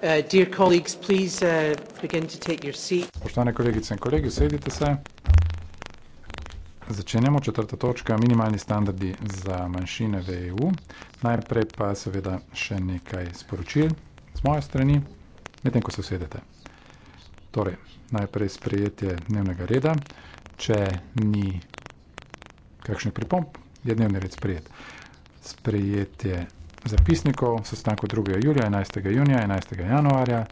Uh, uh, Spoštovane kolegice in kolegi, usedite se. Začenjamo četrta točka, minimalni standardi za manjšine v EU. Najprej pa seveda še nekaj sporočil z moje strani, medtem ko se usedete. Torej, najprej sprejetje dnevnega reda. Če ni kakšnih pripomb, je dnevni red sprejet. Sprejetje zapisnikov, sestanku 2. julija, 11. junija, 11. januarja,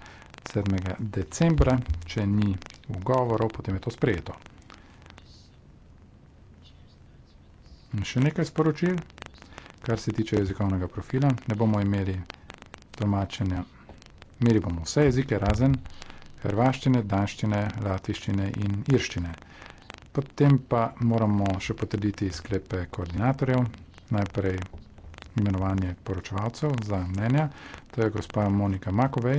7. decembra, če ni ugovorov, potem je to sprejeto. In še nekaj sporočil, kar se tiče jezikovnega profila. Ne bomo imeli tolmačenja, imeli bomo vse jezike razen hrvaščine, danščine, latviščine in irščine. Potem pa moramo še potrditi sklepe koordinatorjev. Najprej imenovanje poročevalcev za mnenja. To je gospa Monika Makovej,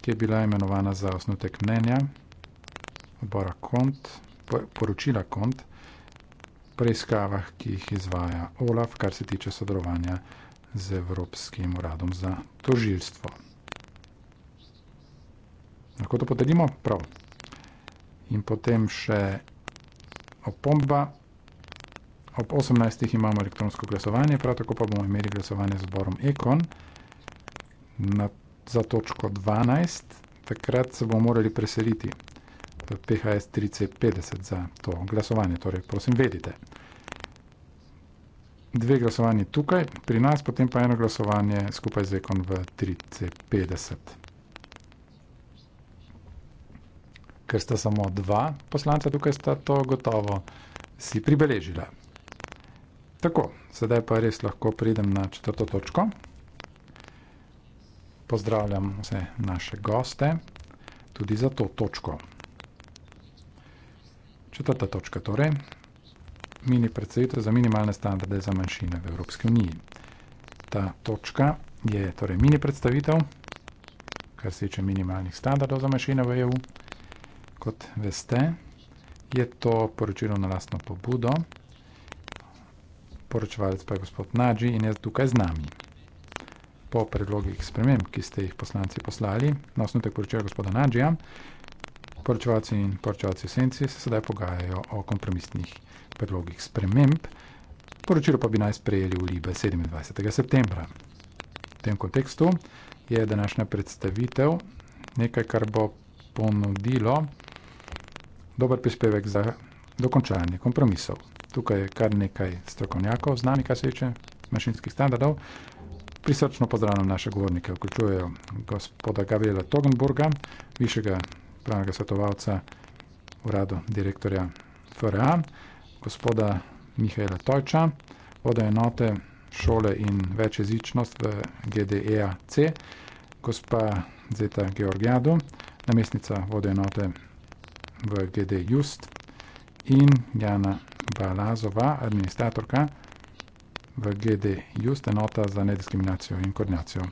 ki je bila imenovana za osnutek mnenja odbora KONT, poročila KONT, preiskavah, ki jih izvaja OLAF, kar se tiče sodelovanja z Evropskim uradom za tožilstvo. Lahko to podelimo? Prav. In potem še opomba. Ob 18. imamo elektronsko glasovanje, prav tako pa bomo imeli glasovanje z odborom Ekon na, za točko 12. Takrat se bomo morali preseliti v PHS 3C50 za to glasovanje. Torej, prosim, vedite. Dve glasovanje tukaj, pri nas potem pa eno glasovanje skupaj z Ekon v 3C50. Ker sta samo dva poslanca tukaj, sta to gotovo si pribeležila. Tako, sedaj pa res lahko pridem na četrto točko. Pozdravljam vse naše goste tudi za to točko. Četrta točka torej. Mini predsedite za minimalne standarde za manjšine v Evropski uniji. Ta točka je torej mini predstavitev, kar se tiče minimalnih standardov za manjšine v EU. Kot veste, je to poročilo na lastno pobudo, poročevalec pa je gospod Nađi in je tukaj z nami. Po predlogih sprememb, ki ste jih poslanci poslali, na osnutek poročila gospoda Nađija, poročevalci in poročevalci v senci se sedaj pogajajo o kompromisnih predlogih sprememb. Poročilo pa bi naj sprejeli v Libe 27. septembra. V tem kontekstu je današnja predstavitev nekaj, kar bo ponudilo dober prispevek za dokončanje kompromisov. Tukaj je kar nekaj strokovnjakov, znani, kaj se tiče mašinskih standardov. Prisrčno pozdravljam naše govornike, vključujejo gospoda Gabriela Togenburga, višjega pravnega svetovalca uradu direktorja FRA, gospoda Mihaela Tojča, voda enote šole in večjezičnost v GDEAC, gospa Zeta Georgiadu, namestnica voda enote v GD Just, in Jana Balazova, administratorka v GD Just, enota za nediskriminacijo in koordinacijo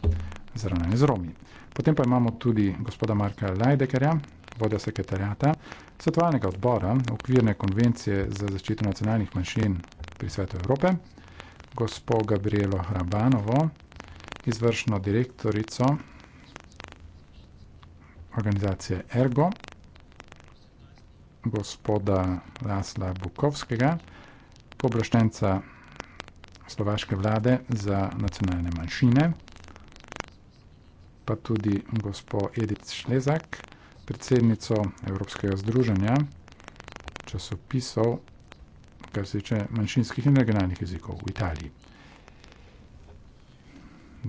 za ravnanje z Romi. Potem pa imamo tudi gospoda Marka Lajdekerja, vodja sekretarjata, svetovalnega odbora okvirne konvencije za zaščito nacionalnih manjšin pri svetu Evrope, gospo Gabrielo Hrabanovo, izvršno direktorico organizacije Ergo, gospoda Lasla Bukovskega, pooblaščenca slovaške vlade za nacionalne manjšine, pa tudi gospo Edith Šlezak, predsednico Evropskega združenja časopisov, kar se tiče manjšinskih in regionalnih jezikov v Italiji.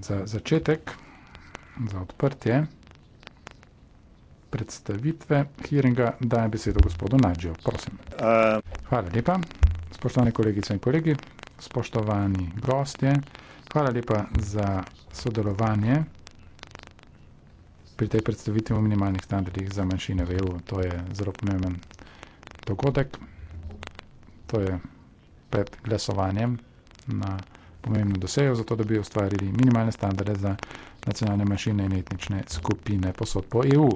Za začetek, za odprtje, predstavitve hearinga dajem besedo gospodu Nađiju. Prosim. Uh. Hvala lepa, spoštovane kolegice in kolegi, spoštovani gostje. Hvala lepa za sodelovanje pri tej predstavitvi o minimalnih standardih za manjšine v EU. To je zelo pomemben dogodek. To je pred glasovanjem na pomembno dosejo, zato da bi ustvarili minimalne standarde za nacionalne manjšine in etnične skupine posod po EU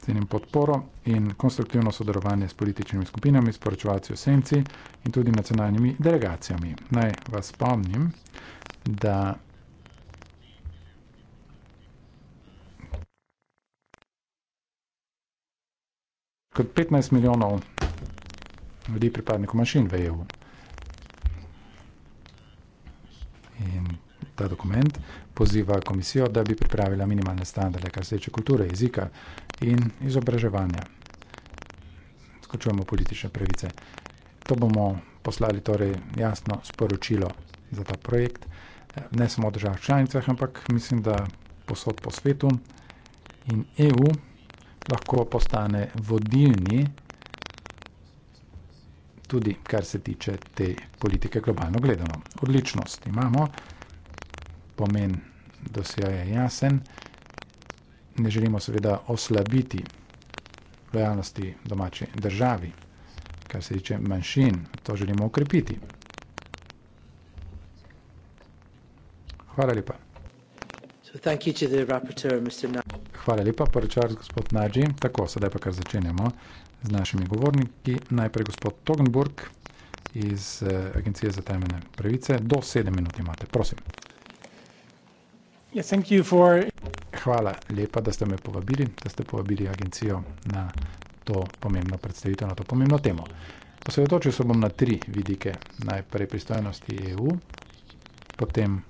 cenim podporo in konstruktivno sodelovanje s političnimi skupinami, sporočevalci v senci in tudi nacionalnimi delegacijami. Naj vas spomnim, da kot 15 milijonov ljudi pripadnikov manjšin v EU. In ta dokument poziva komisijo, da bi pripravila minimalne standarde, kar se tiče kulture, jezika in izobraževanja. Skočujemo politične pravice. To bomo poslali torej jasno sporočilo za ta projekt, ne samo v državah članicah, ampak mislim, da posod po svetu in EU lahko postane vodilni tudi kar se tiče te politike globalno gledano. Odličnost imamo pomen dosjeja jasen. Ne želimo seveda oslabiti lojalnosti domače državi, kar se tiče manjšin, to želimo ukrepiti. Hvala lepa. So thank you to the rapporteur, Mr. Hvala lepa, poročar gospod Nadži. Tako, sedaj pa kar začenjamo z našimi govorniki. Najprej gospod Togenburg iz eh, Agencije za temene pravice. Do sedem minut imate, prosim. Hvala lepa, da ste me povabili, da ste povabili agencijo na to pomembno predstavitev, na to pomembno temo. Osredotočil se bom na tri vidike. Najprej pristojnosti EU, potem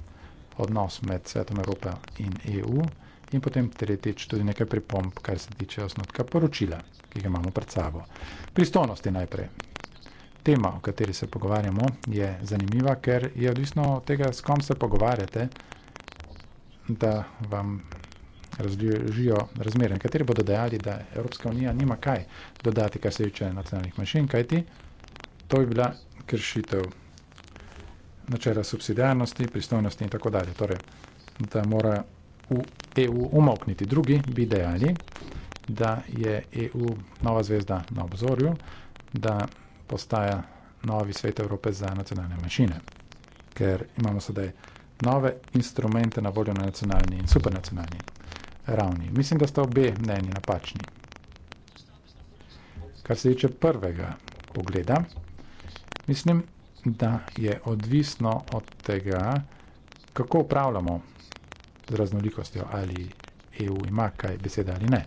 odnos med Svetom Evrope in EU in potem tretjič tudi nekaj pripomb, kar se tiče osnutka poročila, ki ga imamo pred sabo. Pristojnosti najprej. Tema, o kateri se pogovarjamo, je zanimiva, ker je odvisno od tega, s kom se pogovarjate, da vam razložijo razmere, kateri bodo dejali, da Evropska unija nima kaj dodati, kar se tiče nacionalnih manjšin, kajti to je bila kršitev načela subsidijarnosti, pristojnosti in tako dalje. Torej, da mora v EU umokniti. Drugi bi dejali, da je EU nova zvezda na obzorju, da postaja novi svet Evrope za nacionalne manjšine, ker imamo sedaj nove instrumente na voljo na nacionalni in supernacionalni ravni. Mislim, da sta obe mnenji napačni. Kar se tiče prvega pogleda, mislim, da je odvisno od tega, kako upravljamo z raznolikostjo, ali EU ima kaj besede ali ne.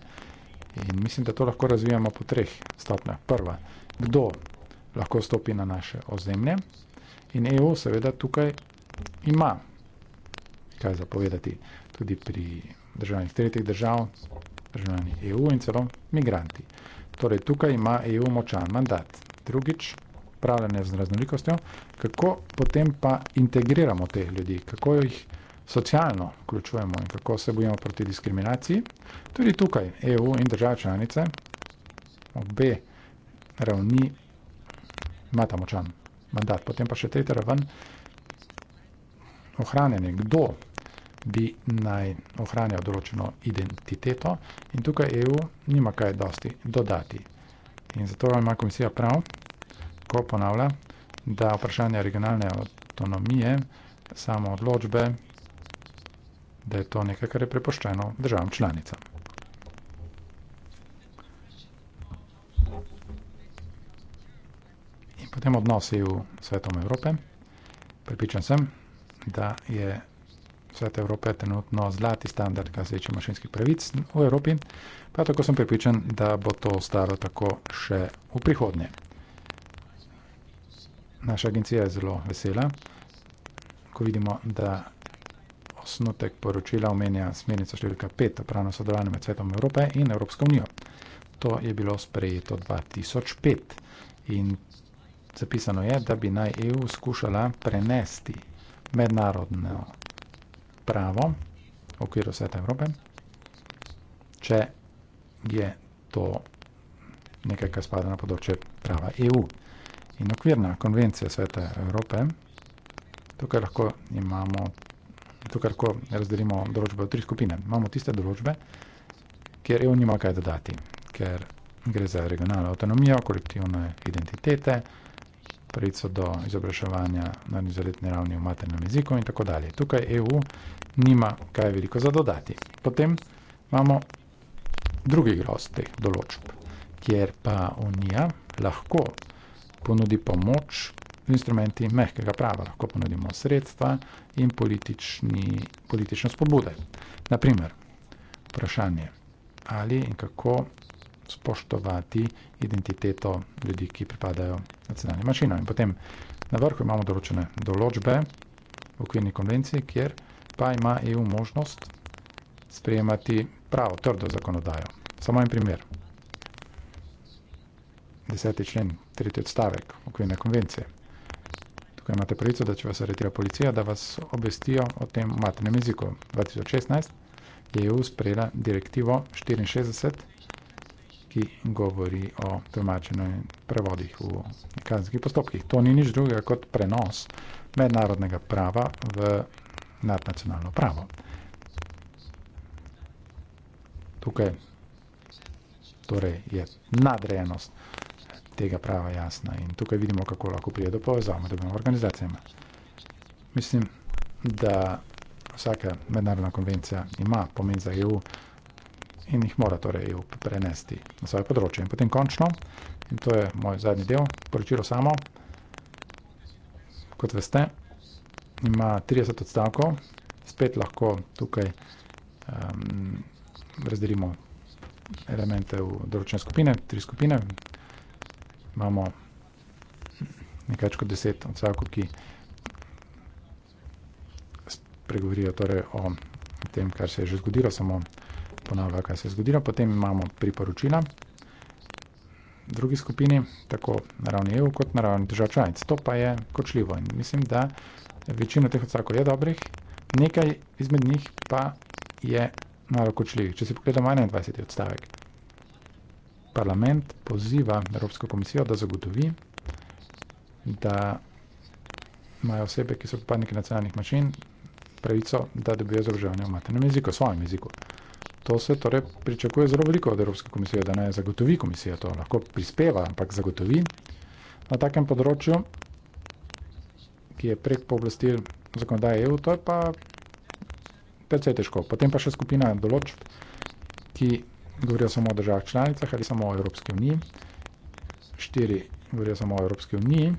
In mislim, da to lahko razvijamo po treh stopnjah. Prva, kdo lahko stopi na naše ozemlje in EU seveda tukaj ima kaj zapovedati tudi pri državljanih tretjih držav, državljanih EU in celo migranti. Torej, tukaj ima EU močan mandat. Drugič, upravljanje z raznolikostjo, kako potem pa integriramo teh ljudi, kako jih socialno vključujemo in kako se bojimo proti diskriminaciji. Tudi tukaj EU in države članice, obe ravni, imata močan mandat. Potem pa še tretja raven, ohranjanje, kdo bi naj ohranjal določeno identiteto in tukaj EU nima kaj dosti dodati. In zato ima komisija prav, ko ponavlja, da vprašanje regionalne avtonomije, samo odločbe, da je to nekaj, kar je prepoščeno državam članicam. In potem odnos EU s Svetom Evrope. Prepričan sem, da je Svet Evrope je trenutno zlati standard, kar se tiče mašinskih pravic v Evropi, pa tako sem pripričan, da bo to ostalo tako še v prihodnje. Naša agencija je zelo vesela, ko vidimo, da osnutek poročila omenja smernica številka 5 o pravnem sodelovanju med Svetom Evrope in Evropsko unijo. To je bilo sprejeto 2005 in zapisano je, da bi naj EU skušala prenesti mednarodno pravo v okviru Sveta Evrope, če je to nekaj, kar spada na področje prava EU. In okvirna konvencija Sveta Evrope, tukaj lahko imamo, tukaj lahko razdelimo določbe v tri skupine. Imamo tiste določbe, kjer EU nima kaj dodati, ker gre za regionalno avtonomijo, kolektivne identitete, pravico do izobraževanja na nizoletni ravni v maternem jeziku in tako dalje. Tukaj EU nima kaj veliko za dodati. Potem imamo drugi groz teh določb, kjer pa Unija lahko ponudi pomoč z instrumenti mehkega prava, lahko ponudimo sredstva in politični, politične spodbude. Naprimer, vprašanje, ali in kako spoštovati identiteto ljudi, ki pripadajo nacionalnim manjšinam. In potem na vrhu imamo določene določbe v okvirni konvenciji, kjer pa ima EU možnost sprejemati pravo, trdo zakonodajo. Samo en primer. Deseti člen, tretji odstavek okvirne konvencije. Tukaj imate pravico, da če vas aretira policija, da vas obvestijo o tem maternem jeziku. 2016 je EU sprejela direktivo 64 ki govori o tolmačenju in prevodih v kazenskih postopkih. To ni nič drugega kot prenos mednarodnega prava v nadnacionalno pravo. Tukaj torej je nadrejenost tega prava jasna in tukaj vidimo, kako lahko prije do povezav med obema organizacijama. Mislim, da vsaka mednarodna konvencija ima pomen za EU, in jih mora torej e prenesti na svoje področje. In potem končno, in to je moj zadnji del, poročilo samo, kot veste, ima 30 odstavkov, spet lahko tukaj um, razdelimo elemente v določene skupine, tri skupine. Imamo nekaj več kot 10 odstavkov, ki spregovorijo torej o tem, kar se je že zgodilo, samo ponavlja, kaj se je zgodilo. Potem imamo priporočila drugi skupini, tako na ravni EU, kot na ravni držav članic. To pa je kočljivo in mislim, da večina teh odstavkov je dobrih, nekaj izmed njih pa je malo kočljivih. Če si pogledamo 21. odstavek, parlament poziva Evropsko komisijo, da zagotovi, da imajo osebe, ki so pripadniki nacionalnih mašin, pravico, da dobijo izobraževanje v maternem jeziku, v svojem jeziku to se torej pričakuje zelo veliko od Evropske komisije, da naj zagotovi komisija to, lahko prispeva, ampak zagotovi na takem področju, ki je prek pooblastil zakonodaje EU, to je pa precej težko. Potem pa še skupina določb, ki govorijo samo o državah članicah ali samo o Evropski uniji. Štiri govorijo samo o Evropski uniji,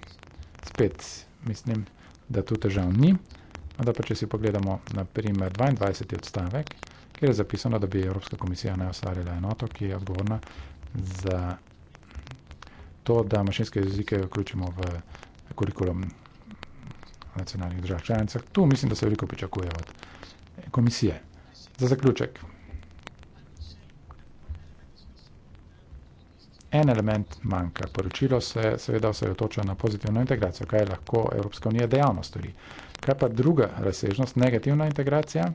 spet mislim, da tu težav ni. Da pa če si pogledamo na primer 22. odstavek, kjer je zapisano, da bi Evropska komisija naj ustvarila enoto, ki je odgovorna za to, da mašinske jezike vključimo v kurikulum nacionalnih držav članicah. Tu mislim, da se veliko pričakuje od komisije. Za zaključek. en element manjka. Poročilo se seveda osredotoča na pozitivno integracijo, kaj lahko Evropska unija dejavno stori. Kaj pa druga razsežnost, negativna integracija?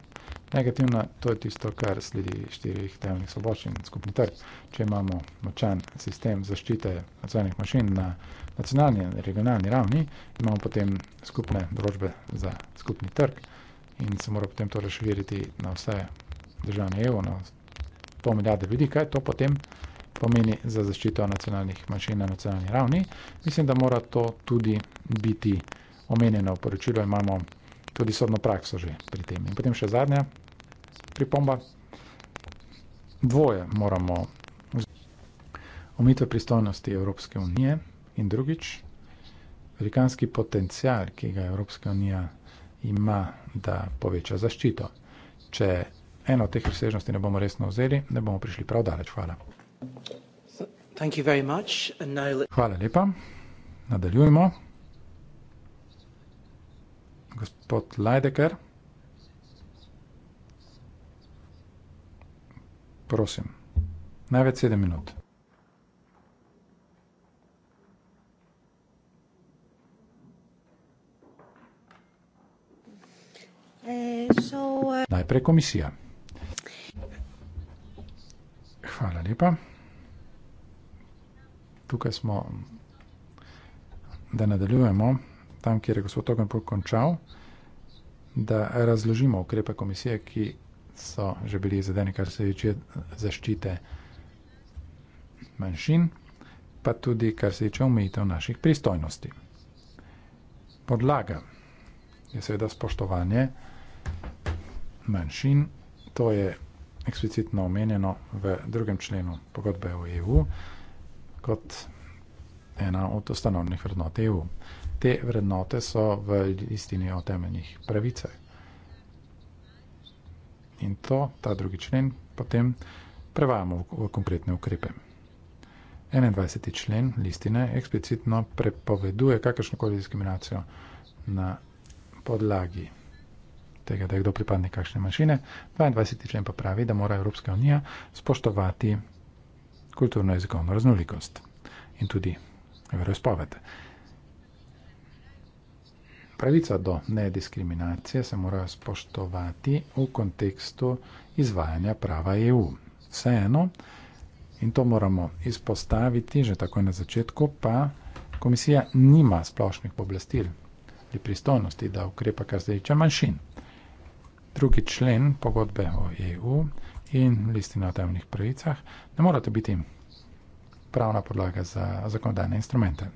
Negativna, to je tisto, kar sledi štirih temeljnih svoboščin, skupni trg. Če imamo močan sistem zaščite nacionalnih mašin na nacionalni in regionalni ravni, imamo potem skupne družbe za skupni trg in se mora potem to razširiti na vse državne EU, na pol milijarde ljudi, kaj to potem pomeni za zaščito nacionalnih manjšin na nacionalni ravni. Mislim, da mora to tudi biti omenjeno v poročilu. Imamo tudi sodno prakso že pri tem. In potem še zadnja pripomba. Dvoje moramo omitve pristojnosti Evropske unije in drugič, velikanski potencial, ki ga Evropska unija ima, da poveča zaščito. Če eno od teh razsežnosti ne bomo resno vzeli, ne bomo prišli prav daleč. Hvala. Hvala lepa. Nadaljujemo. Gospod Lajdeker. Prosim. Največ sedem minut. Najprej komisija. Hvala lepa tukaj smo, da nadaljujemo tam, kjer je gospod Togan končal, da razložimo ukrepe komisije, ki so že bili izvedeni, kar se tiče zaščite manjšin, pa tudi kar se tiče omejitev naših pristojnosti. Podlaga je seveda spoštovanje manjšin, to je eksplicitno omenjeno v drugem členu pogodbe o EU kot ena od osnovnih vrednot EU. Te vrednote so v istini o temeljnih pravicah. In to, ta drugi člen, potem prevajamo v, v konkretne ukrepe. 21. člen listine eksplicitno prepoveduje kakršnokoli diskriminacijo na podlagi tega, da je kdo pripadnik kakšne manjšine. 22. člen pa pravi, da mora Evropska unija spoštovati kulturno-jezikovno raznolikost in tudi verospoved. Pravica do nediskriminacije se mora spoštovati v kontekstu izvajanja prava EU. Vseeno, in to moramo izpostaviti že takoj na začetku, pa komisija nima splošnih poblastil ali pristojnosti, da ukrepa kar zdaj manjšin. Drugi člen pogodbe o EU in listina o temnih pravicah, ne mora to biti pravna podlaga za zakonodajne instrumente.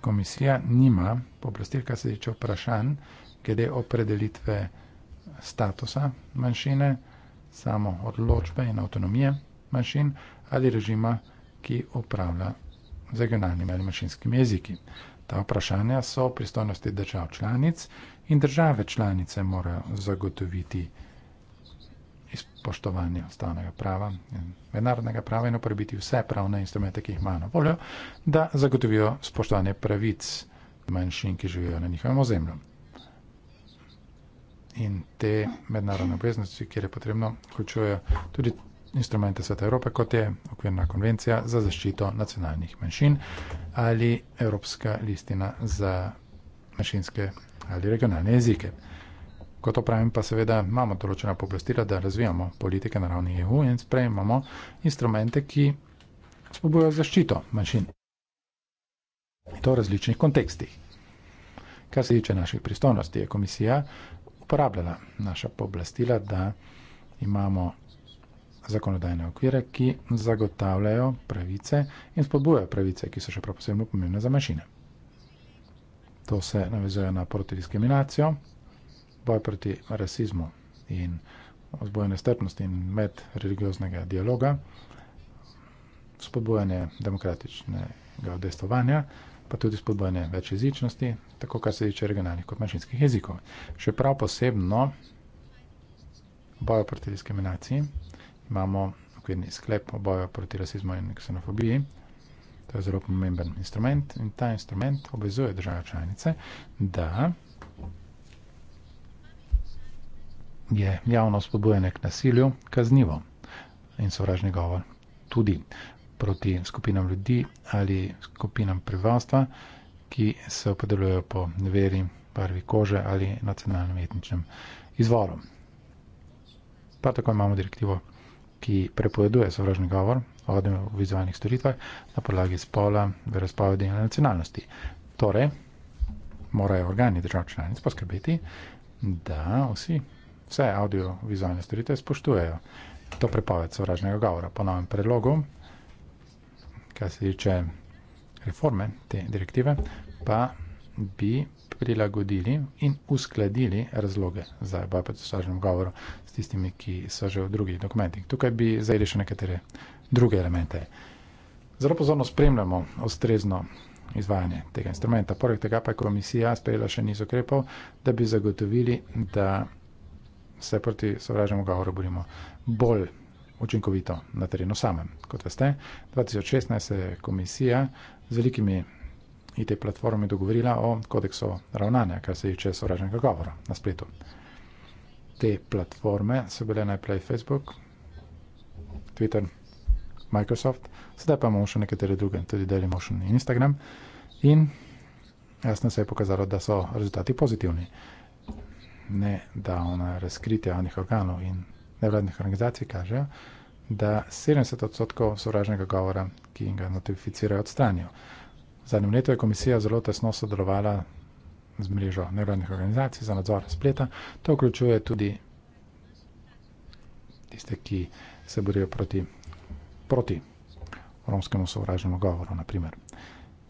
Komisija nima pooblastil, kar se tiče vprašanj, glede opredelitve statusa manjšine, samo odločbe in avtonomije manjšin ali režima, ki upravlja z regionalnimi ali manjšinskimi jeziki. Ta vprašanja so pristojnosti držav članic in države članice morajo zagotoviti spoštovanju ustavnega prava in mednarodnega prava in uporabiti vse pravne instrumente, ki jih imajo na voljo, da zagotovijo spoštovanje pravic manjšin, ki živijo na njihovem ozemlju. In te mednarodne obveznosti, kjer je potrebno, vključujejo tudi instrumente Sveta Evrope, kot je okvirna konvencija za zaščito nacionalnih manjšin ali Evropska listina za manjšinske ali regionalne jezike. Ko to pravim, pa seveda imamo določena pooblastila, da razvijamo politike na ravni EU in sprejemamo instrumente, ki spobujajo zaščito manjšin. In to v različnih kontekstih. Kar se tiče naših pristojnosti, je komisija uporabljala naša pooblastila, da imamo zakonodajne okvire, ki zagotavljajo pravice in spodbujajo pravice, ki so še prav posebno pomembne za manjšine. To se navezuje na protidiskriminacijo, boj proti rasizmu in vzboj nestrpnosti in med religioznega dialoga, spodbojanje demokratičnega odestovanja, pa tudi spodbojanje večjezičnosti, tako kar se tiče regionalnih kot manjšinskih jezikov. Še prav posebno boja proti diskriminaciji imamo okvirni sklep o boju proti rasizmu in ksenofobiji. To je zelo pomemben instrument in ta instrument obvezuje države članice, da je javno spodbujanje k nasilju kaznivo in sovražni govor tudi proti skupinam ljudi ali skupinam prebivalstva, ki se opredeljujejo po veri, barvi kože ali nacionalnem etničnem izvoru. Pa tako imamo direktivo, ki prepoveduje sovražni govor o vizualnih storitvah na podlagi spola, verospovedi in nacionalnosti. Torej, morajo organi držav članic poskrbeti, da vsi vse audiovizualne storitve spoštujejo. To prepoved sovražnega govora po novem predlogu, kar se tiče reforme te direktive, pa bi prilagodili in uskladili razloge za boj proti sovražnemu govoru s tistimi, ki so že v drugih dokumentih. Tukaj bi zdaj rešil nekatere druge elemente. Zelo pozorno spremljamo ustrezno izvajanje tega instrumenta. Poleg tega pa je komisija sprejela še niz ukrepov, da bi zagotovili, da se proti sovražnemu govoru borimo bolj učinkovito na terenu samem. Kot veste, 2016 se je komisija z velikimi IT platformami dogovorila o kodeksu ravnanja, kar se tiče sovražnega govora na spletu. Te platforme so bile najprej Facebook, Twitter, Microsoft, sedaj pa imamo še nekatere druge, tudi Dailymotion in Instagram. In jasno se je pokazalo, da so rezultati pozitivni ne da ona razkritja javnih organov in nevladnih organizacij kažejo, da 70 odstotkov sovražnega govora, ki jim ga notificirajo, odstranijo. Zadnjem letu je komisija zelo tesno sodelovala z mrežo nevladnih organizacij za nadzor spleta. To vključuje tudi tiste, ki se borijo proti, proti romskemu sovražnemu govoru, naprimer.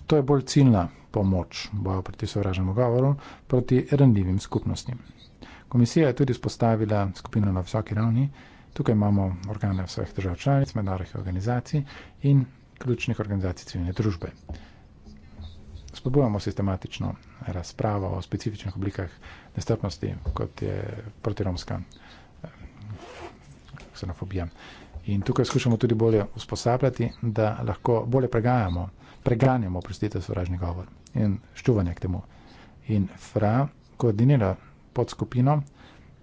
To je bolj ciljna pomoč boja proti sovražnemu govoru, proti rendljivim skupnostim. Komisija je tudi spostavila skupino na vsaki ravni. Tukaj imamo organe vseh držav članic, mednarodnih organizacij in ključnih organizacij civilne družbe. Spodbujamo sistematično razpravo o specifičnih oblikah nestrpnosti, kot je protiromska eh, ksenofobija. In tukaj skušamo tudi bolje usposabljati, da lahko bolje pregajamo, preganjamo, prostite, sovražni govor in ščuvanje k temu. In FRA koordinira podskupino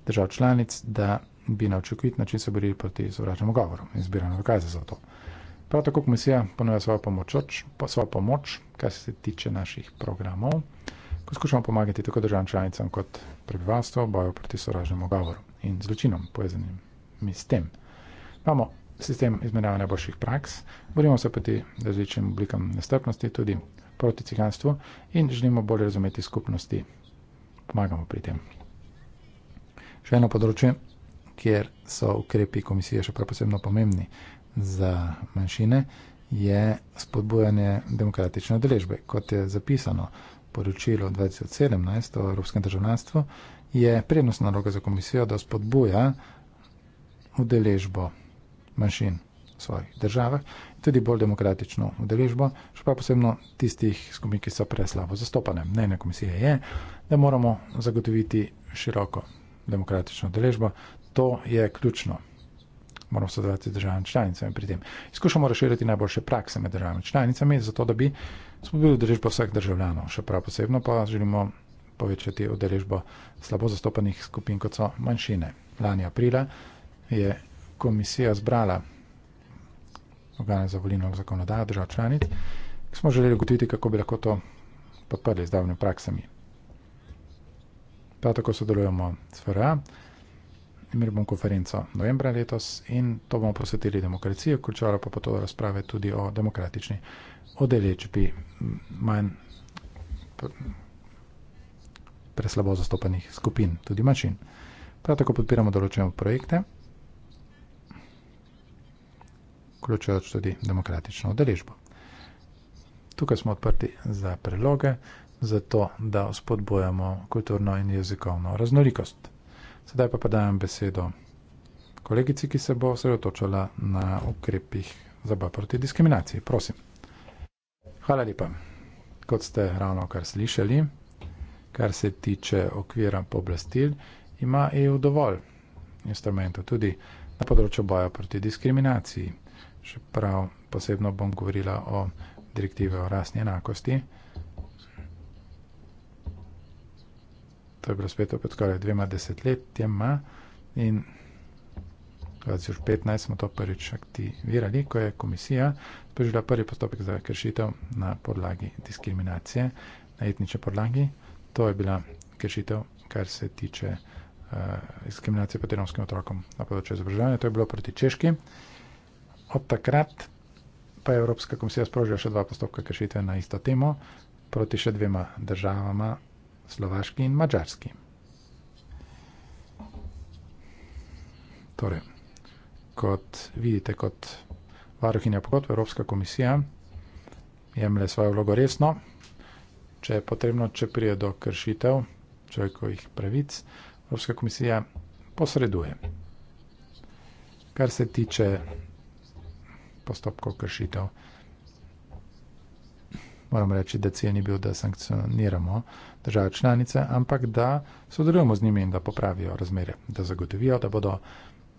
držav članic, da bi na očekovit način se borili proti sovražnemu govoru in zbirali dokaze za to. Prav tako komisija ponuja svojo pomoč, svojo pomoč, kar se tiče naših programov, ko skušamo pomagati tako državam članicam kot prebivalstvu v boju proti sovražnemu govoru in zločinom povezanim s tem. Imamo sistem izmenjave najboljših praks, borimo se proti različnim oblikam nestrpnosti, tudi proti ciganstvu in želimo bolje razumeti skupnosti, pomagamo pri tem. Še eno področje, kjer so ukrepi komisije še prav posebno pomembni za manjšine, je spodbujanje demokratične odeležbe. Kot je zapisano poročilo 2017 o evropskem državljanstvu, je prednostna naloga za komisijo, da spodbuja udeležbo manjšin v svojih državah in tudi bolj demokratično udeležbo, še pa posebno tistih skupin, ki so preslabo zastopane. Mnenje komisije je, da moramo zagotoviti široko demokratično deležbo. To je ključno. Moramo sodelovati z državami članicami pri tem. Izkušamo razširiti najboljše prakse med državami članicami, zato da bi spodbili udeležbo vseh državljanov. Še prav posebno pa želimo povečati udeležbo slabo zastopanih skupin, kot so manjšine. Lani aprila je komisija zbrala organe za volilno zakonodajo držav članic, ki smo želeli ugotoviti, kako bi lahko to podprli z davnimi praksami. Prav tako sodelujemo s FRA, imeli bomo konferenco novembra letos in to bomo posvetili demokraciji, vključovalo pa bo to razprave tudi o demokratični odeležbi manj preslabo zastopanih skupin, tudi mačin. Prav tako podpiramo določene projekte, vključujoč tudi demokratično odeležbo. Tukaj smo odprti za preloge zato, da spodbojamo kulturno in jezikovno raznolikost. Sedaj pa podajam besedo kolegici, ki se bo osredotočala na ukrepih za boj proti diskriminaciji. Prosim. Hvala lepa. Kot ste ravno kar slišali, kar se tiče okvira pooblastil, ima EU dovolj instrumentov tudi na področju boja proti diskriminaciji. Še prav posebno bom govorila o direktive o rasni enakosti. to je bilo spet pred skoraj dvema desetletjema in 2015 smo to prvič aktivirali, ko je komisija sprožila prvi postopek za kršitev na podlagi diskriminacije, na etnične podlagi. To je bila kršitev, kar se tiče uh, diskriminacije proti romskim otrokom na področju izobraževanja, to je bilo proti češki. Od takrat pa je Evropska komisija sprožila še dva postopka kršitve na isto temo proti še dvema državama, slovaški in mačarski. Torej, kot vidite, kot varuhinja pogodb, Evropska komisija jemlje svojo vlogo resno, če je potrebno, če prije do kršitev človekovih pravic, Evropska komisija posreduje. Kar se tiče postopkov kršitev, moram reči, da cilj ni bil, da sankcioniramo države članice, ampak da sodelujemo z njimi in da popravijo razmere, da zagotovijo, da bodo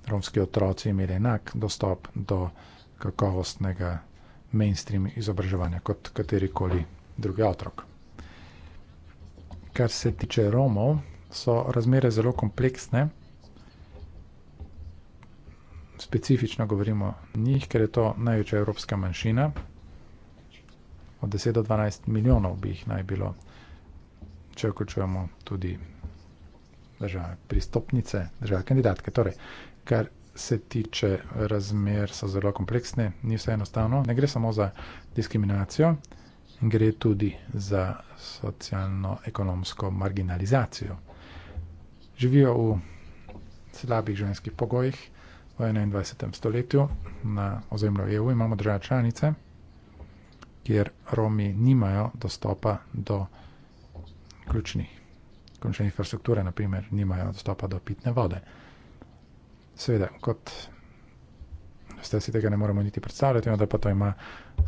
romski otroci imeli enak dostop do kakovostnega mainstream izobraževanja kot katerikoli drugi otrok. Kar se tiče Romov, so razmere zelo kompleksne. Specifično govorimo o njih, ker je to največja evropska manjšina, od 10 do 12 milijonov bi jih naj bilo, če vključujemo tudi države pristopnice, države kandidatke. Torej, kar se tiče razmer, so zelo kompleksne, ni vse enostavno, ne gre samo za diskriminacijo, gre tudi za socialno-ekonomsko marginalizacijo. Živijo v slabih življenjskih pogojih v 21. stoletju na ozemlju EU, imamo države članice, kjer Romi nimajo dostopa do ključnih končne infrastrukture, naprimer nimajo dostopa do pitne vode. Seveda, kot ste si tega ne moremo niti predstavljati, da pa to ima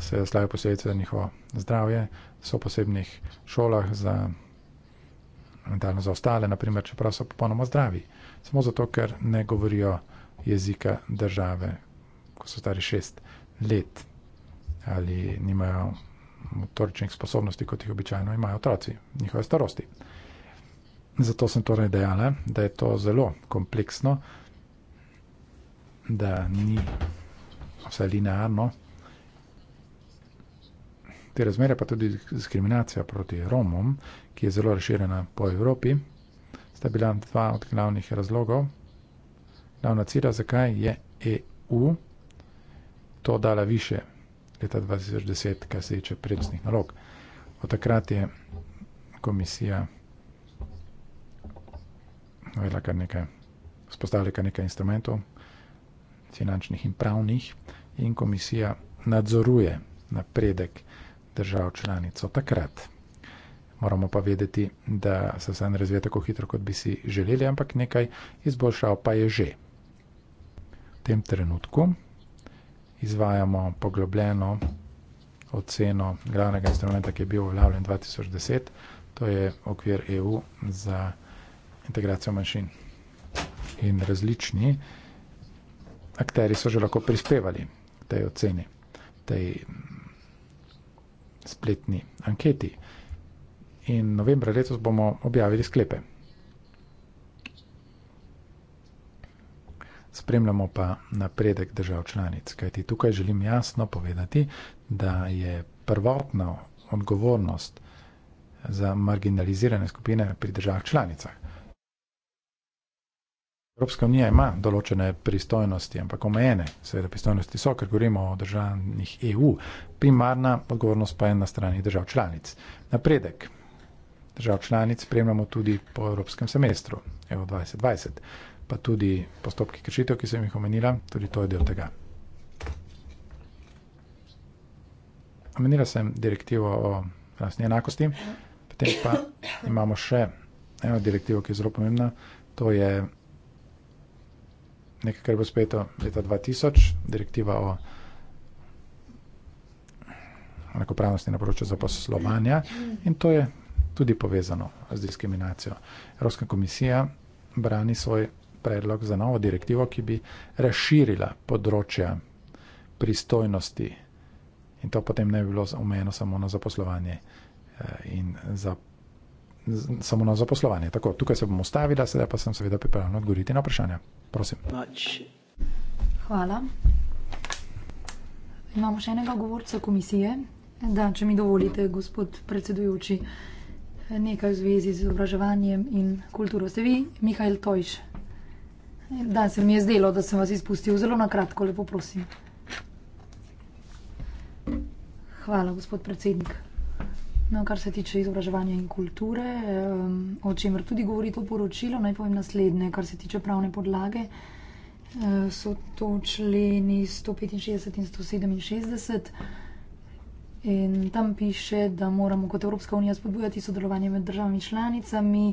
se slabe posledice za njihovo zdravje, so v posebnih šolah za mentalno zaostale, naprimer, čeprav so popolnoma zdravi. Samo zato, ker ne govorijo jezika države, ko so stari šest let ali nimajo motoričnih sposobnosti, kot jih običajno imajo otroci, njihove starosti. Zato sem torej dejala, da je to zelo kompleksno, da ni vse linearno. Te razmere pa tudi diskriminacija proti Romom, ki je zelo razširjena po Evropi, sta bila dva od glavnih razlogov. Glavna cilja, zakaj je EU to dala više leta 2010, kar se tiče prednostnih nalog. Od takrat je komisija kar nekaj, spostavila kar nekaj instrumentov, finančnih in pravnih, in komisija nadzoruje napredek držav članic. Od takrat moramo pa vedeti, da se vse ne razvija tako hitro, kot bi si želeli, ampak nekaj izboljšav pa je že. V tem trenutku izvajamo poglobljeno oceno glavnega instrumenta, ki je bil uveljavljen 2010, to je okvir EU za integracijo manjšin. In različni akteri so že lahko prispevali k tej oceni, tej spletni anketi. In novembra letos bomo objavili sklepe. spremljamo pa napredek držav članic. Kajti tukaj želim jasno povedati, da je prvotna odgovornost za marginalizirane skupine pri državah članicah. Evropska unija ima določene pristojnosti, ampak omejene, seveda pristojnosti so, ker govorimo o državnih EU. Primarna odgovornost pa je na strani držav članic. Napredek držav članic spremljamo tudi po evropskem semestru EU 2020 pa tudi postopki kršitev, ki sem jih omenila, tudi to je del tega. Omenila sem direktivo o lastni enakosti, potem pa imamo še eno direktivo, ki je zelo pomembna, to je nekaj, kar bo spet leta 2000, direktiva o enakopravnosti na področju zaposlovanja in to je tudi povezano z diskriminacijo. Evropska komisija brani svoj predlog za novo direktivo, ki bi razširila področja pristojnosti in to potem ne bi bilo omejeno samo na zaposlovanje eh, in za, samo na zaposlovanje. Tako, tukaj se bom ustavila, sedaj pa sem seveda pripravljena odgovoriti na vprašanja. Prosim. Hvala. Imamo še enega govorca komisije. Da, če mi dovolite, gospod predsedujoči, nekaj v zvezi z obraževanjem in kulturo. Ste vi, Mihajl Tojš? Da se mi je zdelo, da sem vas izpustil zelo na kratko, lepo prosim. Hvala, gospod predsednik. No, kar se tiče izobraževanja in kulture, o čemer tudi govori to poročilo, naj povem naslednje, kar se tiče pravne podlage, eh, so to členi 165 in 167 in tam piše, da moramo kot Evropska unija spodbujati sodelovanje med državami članicami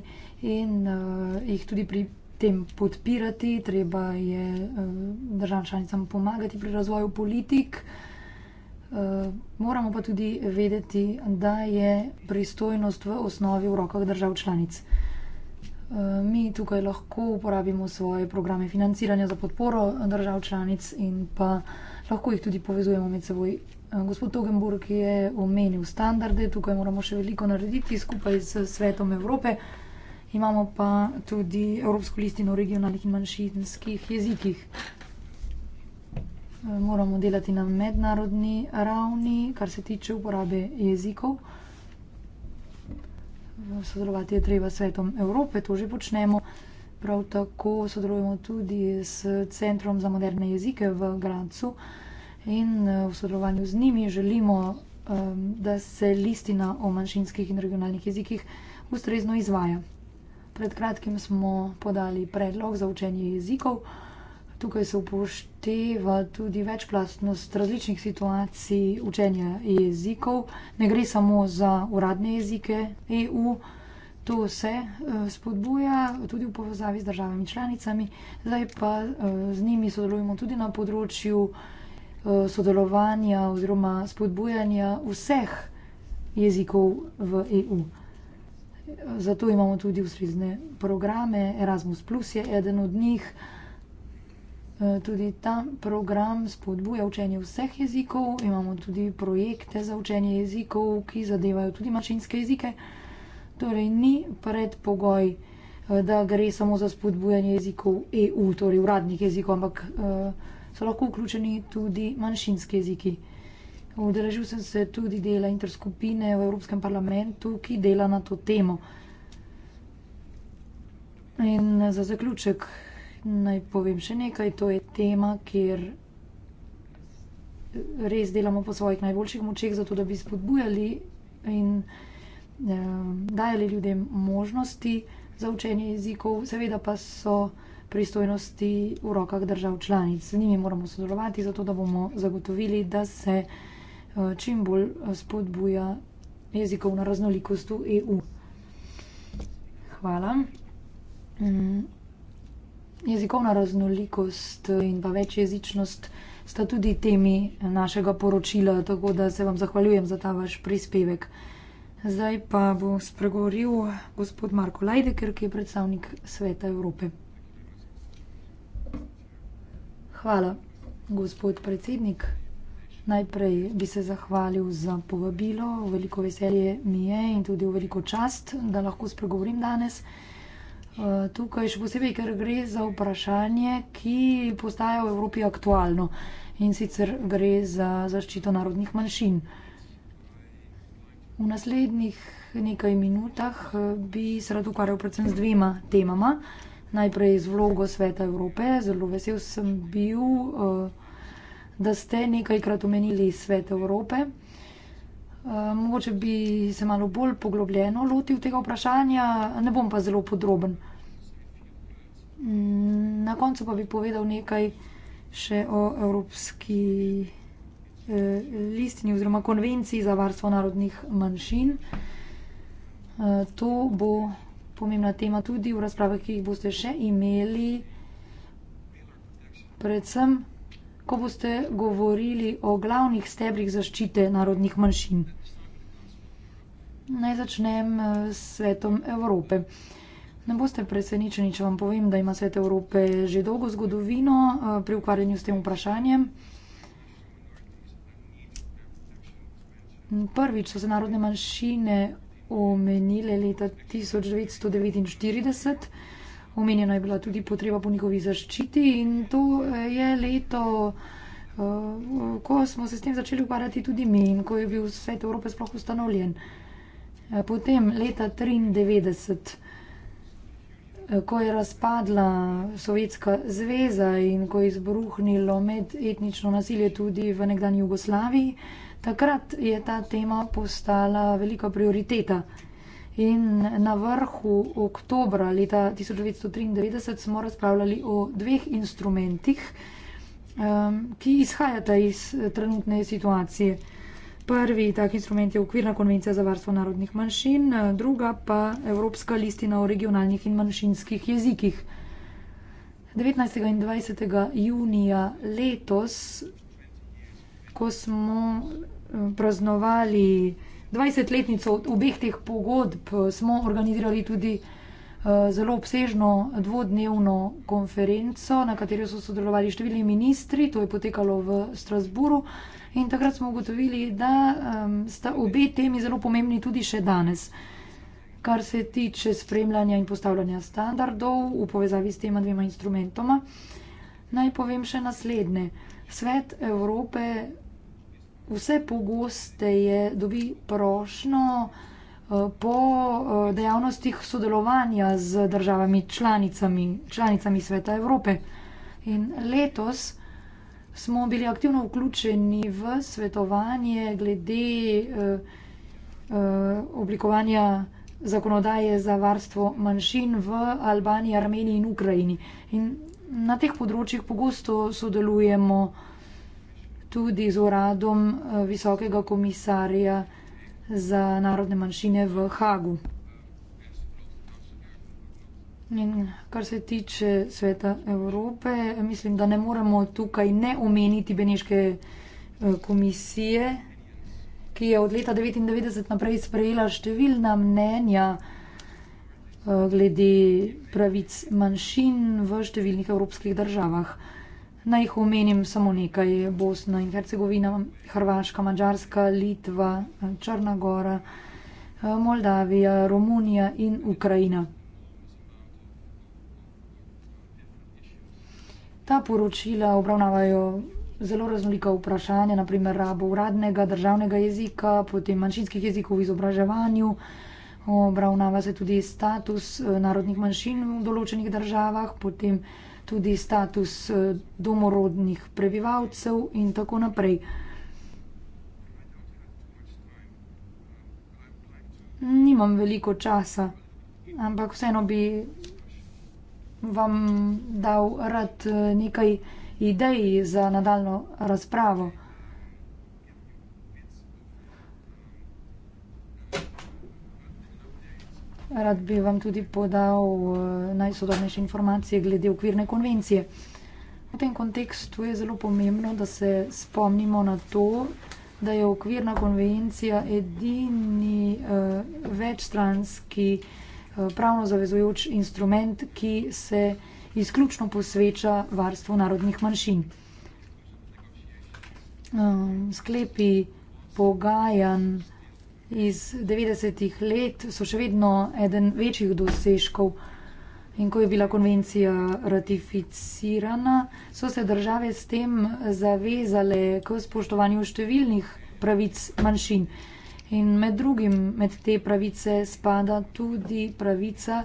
in eh, jih tudi pripraviti tem podpirati, treba je eh, državam članicam pomagati pri razvoju politik. Eh, moramo pa tudi vedeti, da je pristojnost v osnovi v rokah držav članic. Eh, mi tukaj lahko uporabimo svoje programe financiranja za podporo držav članic in pa lahko jih tudi povezujemo med seboj. Gospod Togenburg je omenil standarde, tukaj moramo še veliko narediti skupaj s svetom Evrope imamo pa tudi Evropsko listino o regionalnih in manjšinskih jezikih. Eh, moramo delati na mednarodni ravni, kar se tiče uporabe jezikov. Eh, sodelovati je treba s svetom Evrope, to že počnemo. Prav tako sodelujemo tudi s Centrom za moderne jezike v Gracu in eh, v sodelovanju z njimi želimo, da se listina o manjšinskih in regionalnih jezikih ustrezno izvaja. Pred kratkim smo podali predlog za učenje jezikov. Tukaj se upošteva tudi večplastnost različnih situacij učenja jezikov. Ne gre samo za uradne jezike EU, to se eh, spodbuja tudi v povezavi z državami članicami. Zdaj pa eh, z njimi sodelujemo tudi na področju eh, sodelovanja oziroma spodbujanja vseh jezikov v EU. Zato imamo tudi ustrezne programe, Erasmus Plus je eden od njih. E, tudi ta program spodbuja učenje vseh jezikov, imamo tudi projekte za učenje jezikov, ki zadevajo tudi mašinske jezike. Torej ni predpogoj, e, da gre samo za spodbujanje jezikov EU, torej uradnih jezikov, ampak e, so lahko vključeni tudi manjšinski jeziki. Udeležil sem se tudi dela interskupine v Evropskem parlamentu, ki dela na to temo. In za zaključek naj povem še nekaj. To je tema, kjer res delamo po svojih najboljših močeh, zato da bi spodbujali in eh, dajali ljudem možnosti za učenje jezikov. Seveda pa so pristojnosti v rokah držav članic. Z njimi moramo sodelovati, zato da bomo zagotovili, da se. Eh, čim bolj eh, spodbuja jezikovno raznolikost v EU. Hvala. Mm. jezikovna raznolikost eh, in pa večjezičnost sta tudi temi našega poročila, tako da se vam zahvaljujem za ta vaš prispevek. Zdaj pa bo spregovoril gospod Marko Leideker, ki je predstavnik Sveta Evrope. Hvala, gospod predsednik. Najprej bi se zahvalil za povabilo, veliko veselje mi je in tudi veliko čast, da lahko spregovorim danes. Eh, tukaj še posebej, ker gre za vprašanje, ki postaja v Evropi aktualno in sicer gre za zaščito narodnih manjšin. V naslednjih nekaj minutah eh, bi se rad ukvarjal predvsem z dvema temama. Najprej z vlogo Sveta Evrope. Zelo vesel sem bil. Uh, da ste nekajkrat omenili Svet Evrope. Eh, mogoče bi se malo bolj poglobljeno lotil tega vprašanja, ne bom pa zelo podroben. Mm, na koncu pa bi povedal nekaj še o Evropski eh, listini oziroma konvenciji za varstvo narodnih manjšin. Eh, to bo pomembna tema tudi v razpravah, ki jih boste še imeli. Predvsem ko boste govorili o glavnih stebrih zaščite narodnih manjšin. Naj začnem eh, s svetom Evrope. Ne boste presenečeni, če vam povem, da ima svet Evrope že dolgo zgodovino eh, pri ukvarjanju s tem vprašanjem. Prvič so se narodne manjšine omenile leta 1949. Omenjena je bila tudi potreba po njihovi zaščiti in to eh, je leto, eh, ko smo se s tem začeli ukvarjati tudi mi in ko je bil svet Evrope sploh ustanovljen. Eh, potem leta 1993, ko je razpadla Sovjetska zveza in ko je izbruhnilo medetnično nasilje tudi v nekdani Jugoslaviji, takrat je ta tema postala velika prioriteta. In na vrhu oktobra leta 1993 smo razpravljali o dveh instrumentih, um, ki izhajata iz eh, trenutne situacije. Prvi tak instrument je Okvirna konvencija za varstvo narodnih manjšin, eh, druga pa Evropska listina o regionalnih in manjšinskih jezikih. 19. in 20. junija letos, ko smo eh, praznovali 20-letnico obeh teh pogodb eh, smo organizirali tudi eh, zelo obsežno dvodnevno konferenco, na kateri so sodelovali številni ministri, to je potekalo v Strasburu. In takrat smo ugotovili, da sta obe temi zelo pomembni tudi še danes, kar se tiče spremljanja in postavljanja standardov v povezavi s tema dvema instrumentoma. Naj povem še naslednje. Svet Evrope vse pogosteje dobi prošnjo eh, po eh, dejavnostih sodelovanja z državami članicami, članicami Sveta Evrope. In letos smo bili aktivno vključeni v svetovanje glede eh, oblikovanja zakonodaje za varstvo manjšin v Albaniji, Armeniji in Ukrajini. In na teh področjih pogosto sodelujemo tudi z uradom eh, visokega komisarja za narodne manjšine v Hagu. In kar se tiče sveta Evrope, mislim, da ne moremo tukaj ne omeniti Beneške eh, komisije, ki je od leta 99 naprej sprejela številna mnenja eh, glede pravic manjšin v številnih evropskih državah. Naj jih omenim samo nekaj: Bosna in Hercegovina, Hrvaška, Mačarska, Litva, Črnagora, Moldavija, Romunija in Ukrajina. Ta poročila obravnavajo zelo raznolika vprašanja, naprimer rabo uradnega državnega jezika, potem manjšinskih jezikov v izobraževanju. Obravnava se tudi status eh, narodnih manjšin v določenih državah, potem tudi status eh, domorodnih prebivalcev in tako naprej. Nimam veliko časa, ampak vseeno bi vam dal rad eh, nekaj idej za nadaljno razpravo. Rad bi vam tudi podal eh, najsodobnejše informacije glede okvirne konvencije. V tem kontekstu je zelo pomembno, da se spomnimo na to, da je okvirna konvencija edini eh, večstranski eh, pravno zavezujoč instrument, ki se izključno posveča varstvu narodnih manjšin. Sklepi pogajanj iz devetdesetih let so še vedno eden večjih dosežkov. In ko je bila konvencija ratificirana, so se države s tem zavezale k spoštovanju številnih pravic manjšin. In med drugim med te pravice spada tudi pravica,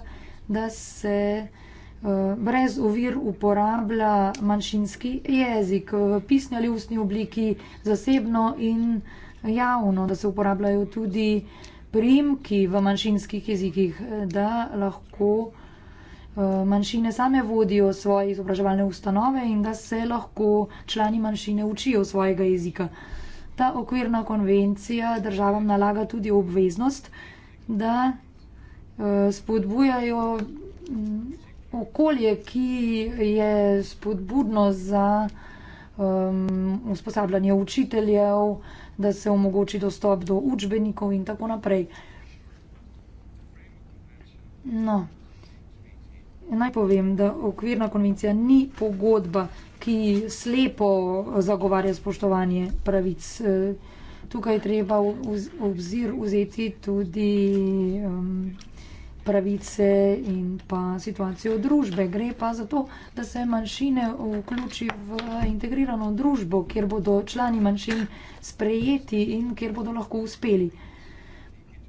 da se uh, brez ovir uporablja manjšinski jezik v pisni ali ustni obliki zasebno in uh, javno, da se uporabljajo tudi primki v manjšinskih jezikih, da lahko eh, manjšine same vodijo svoje izobraževalne ustanove in da se lahko člani manjšine učijo svojega jezika. Ta okvirna konvencija državam nalaga tudi obveznost, da eh, spodbujajo mm, okolje, ki je spodbudno za um, usposabljanje učiteljev, uh, da se omogoči dostop do učbenikov in tako naprej. No, naj povem, da okvirna konvencija ni pogodba, ki slepo zagovarja spoštovanje pravic. Eh, tukaj treba obzir vzeti tudi um, pravice in pa situacijo družbe. Gre pa za to, da se manjšine vključi v integrirano družbo, kjer bodo člani manjšin sprejeti in kjer bodo lahko uspeli.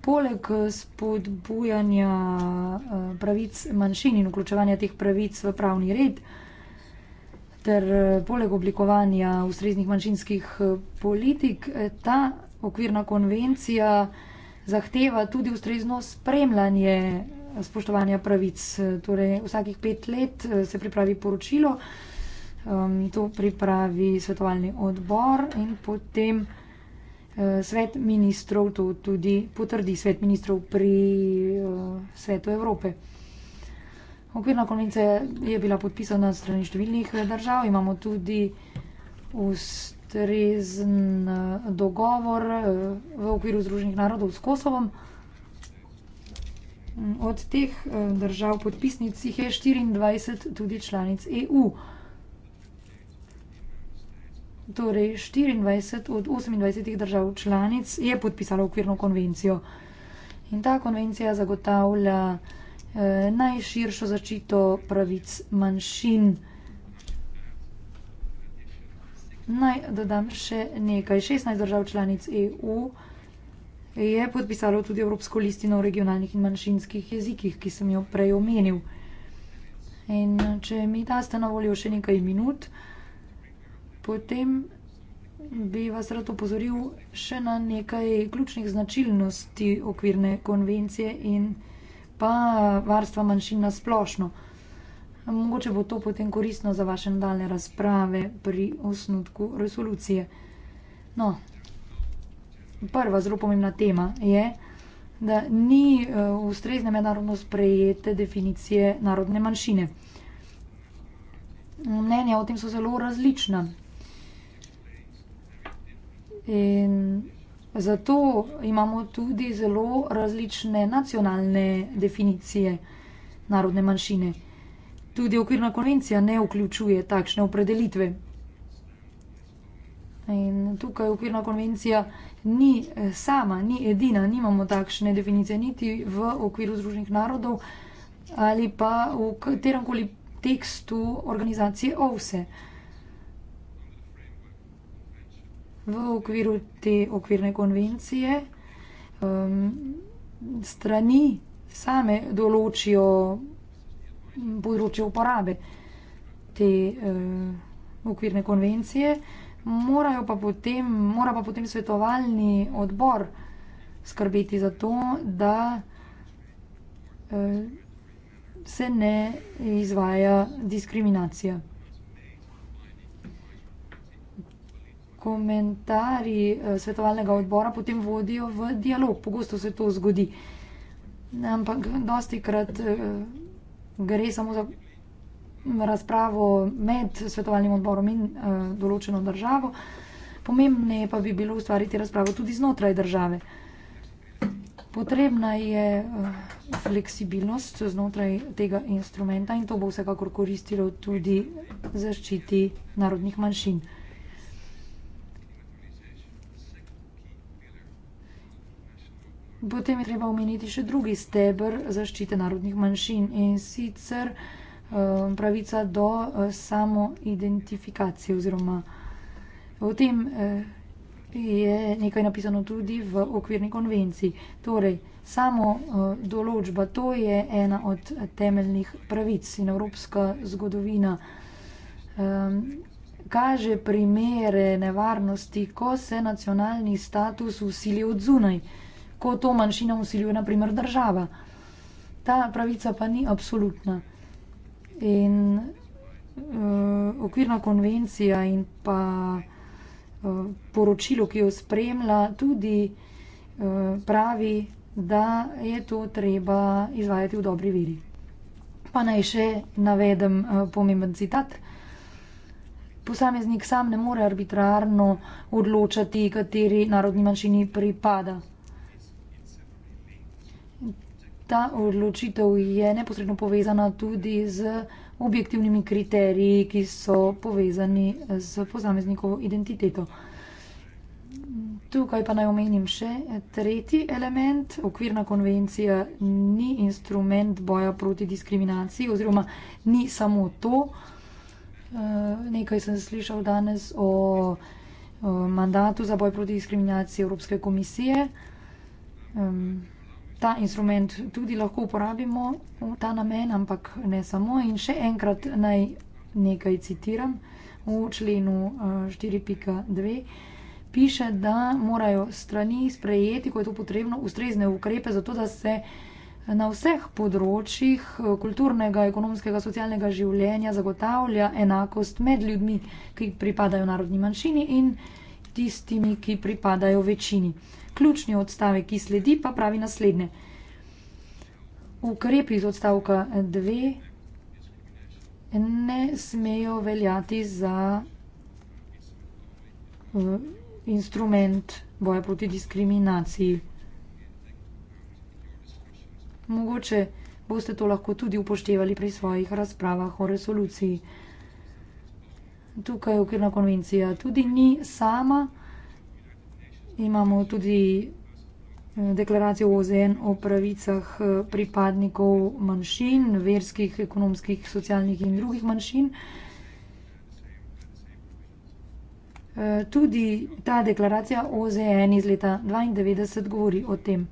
Poleg spodbujanja eh, pravic manjšin in vključevanja teh pravic v pravni red, ter eh, poleg oblikovanja ustreznih manjšinskih eh, politik, ta okvirna konvencija zahteva tudi ustrezno spremljanje spoštovanja pravic. Torej, vsakih pet let eh, se pripravi poročilo, um, to pripravi svetovalni odbor in potem eh, svet ministrov to tudi potrdi, svet ministrov pri eh, svetu Evrope. Okvirna konvencija je bila podpisana strani številnih držav, imamo tudi ustrezno ustrezen eh, dogovor eh, v okviru Združenih narodov s Kosovom. Mm, od teh eh, držav podpisnic jih je 24 tudi članic EU. Torej 24 od 28 držav članic je podpisalo okvirno konvencijo. In ta konvencija zagotavlja eh, najširšo začito pravic manjšin. Naj dodam še nekaj. 16 držav članic EU je podpisalo tudi Evropsko listino o regionalnih in manjšinskih jezikih, ki sem jo prej omenil. In če mi daste na voljo še nekaj minut, potem bi vas rad upozoril še na nekaj ključnih značilnosti okvirne konvencije in pa varstva manjšin na splošno. Mogoče bo to potem koristno za vaše nadaljne razprave pri osnutku resolucije. No, prva zelo pomembna tema je, da ni uh, ustrezne mednarodno sprejete definicije narodne manjšine. Mnenja o tem so zelo različna. In zato imamo tudi zelo različne nacionalne definicije narodne manjšine tudi okvirna konvencija ne vključuje takšne opredelitve. In tukaj okvirna konvencija ni eh, sama, ni edina, nimamo takšne definicije niti v okviru Združenih narodov ali pa v kateremkoli tekstu organizacije OVSE. V okviru te okvirne konvencije um, strani same določijo področju uporabe te uh, okvirne konvencije, morajo pa potem, mora pa potem svetovalni odbor skrbeti za to, da uh, se ne izvaja diskriminacija. Komentari eh, svetovalnega odbora potem vodijo v dialog, pogosto se to zgodi. Ampak, dosti krat gre samo za razpravo med svetovalnim odborom in uh, določeno državo. Pomembneje pa bi bilo ustvariti razpravo tudi znotraj države. Potrebna je eh, fleksibilnost znotraj tega instrumenta in to bo vsekakor koristilo tudi zaščiti narodnih manjšin. Potem je treba omeniti še drugi stebr zaščite narodnih manjšin in sicer eh, pravica do eh, samoidentifikacije oziroma o tem eh, je nekaj napisano tudi v okvirni konvenciji. Torej, samo določba, to je ena od temeljnih pravic in evropska zgodovina kaže primere nevarnosti, ko se nacionalni status usili od zunaj ko to manjšino usiljuje, naprimer država. Ta pravica pa ni absolutna. In uh, okvirna konvencija in pa uh, poročilo, ki jo spremlja, tudi uh, pravi, da je to treba izvajati v dobri veri. Pa naj še navedem uh, pomemben citat. Posameznik sam ne more arbitrarno odločati, kateri narodni manjšini pripada ta odločitev je neposredno povezana tudi z objektivnimi kriteriji, ki so povezani z posameznikovo identiteto. Tukaj pa naj omenim še tretji element. Okvirna konvencija ni instrument boja proti diskriminaciji oziroma ni samo to. Eh, nekaj sem slišal danes o eh, mandatu za boj proti diskriminaciji Evropske komisije ta instrument tudi lahko uporabimo v ta namen, ampak ne samo. In še enkrat naj nekaj citiram v členu 4.2. Eh, piše, da morajo strani sprejeti, ko je to potrebno, ustrezne ukrepe, zato da se eh, na vseh področjih eh, kulturnega, ekonomskega, socialnega življenja zagotavlja enakost med ljudmi, ki pripadajo narodni manjšini in tistimi, ki pripadajo večini ključni odstavek, ki sledi, pa pravi naslednje. Ukrepi iz odstavka 2 ne smejo veljati za instrument boja proti diskriminaciji. Mogoče boste to lahko tudi upoštevali pri svojih razpravah o resoluciji. Tukaj okvirna konvencija tudi ni sama imamo tudi eh, deklaracijo OZN o pravicah eh, pripadnikov manjšin, verskih, ekonomskih, socialnih in drugih manjšin. Eh, tudi ta deklaracija OZN iz leta 1992 govori o tem.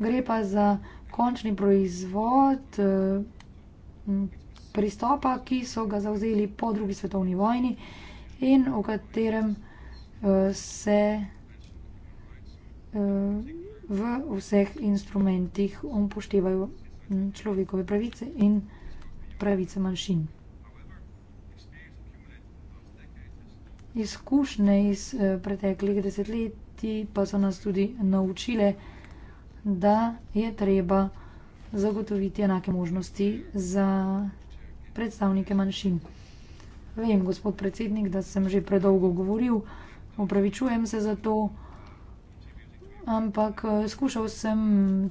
Gre pa za končni proizvod pristopa, ki so ga zauzeli po drugi svetovni vojni in v katerem vsega se eh, v vseh instrumentih upoštevajo človekove pravice in pravice manjšin. Izkušnje iz eh, preteklih desetletij pa so nas tudi naučile, da je treba zagotoviti enake možnosti za predstavnike manjšin. Vem, gospod predsednik, da sem že predolgo govoril upravičujem se za to, ampak eh, skušal sem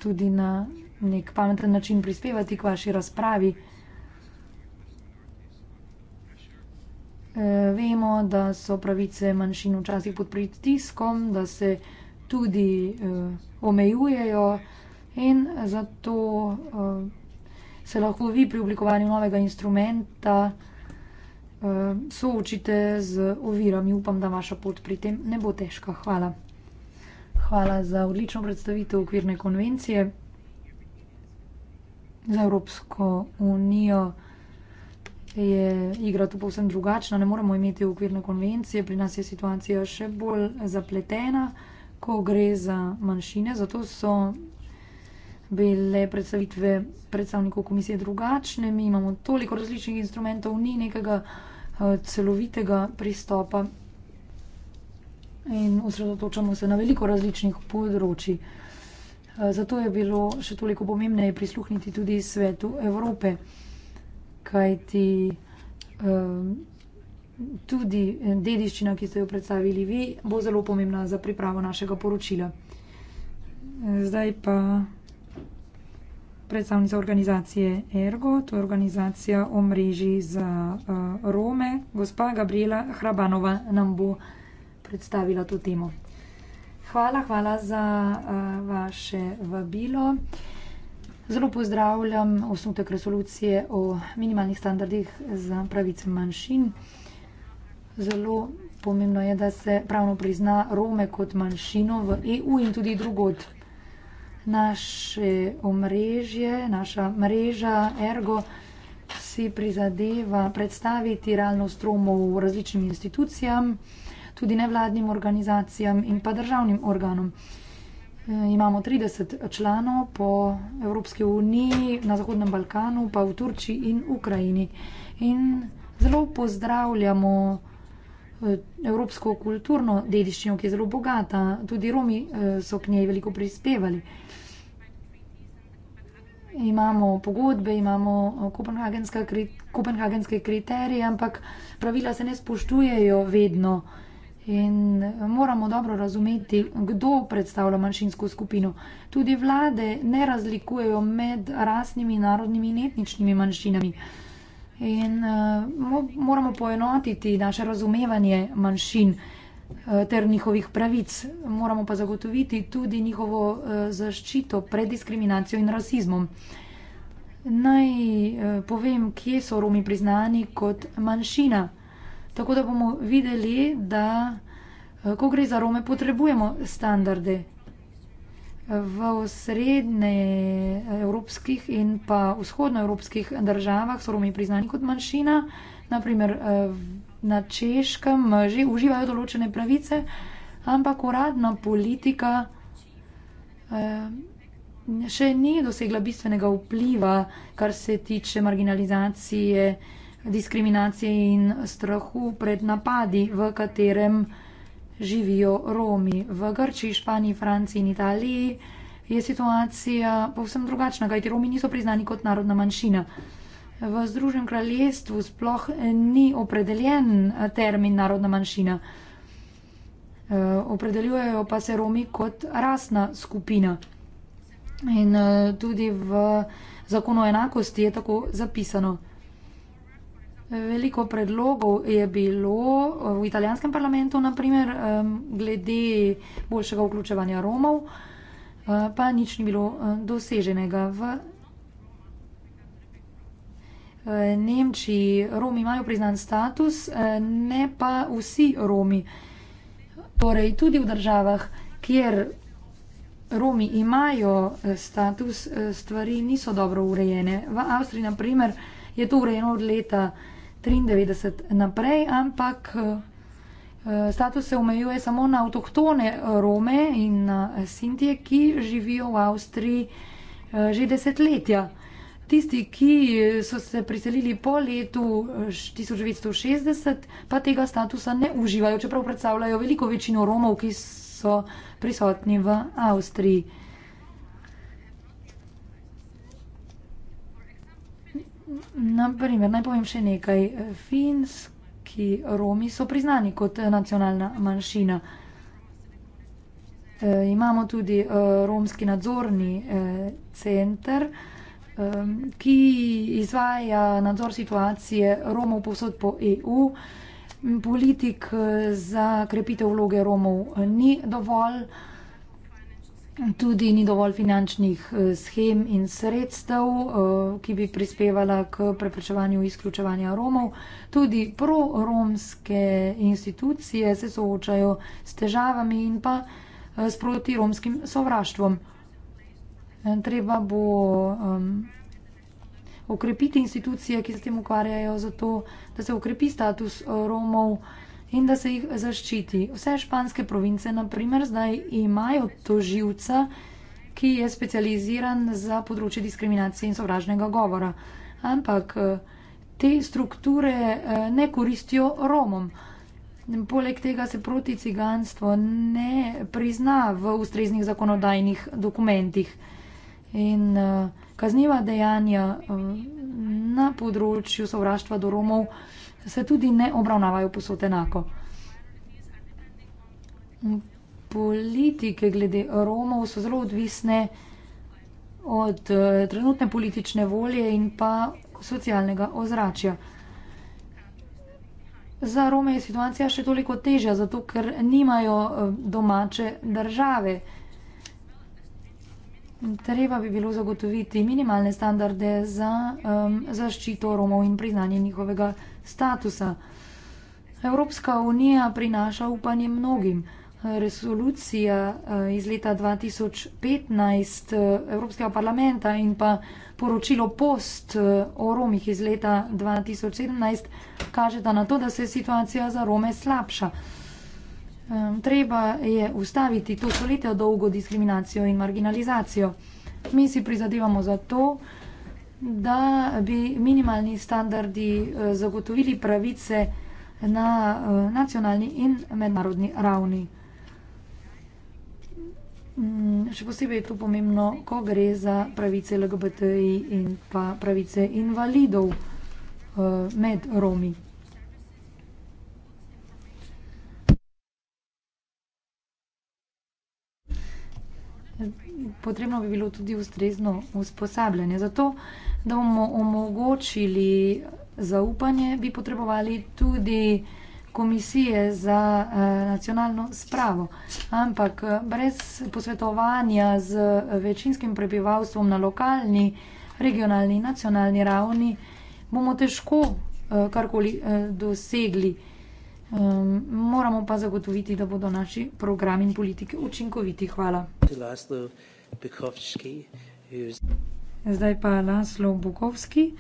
tudi na nek pameten način prispevati k vaši razpravi. Eh, vemo, da so pravice manjšin včasih pod pritiskom, da se tudi eh, omejujejo in zato se lahko vi pri oblikovanju novega instrumenta Eh, soočite z ovirami. Ja upam, da vaša pot pri tem ne bo težka. Hvala. Hvala za odlično predstavitev okvirne konvencije za Evropsko unijo. Je igra tu povsem drugačna, ne moremo imeti okvirne konvencije, pri nas je situacija še bolj zapletena, ko gre za manjšine. Zato so bile predstavitve predstavnikov komisije drugačne. Mi imamo toliko različnih instrumentov, ni nekega uh, Eh, celovitega pristopa. In osredotočamo se na veliko različnih področji. Eh, zato je bilo še toliko pomembneje prisluhniti tudi svetu Evrope, kajti eh, tudi dediščina, ki ste jo predstavili vi, bo zelo pomembna za pripravo našega poročila. Zdaj pa predstavnica organizacije Ergo, to je organizacija o mreži za eh, Rome. Gospa Gabriela Hrabanova nam bo predstavila to temo. Hvala, hvala za eh, vaše vabilo. Zelo pozdravljam osnutek resolucije o minimalnih standardih za pravice manjšin. Zelo pomembno je, da se pravno prizna Rome kot manjšino v EU in tudi drugod naše omrežje, naša mreža Ergo si prizadeva predstaviti realno stromo v različnim institucijam, tudi nevladnim organizacijam in pa državnim organom. E, imamo 30 članov po Evropski uniji, na Zahodnem Balkanu, pa v Turčiji in Ukrajini. In zelo pozdravljamo e, evropsko kulturno dediščino, ki je zelo bogata. Tudi Romi e, so k njej veliko prispevali imamo pogodbe, imamo eh, kopenhagenske, kopenhagenske kriterije, ampak pravila se ne spoštujejo vedno. In eh, moramo dobro razumeti, kdo predstavlja manjšinsko skupino. Tudi vlade ne razlikujejo med rasnimi, narodnimi in etničnimi manjšinami. In uh, moramo poenotiti naše razumevanje manjšin. Uh, Eh, ter njihovih pravic. Moramo pa zagotoviti tudi njihovo eh, zaščito pred diskriminacijo in rasizmom. Naj eh, povem, kje so Romi priznani kot manjšina. Tako da bomo videli, da ko gre za Rome, potrebujemo standarde v srednje evropskih in pa vzhodnoevropskih državah so Romi priznani kot manjšina, naprimer na Češkem že uživajo določene pravice, ampak uradna politika eh, še ni dosegla bistvenega vpliva, kar se tiče marginalizacije, diskriminacije in strahu pred napadi, v katerem živijo Romi. V Grčiji, Španiji, Franciji in Italiji je situacija povsem drugačna, kajti Romi niso priznani kot narodna manjšina v Združenem kraljestvu sploh eh, ni opredeljen eh, termin narodna manjšina. Eh, opredeljujejo pa se Romi kot rasna skupina. In tudi v zakonu o enakosti je tako zapisano. Veliko predlogov je bilo v italijanskem parlamentu, naprimer, glede boljšega vključevanja Romov, pa nič ni bilo doseženega v Eh, Nemčiji Romi imajo priznan status, eh, ne pa vsi Romi. Torej, tudi v državah, kjer Romi imajo eh, status, stvari niso dobro urejene. V Avstriji, na primer, je to urejeno od leta triindevetdeset naprej, ampak status se omejuje samo na avtohtone Rome in na Sintije, ki živijo v Avstriji že desetletja. Tisti, ki so se priselili po letu 1960, eh, pa tega statusa ne uživajo, čeprav predstavljajo veliko večino Romov, ki so prisotni v Avstriji. Naprimer, naj povem še nekaj. Finski Romi so priznani kot nacionalna manjšina. E, imamo tudi e, romski nadzorni e, center. E, Um, ki izvaja nadzor situacije Romov povsod po EU. Politik uh, za krepitev vloge Romov uh, ni dovolj, tudi ni dovolj finančnih uh, schem in sredstev, ki bi prispevala k preprečevanju izključevanja Romov. Tudi proromske institucije se soočajo s težavami in pa s protiromskim sovraštvom. Eh, treba bo um, okrepiti institucije, ki se tem ukvarjajo, zato da se okrepi status Romov in da se jih zaščiti. Vse španske province, naprimer, zdaj imajo toživca, ki je specializiran za področje diskriminacije in sovražnega govora. Ampak eh, te strukture eh, ne koristijo Romom. Poleg tega se proticiganstvo ne prizna v ustreznih zakonodajnih dokumentih. In uh, kazniva dejanja uh, na področju sovraštva do Romov se tudi ne obravnavajo posod enako. Politike glede Romov so zelo odvisne od uh, trenutne politične volje in pa socialnega ozračja. Za Rome je situacija še toliko težja, zato ker nimajo domače države. Treba bi bilo zagotoviti minimalne standarde za um, zaščito Romov in priznanje njihovega statusa. Evropska unija prinaša upanje mnogim. Resolucija uh, iz leta 2015 uh, Evropskega parlamenta in pa poročilo post uh, o Romih iz leta 2017 kažeta na to, da se situacija za Rome slabša. Treba je ustaviti to stoletje dolgo diskriminacijo in marginalizacijo. Mi si prizadevamo za to, da bi minimalni standardi eh, zagotovili pravice na eh, nacionalni in mednarodni ravni. Mm, še posebej je to pomembno, ko gre za pravice LGBTI in pa pravice invalidov eh, med Romi. potrebno bi bilo tudi ustrezno usposabljanje. Zato, da bomo omogočili zaupanje, bi potrebovali tudi komisije za eh, nacionalno spravo. Ampak eh, brez posvetovanja z večinskim prebivalstvom na lokalni, regionalni, nacionalni ravni bomo težko eh, karkoli dosegli. Um, moramo pa zagotoviti, da bodo naši programi in politiki učinkoviti. Hvala. Zdaj pa Laslo Bukovski,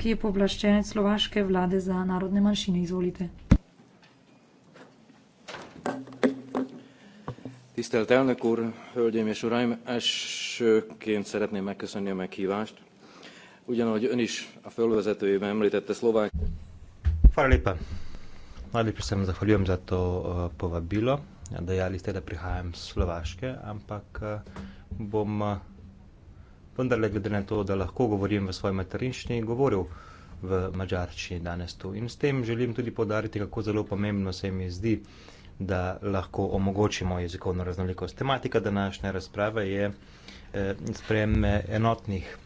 ki je povlaščenec slovaške vlade za narodne manjšine. Izvolite. Hvala lepa. Najlepše se vam zahvaljujem za to eh, povabilo. Ja, dejali ste, da prihajam iz Slovaške, ampak eh, bom eh, vendarle, glede na to, da lahko govorim v svoji materinščini, govoril v mačarščini danes tu. In s tem želim tudi podariti, kako zelo pomembno se mi zdi, da lahko omogočimo jezikovno raznolikost. Tematika današnje razprave je sprejeme enotnih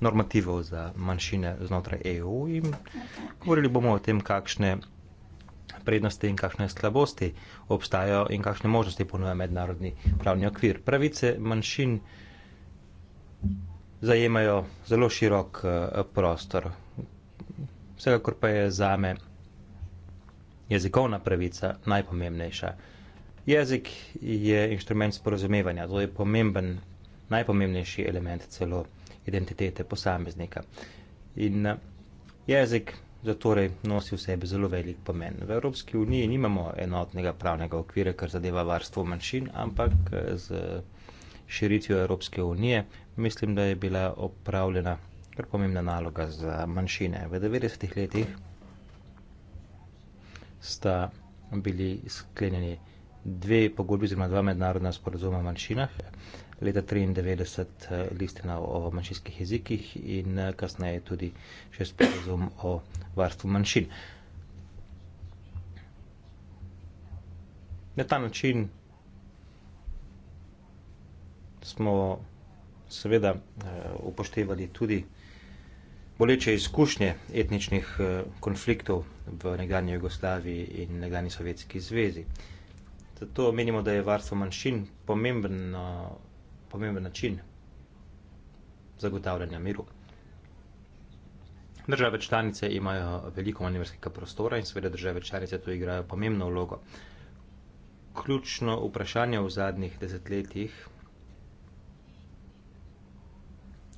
normativov za manjšine znotraj EU in govorili bomo o tem, kakšne prednosti in kakšne slabosti obstajajo in kakšne možnosti ponuja mednarodni pravni okvir. Pravice manjšin zajemajo zelo širok eh, prostor. Vsekakor pa je zame jezikovna pravica najpomembnejša. Jezik je inštrument sporozumevanja, to je pomemben, najpomembnejši element celo identitete posameznika. In eh, jezik zatorej nosi v sebi zelo velik pomen. V Evropski uniji nimamo enotnega pravnega okvira, kar zadeva varstvo manjšin, ampak z širitvijo Evropske unije mislim, da je bila opravljena kar pomembna naloga za manjšine. V 90-ih letih sta bili sklenjeni dve pogodbi oziroma dva mednarodna sporozuma o manjšinah, leta 1993 eh, listina o manjšinskih jezikih in eh, kasneje tudi še sporozum o varstvu manjšin. Na ta način smo seveda eh, upoštevali tudi boleče izkušnje etničnih konfliktov v nekdanji Jugoslaviji in nekdanji Sovjetski zvezi. Zato menimo, da je varstvo manjšin pomemben, eh, pomemben način zagotavljanja miru. Države članice imajo veliko manjvrskega prostora in seveda države članice tu igrajo pomembno vlogo. Ključno vprašanje v zadnjih desetletjih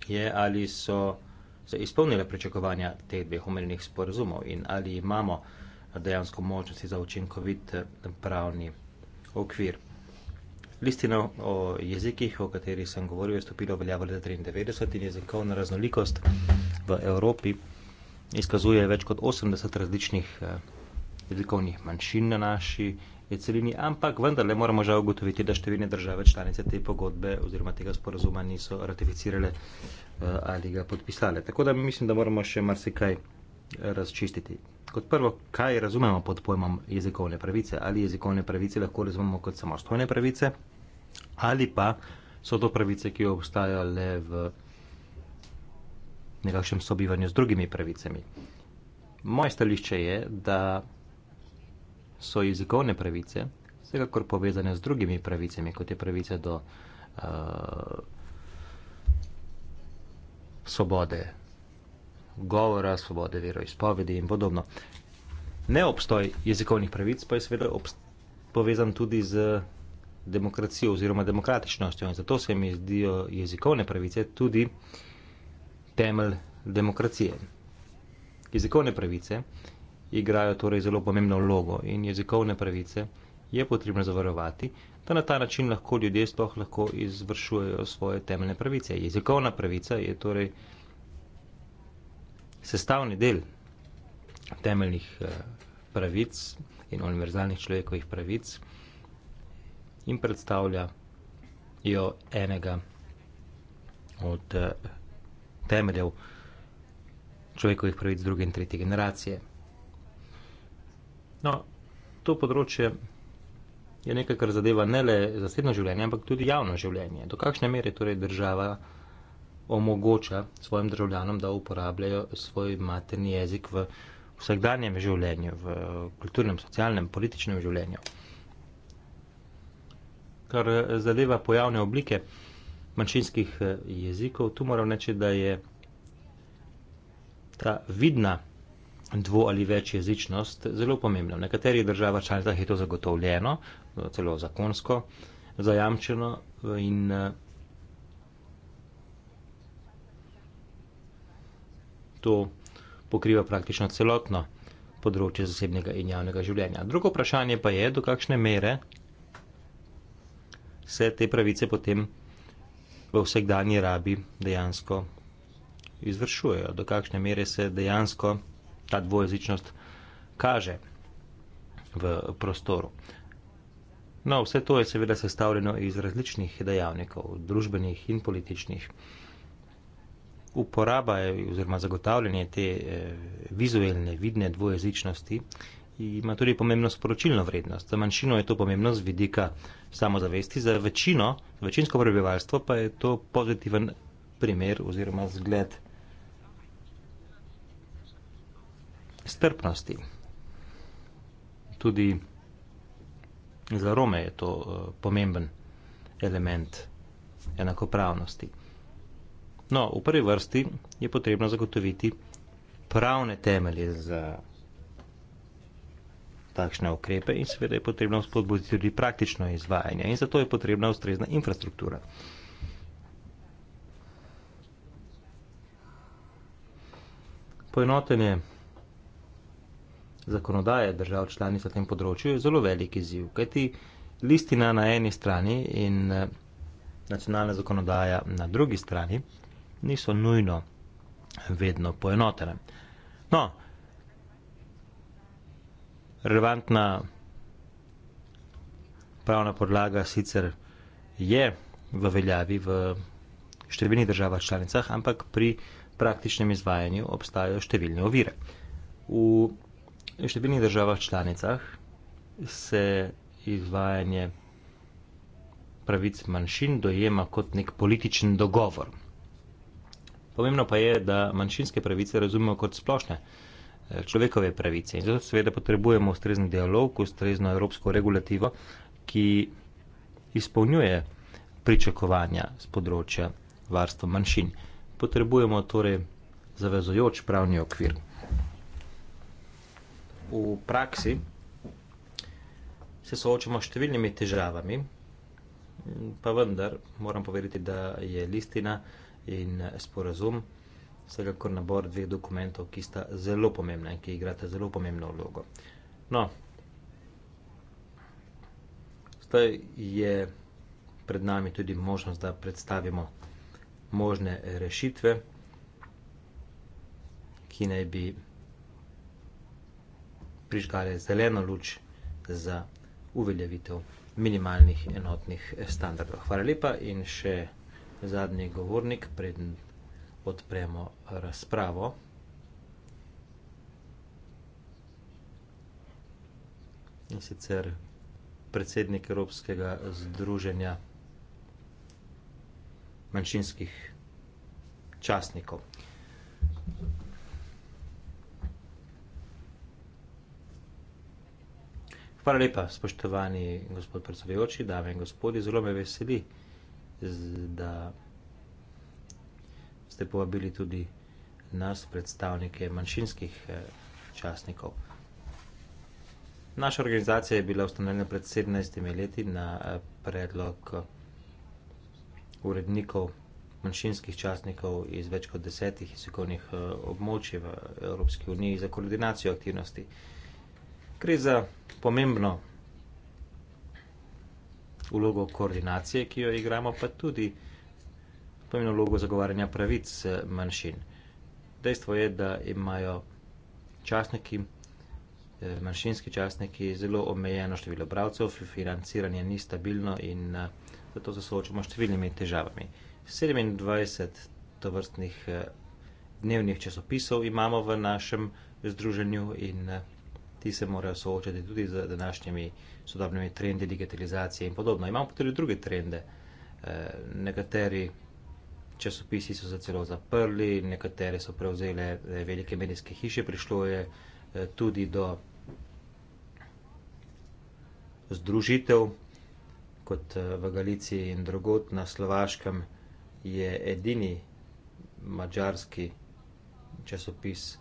je, ali so se izpolnile pričakovanja teh dveh omenjenih sporazumov in ali imamo dejansko možnosti za učinkovit eh, pravni pravni okvir. Listino o jezikih, o kateri sem govoril, je stopilo veljavo leta 1993 in jezikovna raznolikost v Evropi izkazuje več kot 80 različnih eh, jezikovnih manjšin na naši eh, celini, ampak vendarle moramo žal ugotoviti, da številne države članice te pogodbe oziroma tega sporazuma niso ratificirale eh, ali ga podpisale. Tako da mislim, da moramo še marsikaj kaj razčistiti. Kot prvo, kaj razumemo pod pojmom jezikovne pravice? Ali jezikovne pravice lahko razumemo kot samostojne pravice, ali pa so to pravice, ki obstajajo le v nekakšnem sobivanju z drugimi pravicami? Moje stališče je, da so jezikovne pravice vsekakor povezane z drugimi pravicami, kot je pravice do uh, svobode, govora, svobode veroizpovedi in podobno. Neobstoj jezikovnih pravic pa je seveda povezan tudi z demokracijo oziroma demokratičnostjo in zato se mi zdijo jezikovne pravice tudi temelj demokracije. Jezikovne pravice igrajo torej zelo pomembno vlogo in jezikovne pravice je potrebno zavarovati, da na ta način lahko ljudje sploh lahko izvršujejo svoje temeljne pravice. Jezikovna pravica je torej sestavni del temeljnih eh, pravic in univerzalnih človekovih pravic in predstavlja jo enega od eh, temeljev človekovih pravic druge in tretje generacije. No, to področje je nekaj, kar zadeva ne le zasebno življenje, ampak tudi javno življenje. Do kakšne mere torej država omogoča svojim državljanom, da uporabljajo svoj materni jezik v vsakdanjem življenju, v kulturnem, socialnem, političnem življenju. Kar eh, zadeva pojavne oblike manjšinskih eh, jezikov, tu moram reči, da je ta vidna dvo ali več jezičnost zelo pomembna. V nekaterih državah članicah je to zagotovljeno, eh, celo zakonsko zajamčeno in to pokriva praktično celotno področje zasebnega in javnega življenja. Drugo vprašanje pa je, do kakšne mere se te pravice potem v vsakdanji rabi dejansko izvršujejo, do kakšne mere se dejansko ta dvojezičnost kaže v prostoru. No, vse to je seveda sestavljeno iz različnih dejavnikov, družbenih in političnih uporaba eh, oziroma zagotavljanje te eh, vizualne, vidne dvojezičnosti ima tudi pomembno sporočilno vrednost. Za manjšino je to pomembno z vidika samozavesti, za večino, za večinsko prebivalstvo pa je to pozitiven primer oziroma zgled strpnosti. Tudi za Rome je to eh, pomemben element enakopravnosti. No, v prvi vrsti je potrebno zagotoviti pravne temelje za takšne ukrepe in seveda je potrebno spodbuditi tudi praktično izvajanje in zato je potrebna ustrezna infrastruktura. Poenotenje zakonodaje držav članic na tem področju je zelo velik izziv, kajti listina na eni strani in eh, nacionalna zakonodaja na drugi strani niso nujno vedno poenotene. No, relevantna pravna podlaga sicer je v veljavi v številnih državah članicah, ampak pri praktičnem izvajanju obstajajo številne ovire. V številnih državah članicah se izvajanje pravic manjšin dojema kot nek političen dogovor. Pomembno pa je, da manjšinske pravice razumemo kot splošne eh, človekove pravice. In zato seveda potrebujemo ustrezni dialog, ustrezno evropsko regulativo, ki izpolnjuje pričakovanja z področja varstva manjšin. Potrebujemo torej zavezojoč pravni okvir. V praksi se soočamo s številnimi težavami, pa vendar moram povedati, da je listina in eh, sporazum, vsekakor nabor dveh dokumentov, ki sta zelo pomembna in ki igrata zelo pomembno vlogo. No, zdaj je pred nami tudi možnost, da predstavimo možne rešitve, ki naj bi prižgale zeleno luč za uveljavitev minimalnih enotnih standardov. Hvala lepa in še zadnji govornik, preden odpremo razpravo. In sicer predsednik Evropskega združenja manjšinskih časnikov. Hvala lepa, spoštovani gospod predsedujoči, dame in gospodje. Zelo me veseli da ste povabili tudi nas, predstavnike manjšinskih eh, časnikov. Naša organizacija je bila ustanovljena pred 17 leti na eh, predlog eh, urednikov manjšinskih časnikov iz več kot desetih jezikovnih območij v Evropski uniji za koordinacijo aktivnosti. Gre za pomembno vlogo koordinacije, ki jo igramo, pa tudi pomembno vlogo zagovarjanja pravic eh, manjšin. Dejstvo je, da imajo časniki, eh, manjšinski časniki, zelo omejeno število bralcev, financiranje ni stabilno in eh, zato se soočamo s številnimi težavami. 27 tovrstnih dnevnih časopisov imamo v našem združenju in ti se morajo soočati tudi z današnjimi sodobnimi trendi digitalizacije in podobno. Imamo pa tudi druge trende. Eh, nekateri časopisi so se celo zaprli, nekatere so prevzele eh, velike medijske hiše, prišlo je eh, tudi do združitev, kot v Galiciji in drugot na Slovaškem je edini mađarski časopis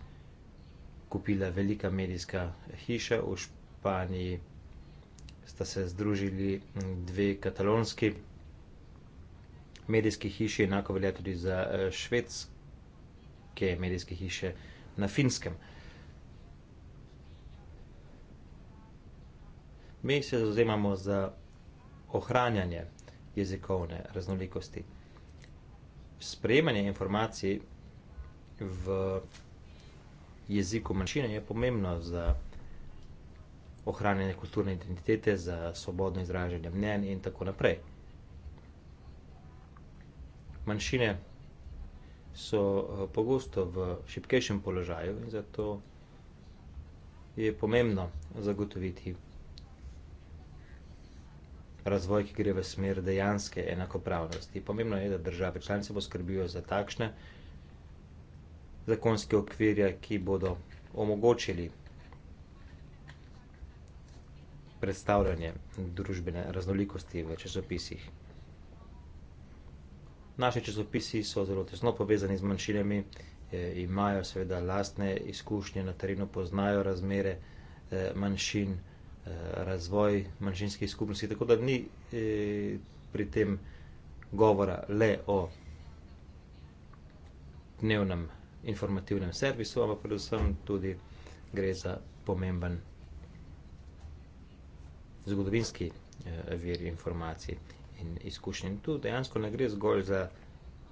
kupila velika medijska hiša v Španiji sta se združili dve katalonski medijski hiši, enako velja tudi za e, švedske medijske hiše na finskem. Mi se zauzemamo za ohranjanje jezikovne raznolikosti. Sprejemanje informacij v jeziku manjšine je pomembno za ohranjanje kulturne identitete, za svobodno izražanje mnen in tako naprej. Manjšine so eh, pogosto v šipkejšem položaju in zato je pomembno zagotoviti razvoj, ki gre v smer dejanske enakopravnosti. Pomembno je, da države članice poskrbijo za takšne zakonske okvirja, ki bodo omogočili predstavljanje družbene raznolikosti v časopisih. Naši časopisi so zelo tesno povezani z manjšinami, e, imajo seveda lastne izkušnje na terenu, poznajo razmere e, manjšin, e, razvoj manjšinskih skupnosti, tako da ni pri tem govora le o dnevnem informativnem servisu, ampak predvsem tudi gre za pomemben zgodovinski eh, vir informacij in izkušnji. Tu dejansko ne gre zgolj za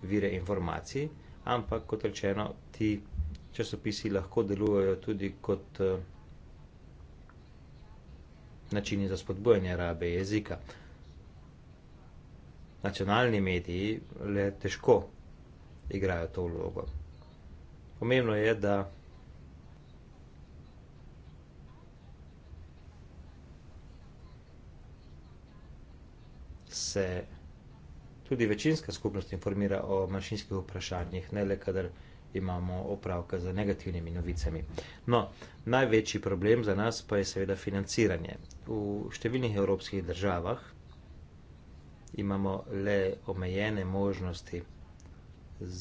vire informacij, ampak kot rečeno, ti časopisi lahko delujejo tudi kot eh, načini za spodbojanje rabe jezika. Nacionalni mediji le težko igrajo to vlogo. Pomembno je, da se tudi večinska skupnost informira o manjšinskih vprašanjih, ne le kadar imamo opravka z negativnimi novicami. No, največji problem za nas pa je seveda financiranje. V številnih evropskih državah imamo le omejene možnosti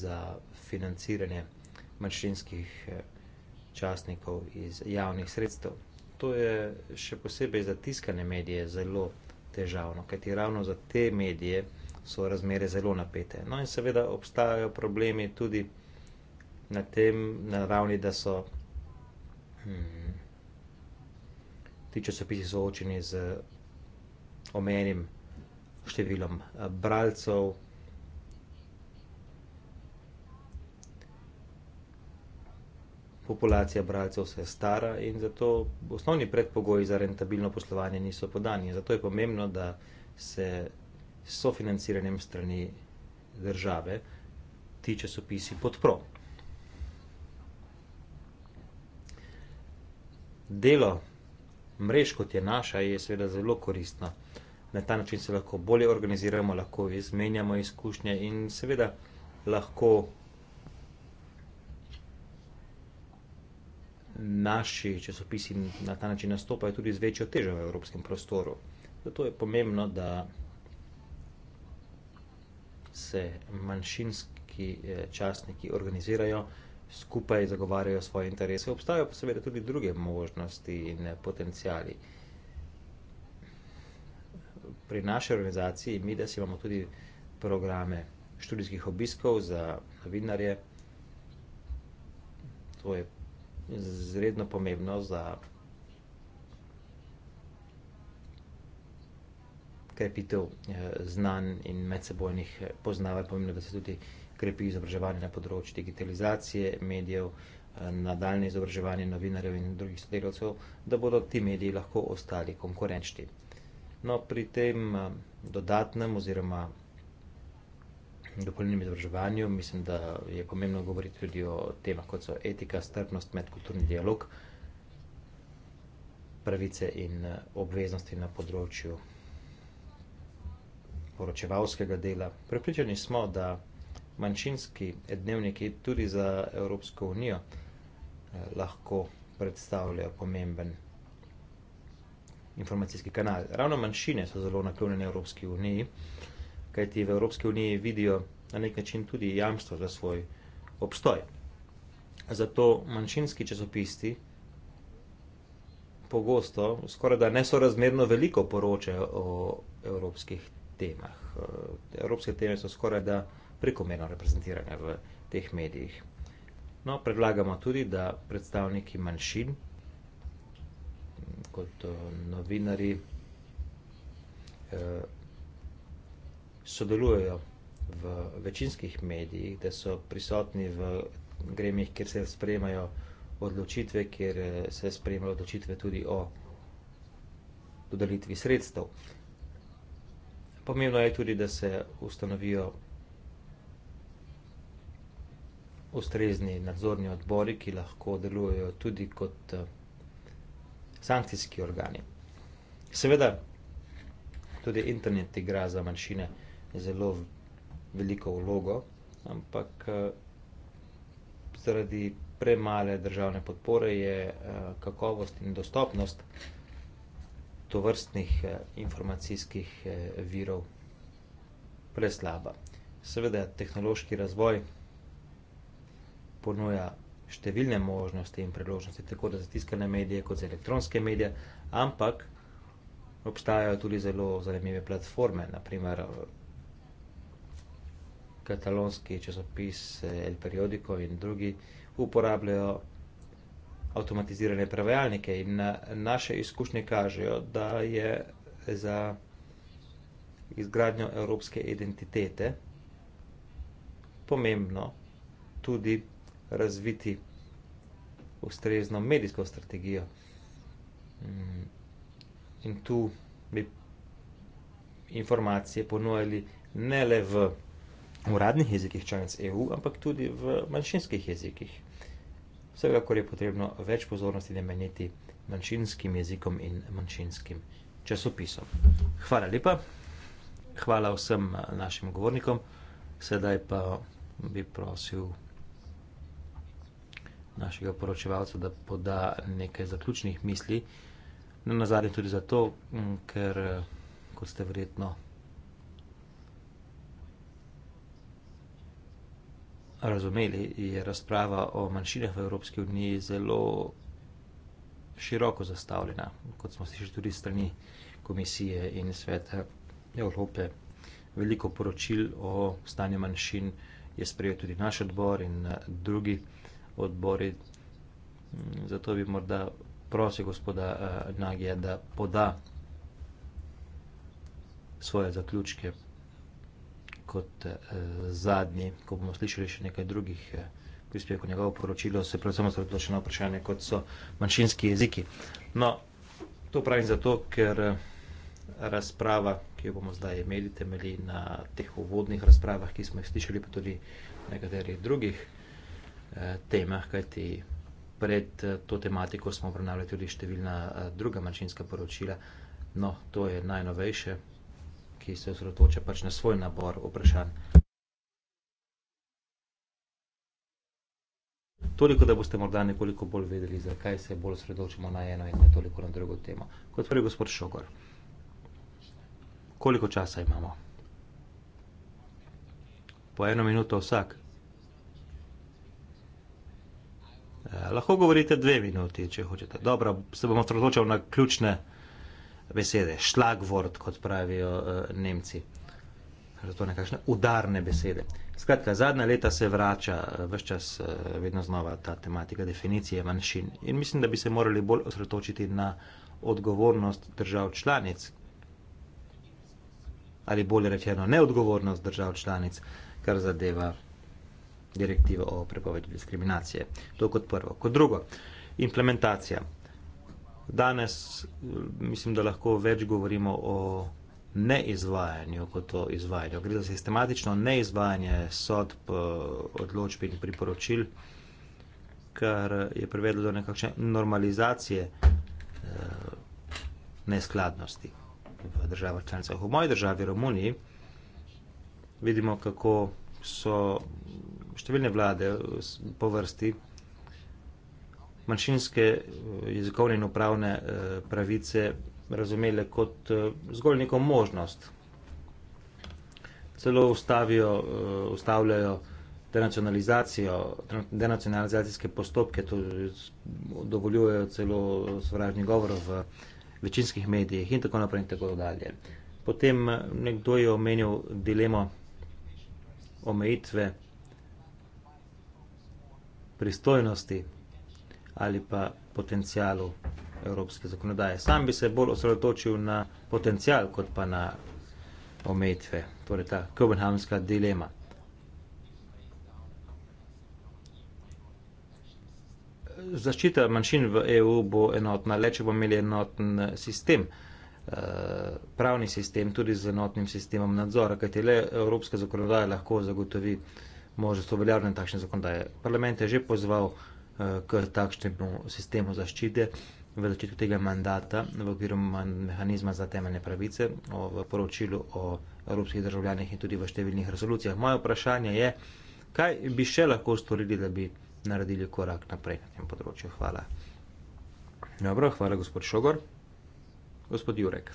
za financiranje manjšinskih eh, časnikov iz javnih sredstev. To je še posebej za tiskane medije zelo težavno, kajti ravno za te medije so razmere zelo napete. No in seveda obstajajo problemi tudi na tem na ravni, da so hmm, ti časopisi soočeni z omenim številom eh, bralcev, populacija bralcev se stara in zato osnovni predpogoji za rentabilno poslovanje niso podani. Zato je pomembno, da se sofinanciranjem strani države ti časopisi podpro. Delo mrež, kot je naša, je seveda zelo koristno. Na ta način se lahko bolje organiziramo, lahko izmenjamo izkušnje in seveda lahko naši časopisi na ta način nastopajo tudi z večjo težo v evropskem prostoru. Zato je pomembno, da se manjšinski eh, časniki organizirajo, skupaj zagovarjajo svoje interese. Obstajajo pa seveda tudi druge možnosti in eh, potencijali. Pri naši organizaciji mi, da si imamo tudi programe študijskih obiskov za novinarje, to je izredno pomembno za krepitev eh, znanj in medsebojnih eh, poznavaj, pomembno, da se tudi krepi izobraževanje na področju digitalizacije medijev, eh, nadaljne izobraževanje novinarjev in drugih sodelavcev, da bodo ti mediji lahko ostali konkurenčni. No, pri tem dodatnem oziroma dopolnilnem izobraževanju. Mislim, da je pomembno govoriti tudi o temah, kot so etika, strpnost, medkulturni dialog, pravice in eh, obveznosti na področju poročevalskega dela. Prepričani smo, da manjšinski dnevniki tudi za Evropsko unijo eh, lahko predstavljajo pomemben informacijski kanal. Ravno manjšine so zelo naklonjene Evropski uniji kajti v Evropski uniji vidijo na nek način tudi jamstvo za svoj obstoj. Zato manjšinski časopisti pogosto, skoraj da nesorazmerno veliko poročajo o evropskih temah. Evropske teme so skoraj da prekomerno reprezentirane v teh medijih. No, predlagamo tudi, da predstavniki manjšin, kot eh, novinari, eh, sodelujejo v večinskih medijih, da so prisotni v gremih, kjer se sprejemajo odločitve, kjer eh, se sprejemajo odločitve tudi o dodelitvi sredstev. Pomembno je tudi, da se ustanovijo ustrezni nadzorni odbori, ki lahko delujejo tudi kot eh, sankcijski organi. Seveda, tudi internet igra za manjšine zelo veliko vlogo, ampak eh, zaradi premale državne podpore je eh, kakovost in dostopnost to vrstnih eh, informacijskih virov preslaba. Seveda, tehnološki razvoj ponuja številne možnosti in priložnosti, tako da za tiskane medije, kot za elektronske medije, ampak obstajajo tudi zelo zanimive platforme, naprimer katalonski časopis eh, El Periodico in drugi uporabljajo avtomatizirane prevajalnike in naše izkušnje kažejo, da je za izgradnjo evropske identitete pomembno tudi razviti ustrezno medijsko strategijo. Mm. In tu bi informacije ponujali ne le v v uradnih jezikih članic EU, ampak tudi v manjšinskih jezikih. Vsekakor je potrebno več pozornosti nameniti manjšinskim jezikom in manjšinskim časopisom. Hvala lepa, hvala vsem eh, našim govornikom, sedaj pa bi prosil našega poročevalca, da poda nekaj zaključnih misli, na nazadnje tudi zato, mm, ker, eh, kot ste verjetno razumeli, je razprava o manjšinah v Evropski uniji zelo široko zastavljena, kot smo slišali tudi strani komisije in sveta Evrope. Veliko poročil o stanju manjšin je sprejel tudi naš odbor in eh, drugi odbori. Mm, zato bi morda prosil gospoda eh, Nagija, da poda svoje zaključke kot eh, zadnji, ko bomo slišali še nekaj drugih eh, prispevkov v njegovo poročilo, se predvsem osredotočeno vprašanje, kot so manjšinski jeziki. No, to pravim zato, ker eh, razprava, ki jo bomo zdaj imeli, temelji na teh uvodnih razpravah, ki smo jih slišali, pa tudi na nekaterih drugih eh, temah, kajti pred to tematiko smo obravnavali tudi številna eh, druga manjšinska poročila. No, to je najnovejše, ki se osredotoča pač na svoj nabor vprašanj. Toliko, da boste morda nekoliko bolj vedeli, zakaj se bolj osredotočimo na eno in ne toliko na drugo temo. Kot prvi gospod Šogor, koliko časa imamo? Po eno minuto vsak. Eh, lahko govorite dve minuti, če hočete. Dobro, se bomo osredotočili na ključne besede, šlagvord, kot pravijo uh, Nemci. Zato torej, nekakšne udarne besede. Skratka, zadnja leta se vrača uh, eh, vse čas, uh, vedno znova ta tematika definicije manjšin. In mislim, da bi se morali bolj osredotočiti na odgovornost držav članic, ali bolje rečeno, neodgovornost držav članic, kar zadeva direktivo o prepovedi diskriminacije. To kot prvo. Kot drugo, implementacija. Danes eh, mislim, da lahko več govorimo o neizvajanju kot o izvajanju. Gre za sistematično neizvajanje sodb, eh, odločb in priporočil, kar je privedlo do nekakšne normalizacije eh, neskladnosti v državah članicah. V moji državi, Romuniji, vidimo, kako so številne vlade po vrsti manjšinske eh, jezikovne in upravne eh, pravice razumele kot eh, zgolj neko možnost. Celo ustavijo, ustavljajo denacionalizacijo, denacionalizacijske postopke, to dovoljujejo celo sovražni govor v večinskih medijih in tako naprej in tako dalje. Potem nekdo je omenil dilemo omejitve pristojnosti ali pa potencijalu evropske zakonodaje. Sam bi se bolj osredotočil na potencijal, kot pa na omejitve, torej ta kopenhamska dilema. Zaščita manjšin v EU bo enotna, le če bomo imeli enoten eh, sistem, eh, pravni sistem, tudi z enotnim sistemom nadzora, kajti le evropska zakonodaja lahko zagotovi možnost uveljavljanja takšne zakonodaje. Parlament je že pozval Eh, kar takšnemu sistemu zaščite v začetku tega mandata v okviru mehanizma za temeljne pravice v poročilu o evropskih državljanih in tudi v številnih resolucijah. Moje vprašanje je, kaj bi še lahko storili, da bi naredili korak naprej na tem področju. Hvala. Dobro, hvala gospod Šogor. Gospod Jurek.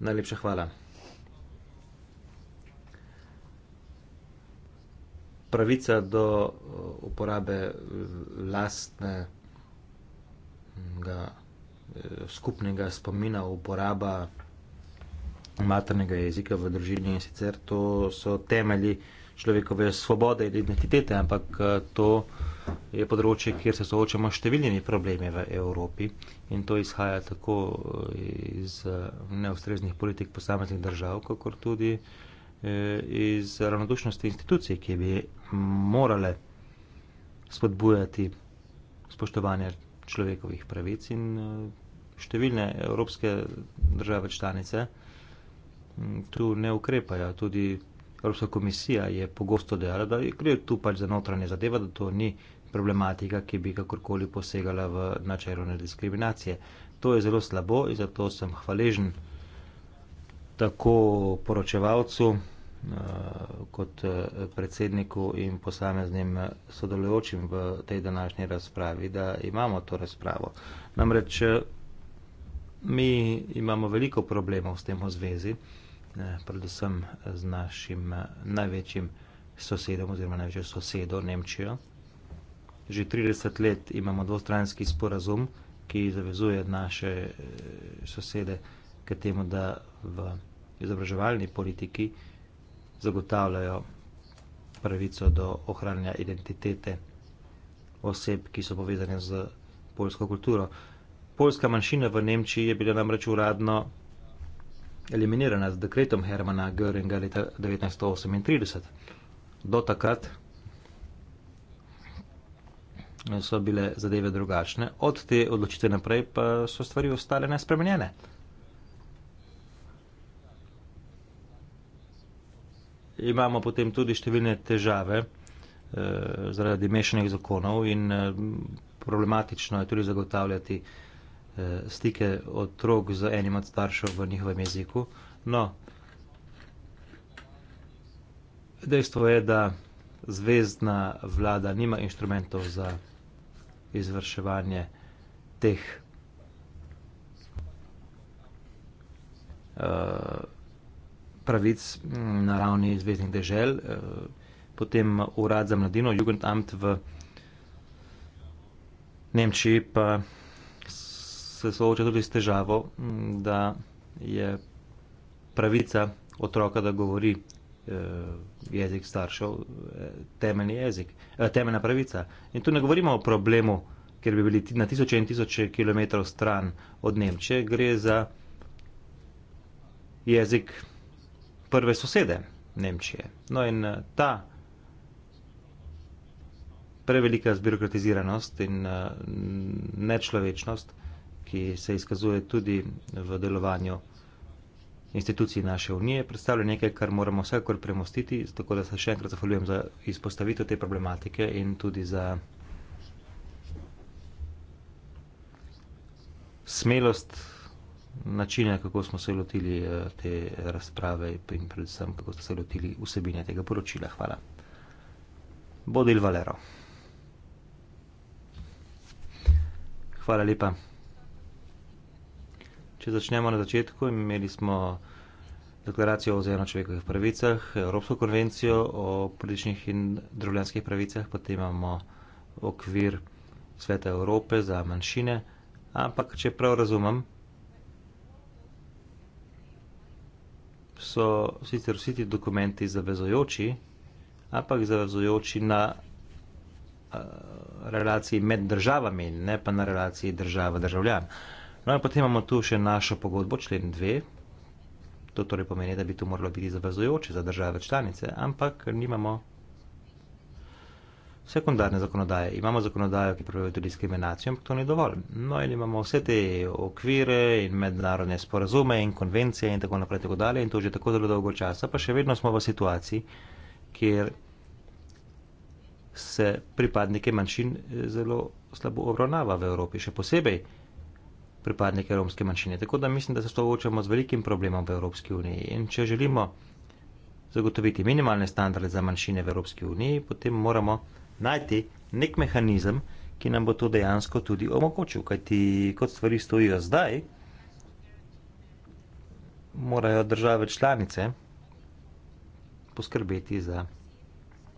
Najlepša hvala. pravica do uh, uporabe uh, lastnega uh, skupnega spomina, uporaba maternega jezika v družini in sicer to so temelji človekove svobode in identitete, ampak to je področje, kjer se soočamo s številnimi problemi v Evropi in to izhaja tako iz neustreznih politik posameznih držav, kakor tudi uh, Eh, iz ravnodušnosti institucij, ki bi morale spodbujati spoštovanje človekovih pravic in eh, številne evropske države članice mm, tu ne ukrepajo. Tudi Evropska komisija je pogosto dejala, da gre tu pač za notranje zadeva, da to ni problematika, ki bi kakorkoli posegala v načelo nediskriminacije. To je zelo slabo in zato sem hvaležen tako poročevalcu, Eh, kot eh, predsedniku in posameznim eh, sodelujočim v tej današnji razpravi, da imamo to razpravo. Namreč mi imamo veliko problemov s tem v zvezi, predvsem z našim največjim sosedom oziroma največjo sosedo Nemčijo. Že 30 let imamo dvostranski sporazum, ki zavezuje naše sosede k temu, da v izobraževalni politiki zagotavljajo pravico do ohranjanja identitete oseb, ki so povezane z polsko kulturo. Polska manjšina v Nemčiji je bila namreč uradno eliminirana z dekretom Hermana Göringa leta 1938. Do takrat so bile zadeve drugačne, od te odločitve naprej pa so stvari ostale nespremenjene. imamo potem tudi številne težave eh, zaradi mešanih zakonov in eh, problematično je tudi zagotavljati eh, stike otrok z enim od staršev v njihovem jeziku. No, dejstvo je, da zvezdna vlada nima inštrumentov za izvrševanje teh. Eh, pravic mm, na ravni zvezdnih dežel, eh, potem urad za mladino, Jugendamt v Nemčiji pa se sooča tudi s težavo, mm, da je pravica otroka, da govori eh, jezik staršev, eh, temeljni jezik, temeljna pravica. In tu ne govorimo o problemu, ker bi bili na tisoče in tisoče kilometrov stran od Nemčije, gre za jezik, prve sosede Nemčije. No in eh, ta prevelika zbirokratiziranost in eh, nečlovečnost, ki se izkazuje tudi v delovanju institucij naše unije, predstavlja nekaj, kar moramo vsekakor premostiti, tako da se še enkrat zahvaljujem za izpostavitev te problematike in tudi za smelost načine, kako smo se lotili eh, te razprave in predvsem kako ste se lotili vsebine tega poročila. Hvala. Bodil Valero. Hvala lepa. Če začnemo na začetku, imeli smo deklaracijo o zajedno človekovih pravicah, Evropsko konvencijo o političnih in drugljanskih pravicah, potem imamo okvir Sveta Evrope za manjšine, ampak če prav razumem, so sicer vsi ti dokumenti zavezojoči, ampak zavezojoči na uh, relaciji med državami, ne pa na relaciji država-državljan. No in potem imamo tu še našo pogodbo, člen 2. To torej pomeni, da bi to moralo biti zavezojoče za države članice, ampak nimamo sekundarne zakonodaje. Imamo zakonodajo, ki pravi tudi diskriminacijo, ampak to ni dovolj. No in imamo vse te okvire in mednarodne sporazume in konvencije in tako naprej, tako dalje in to že tako zelo dolgo časa, pa še vedno smo v situaciji, kjer se pripadnike manjšin eh, zelo slabo obravnava v Evropi, še posebej pripadnike romske manjšine. Tako da mislim, da se soočamo z velikim problemom v Evropski uniji in če želimo zagotoviti minimalne standarde za manjšine v Evropski uniji, potem moramo najti nek mehanizem, ki nam bo to dejansko tudi omogočil. Kajti, kot stvari stojijo zdaj, morajo države članice poskrbeti za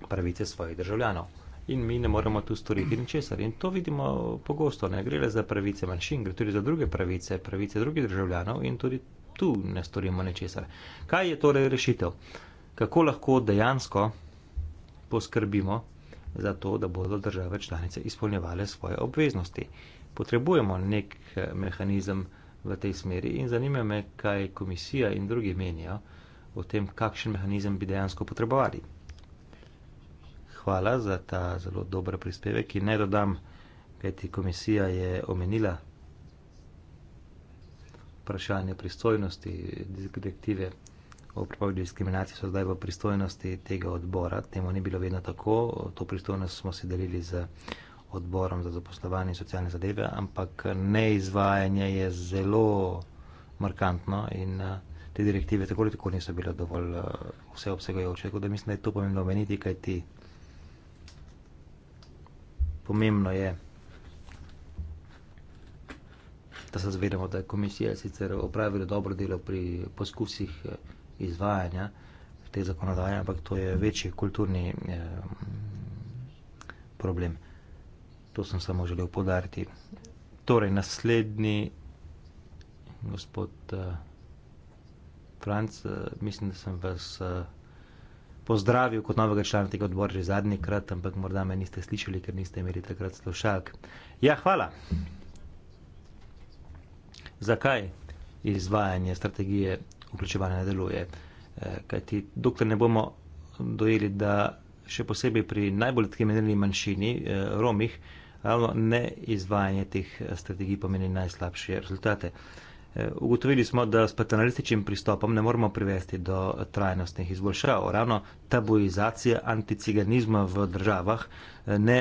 pravice svojih državljanov. In mi ne moremo tu storiti ničesar. In to vidimo pogosto. Ne gre le za pravice manjšin, gre tudi za druge pravice, pravice drugih državljanov in tudi tu ne storimo ničesar. Kaj je torej rešitev? Kako lahko dejansko poskrbimo zato da bodo države članice izpolnjevale svoje obveznosti. Potrebujemo nek eh, mehanizem v tej smeri in zanima me, kaj komisija in drugi menijo o tem, kakšen mehanizem bi dejansko potrebovali. Hvala za ta zelo dober prispevek in ne dodam, kaj ti komisija je omenila vprašanje pristojnosti direktive o prepovedi diskriminacije so zdaj v pristojnosti tega odbora. Temu ni bilo vedno tako. To pristojnost smo si delili z odborom za zaposlovanje in socialne zadeve, ampak neizvajanje je zelo markantno in eh, te direktive tako ali tako niso bile dovolj eh, vseobsegajoče. Tako da mislim, da je to pomembno omeniti, kaj ti pomembno je da se zavedamo, da je komisija sicer opravila dobro delo pri poskusih eh, izvajanja te zakonodaje, ampak to je večji kulturni eh, problem. To sem samo želel podariti. Torej, naslednji gospod eh, Franc, eh, mislim, da sem vas eh, pozdravil kot novega člana tega odbora že zadnji krat, ampak morda me niste slišali, ker niste imeli takrat slušalk. Ja, hvala. Zakaj izvajanje strategije vključevanje ne deluje. Eh, kajti dokler ne bomo dojeli, da še posebej pri najbolj diskriminirani manjšini, eh, Romih, ravno ne izvajanje teh eh, strategij pomeni najslabše rezultate. Ugotovili smo, da s paternalističnim pristopom ne moramo privesti do trajnostnih izboljšav. Ravno tabuizacija anticiganizma v državah ne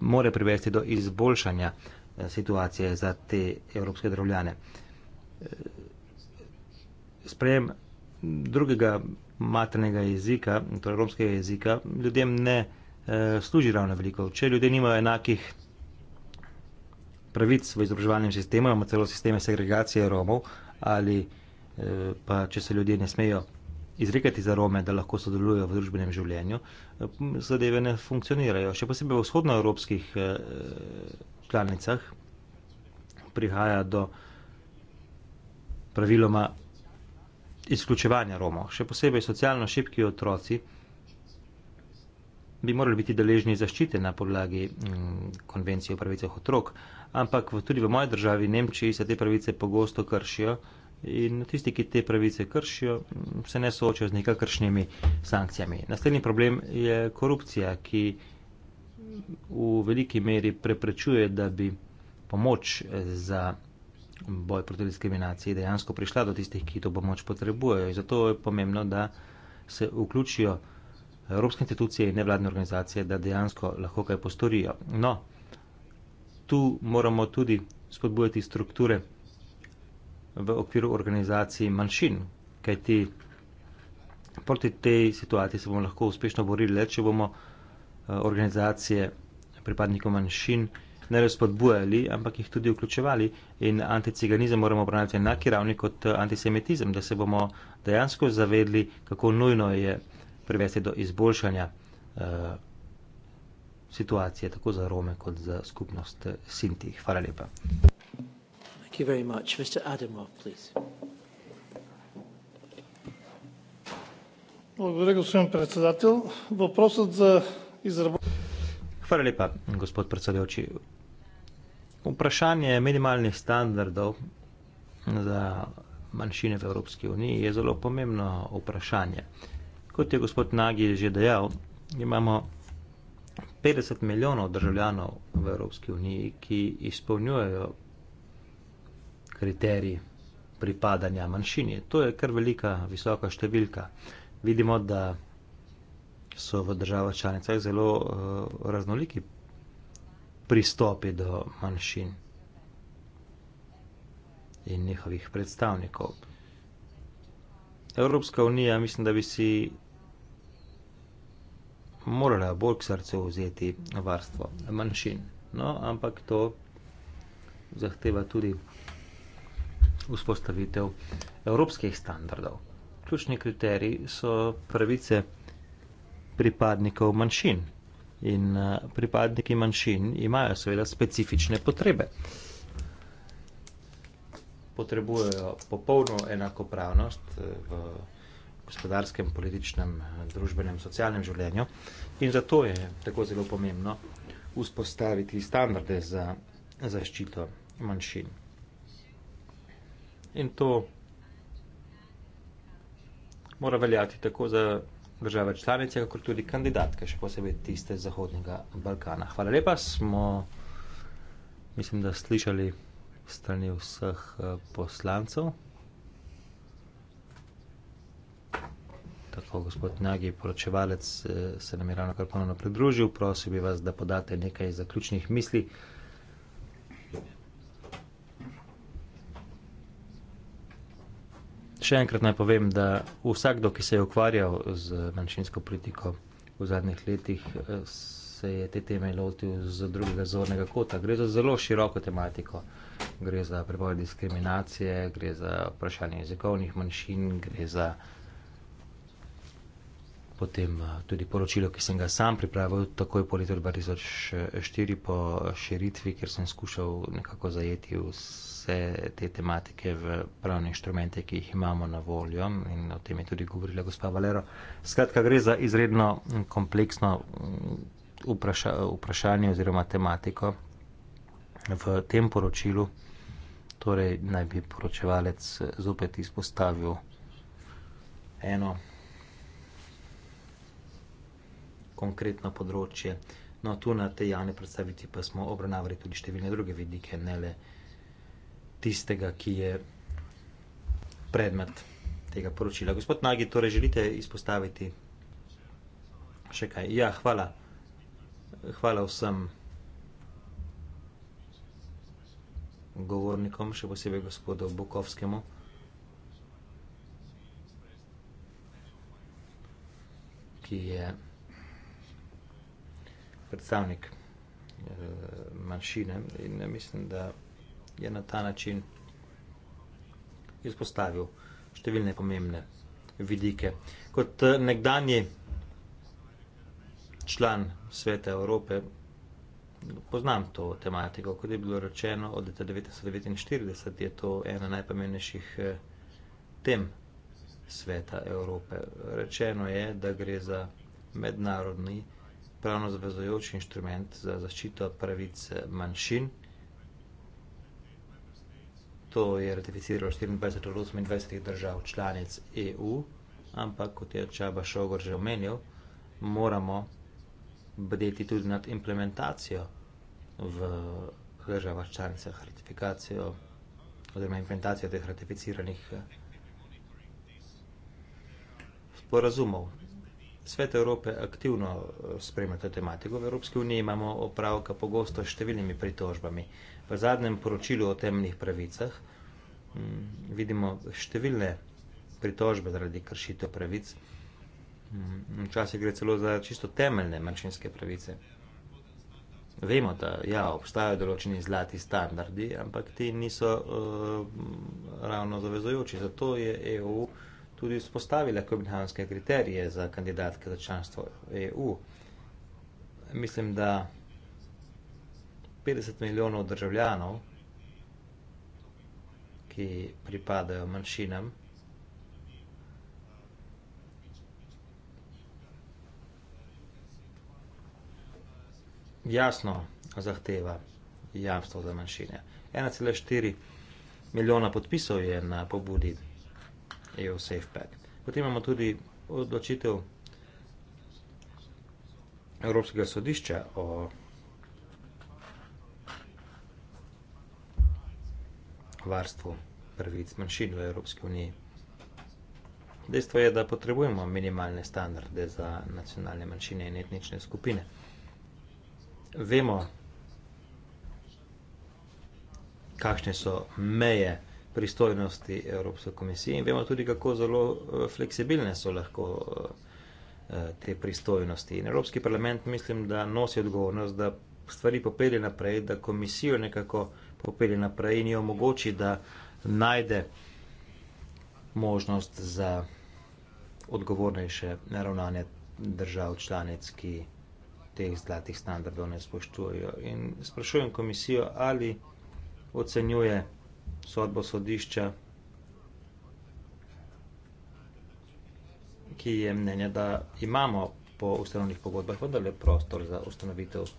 more privesti do izboljšanja situacije za te evropske državljane sprejem drugega maternega jezika, torej romskega jezika, ljudem ne eh, služi ravno veliko. Če ljudje nimajo enakih pravic v izobraževalnem sistemu, imamo celo sisteme segregacije Romov, ali eh, pa če se ljudje ne smejo izrekati za Rome, da lahko sodelujejo v družbenem življenju, eh, zadeve ne funkcionirajo. Še posebej v vzhodnoevropskih eh, članicah prihaja do praviloma izključevanja Romov, še posebej socialno šibki otroci, bi morali biti deležni zaščite na podlagi mm, konvencije o pravicah otrok, ampak v, tudi v moji državi, Nemčiji, se te pravice pogosto kršijo in tisti, ki te pravice kršijo, mm, se ne soočajo z nekakršnimi sankcijami. Naslednji problem je korupcija, ki v veliki meri preprečuje, da bi pomoč eh, za boj proti diskriminaciji dejansko prišla do tistih, ki to pomoč potrebujejo. In zato je pomembno, da se vključijo evropske institucije in nevladne organizacije, da dejansko lahko kaj postorijo. No, tu moramo tudi spodbujati strukture v okviru organizacij manjšin, kajti proti tej situaciji se bomo lahko uspešno borili, le če bomo eh, organizacije pripadnikov manjšin uh, ne le spodbujali, ampak jih tudi vključevali. In anticiganizem moramo obravnavati na enaki ravni kot antisemitizem, da se bomo dejansko zavedli, kako nujno je privesti do izboljšanja uh, situacije tako za Rome kot za skupnost eh, Sinti. Hvala lepa. Thank you very much. Mr. Adamov, please. Благодаря, господин председател. Въпросът за изработка. Hvala lepa, gospod predsedujoči. Vprašanje minimalnih standardov za manjšine v Evropski uniji je zelo pomembno vprašanje. Kot je gospod Nagi že dejal, imamo 50 milijonov državljanov v Evropski uniji, ki izpolnjujejo kriterij pripadanja manjšini. To je kar velika, visoka številka. Vidimo, da ki so v državah članicah zelo uh, raznoliki pristopi do manjšin in njihovih predstavnikov. Evropska unija, mislim, da bi si morala bolj k srcu vzeti varstvo manjšin. No, ampak to zahteva tudi vzpostavitev evropskih standardov. Ključni kriteriji so pravice pripadnikov manjšin. In eh, pripadniki manjšin imajo seveda specifične potrebe. Potrebujejo popolno enakopravnost eh, v gospodarskem, političnem, eh, družbenem, socialnem življenju in zato je tako zelo pomembno vzpostaviti standarde za zaščito manjšin. In to mora veljati tako za države članice, kako tudi kandidatke, še posebej tiste Zahodnega Balkana. Hvala lepa, smo, mislim, da slišali strani vseh eh, poslancev. Tako, gospod Nagi, poročevalec eh, se nam je ravno kar ponovno pridružil. Prosim bi vas, da podate nekaj zaključnih misli. Še enkrat naj povem, da vsakdo, ki se je ukvarjal z manjšinsko politiko v zadnjih letih, eh, se je te teme lotil z drugega zornega kota. Gre za zelo široko tematiko. Gre za preboj diskriminacije, gre za vprašanje jezikovnih manjšin, gre za potem eh, tudi poročilo, ki sem ga sam pripravil takoj po letu 2004 po širitvi, ker sem skušal nekako zajeti vse te tematike v pravne inštrumente, ki jih imamo na voljo in o tem je tudi govorila gospa Valero. Skratka, gre za izredno kompleksno mm, vpraša, vprašanje oziroma tematiko v tem poročilu, torej naj bi poročevalec zopet izpostavil eno konkretno področje. No, tu na tej javni predstavitvi pa smo obravnavali tudi številne druge vidike, ne le tistega, ki je predmet tega poročila. Gospod Nagi, torej želite izpostaviti še kaj? Ja, hvala. Hvala vsem govornikom, še posebej gospodu Bukovskemu. ki je yeah predstavnik eh, manjšine in eh, mislim, da je na ta način izpostavil številne pomembne vidike. Kot eh, nekdanji član Sveta Evrope poznam to tematiko, kot je bilo rečeno od leta 1949, je to ena najpomembnejših tem Sveta Evrope. Rečeno je, da gre za mednarodni pravno zavezujoč inštrument za zaščito pravic eh, manjšin. To je ratificiralo 24 od 28 držav članic EU, ampak kot je Čaba Šogor že omenil, moramo bdeti tudi nad implementacijo v državah članicah ratifikacijo oziroma implementacijo teh ratificiranih eh, sporazumov. Svet Evrope aktivno eh, spremlja to tematiko. V Evropski uniji imamo opravka pogosto s številnimi pritožbami. V zadnjem poročilu o temnih pravicah mm, vidimo številne pritožbe zaradi kršitev pravic. Mm, včasih gre celo za čisto temeljne manjšinske pravice. Vemo, da ja, obstajajo določeni zlati standardi, ampak ti niso uh, ravno zavezujoči. Zato je EU tudi spostavila kopenhanske kriterije za kandidatke za članstvo EU. Mislim, da 50 milijonov državljanov, ki pripadajo manjšinam, jasno zahteva jamstvo za manjšine. 1,4 milijona podpisov je na pobudi EU SafePack. Potem imamo tudi odločitev Evropskega sodišča o varstvu pravic manjšin v Evropski uniji. Dejstvo je, da potrebujemo minimalne standarde za nacionalne manjšine in etnične skupine. Vemo, kakšne so meje, pristojnosti Evropske komisije in vemo tudi, kako zelo eh, fleksibilne so lahko eh, eh, te pristojnosti. In Evropski parlament mislim, da nosi odgovornost, da stvari popelje naprej, da komisijo nekako popelje naprej in jo omogoči, da najde možnost za odgovornejše naravnanje držav članic, ki teh zlatih standardov ne spoštujejo. In sprašujem komisijo, ali ocenjuje sodbo sodišča, ki je mnenja, da imamo po ustanovnih pogodbah vendarle prostor za ustanovitev eh,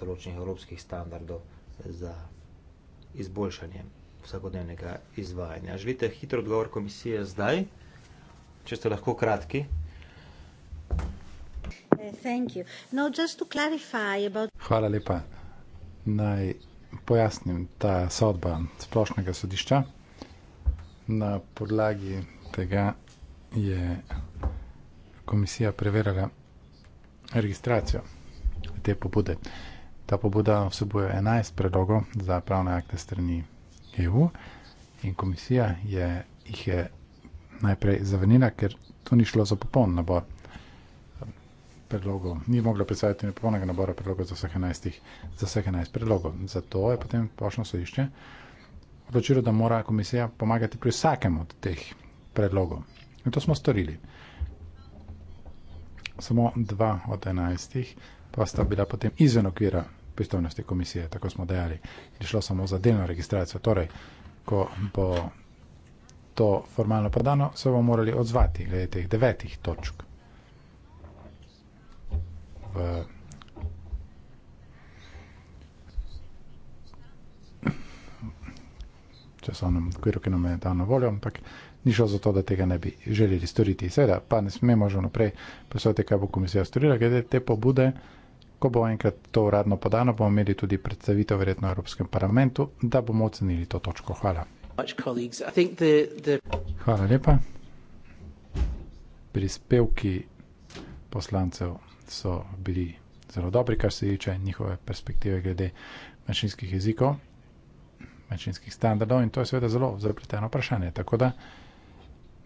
določenih evropskih standardov za izboljšanje vsakodnevnega izvajanja. Želite hitro odgovor komisije zdaj, če ste lahko kratki? Eh, no, Hvala lepa. Naj pojasnim, ta sodba splošnega sodišča na podlagi tega je komisija preverjala registracijo te pobude. Ta pobuda vsebuje 11 predlogov za pravne akte strani EU in komisija je, jih je najprej zavrnila, ker to ni šlo za popoln nabor predlogov, ni mogla predstaviti popolnega nabora predlogov za vseh 11, za vseh 11 predlogov. Zato je potem pošlo sodišče odločilo, da mora komisija pomagati pri vsakem od teh predlogov. In to smo storili. Samo dva od 11 pa sta bila potem izven okvira pristojnosti komisije, tako smo dejali. Je šlo samo za delno registracijo. Torej, ko bo to formalno podano, se bomo morali odzvati glede teh devetih točk v časovnem okviru, ki nam je dan na voljo, ampak ni šlo za to, da tega ne bi želeli storiti. Seveda, pa ne smemo že naprej poslati, kaj bo komisija storila, glede te pobude. Ko bo enkrat to uradno podano, bomo imeli tudi predstavitev verjetno Evropskem parlamentu, da bomo ocenili to točko. Hvala. Hvala lepa. Prispevki poslancev so bili zelo dobri, kar se tiče njihove perspektive glede manjšinskih jezikov, manjšinskih standardov in to je seveda zelo zapleteno vprašanje. Tako da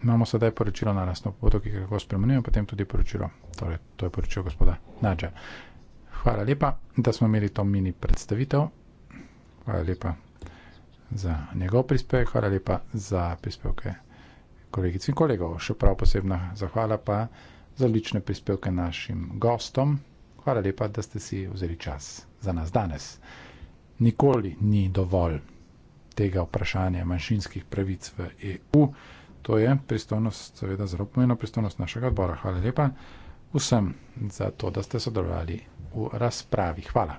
imamo sedaj poročilo na lastno poto, ki ga lahko spremenimo, potem tudi poročilo, torej to je poročilo gospoda Nadža. Hvala lepa, da smo imeli to mini predstavitev. Hvala lepa za njegov prispevek, hvala lepa za prispevke kolegic in kolegov. Še prav posebna zahvala pa za odlične prispevke našim gostom. Hvala lepa, da ste si vzeli čas za nas danes. Nikoli ni dovolj tega vprašanja manjšinskih pravic v EU. To je pristojnost, seveda zelo pomembna pristojnost našega odbora. Hvala lepa vsem za to, da ste sodelovali v razpravi. Hvala.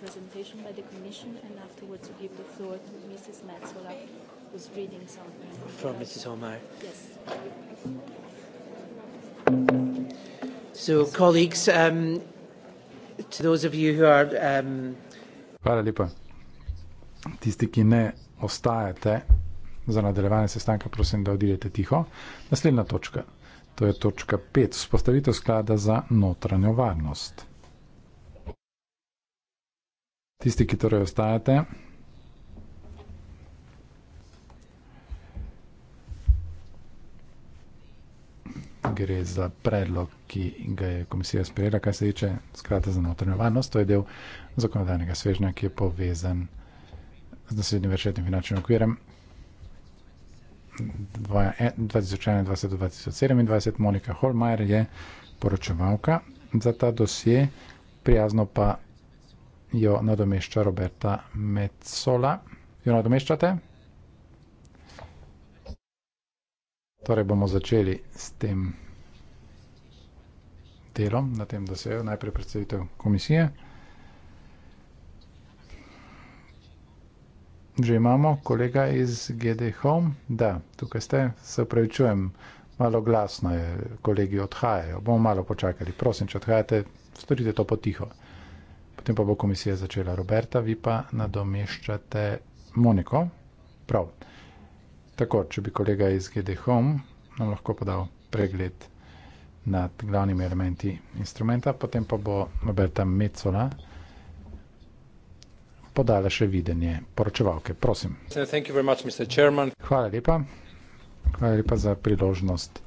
presentation by the Commission and afterwards to give the floor to Mrs. Metzola, who's reading something. From Mrs. Holmeyer. Yes. So, colleagues, um, to those of you who are. Um, Hvala lepa. Tisti, ki ne ostajate za nadaljevanje sestanka, prosim, da odidete tiho. Naslednja točka. To je točka 5. Spostavitev sklada za notranjo varnost tisti, ki torej ostajate. Gre za predlog, ki ga je komisija sprejela, kaj se tiče skrata za notranjo varnost. To je del zakonodajnega svežnja, ki je povezan z naslednjim večletnim finančnim okvirem 2021-2027. E, Monika Holmajer je poročevalka za ta dosje, prijazno pa jo nadomešča Roberta Metzola. Jo nadomeščate? Torej bomo začeli s tem delom, na tem, da se je najprej predstavitev komisije. Že imamo kolega iz GD Home. Da, tukaj ste, se upravičujem, malo glasno je, kolegi odhajajo. Bomo malo počakali. Prosim, če odhajate, storite to potiho. tiho potem pa bo komisija začela Roberta, vi pa nadomeščate Moniko. Prav. Tako, če bi kolega iz GD Home nam lahko podal pregled nad glavnimi elementi instrumenta, potem pa bo Roberta Mecola podala še videnje poročevalke. Prosim. Much, Hvala lepa. Hvala lepa za priložnost,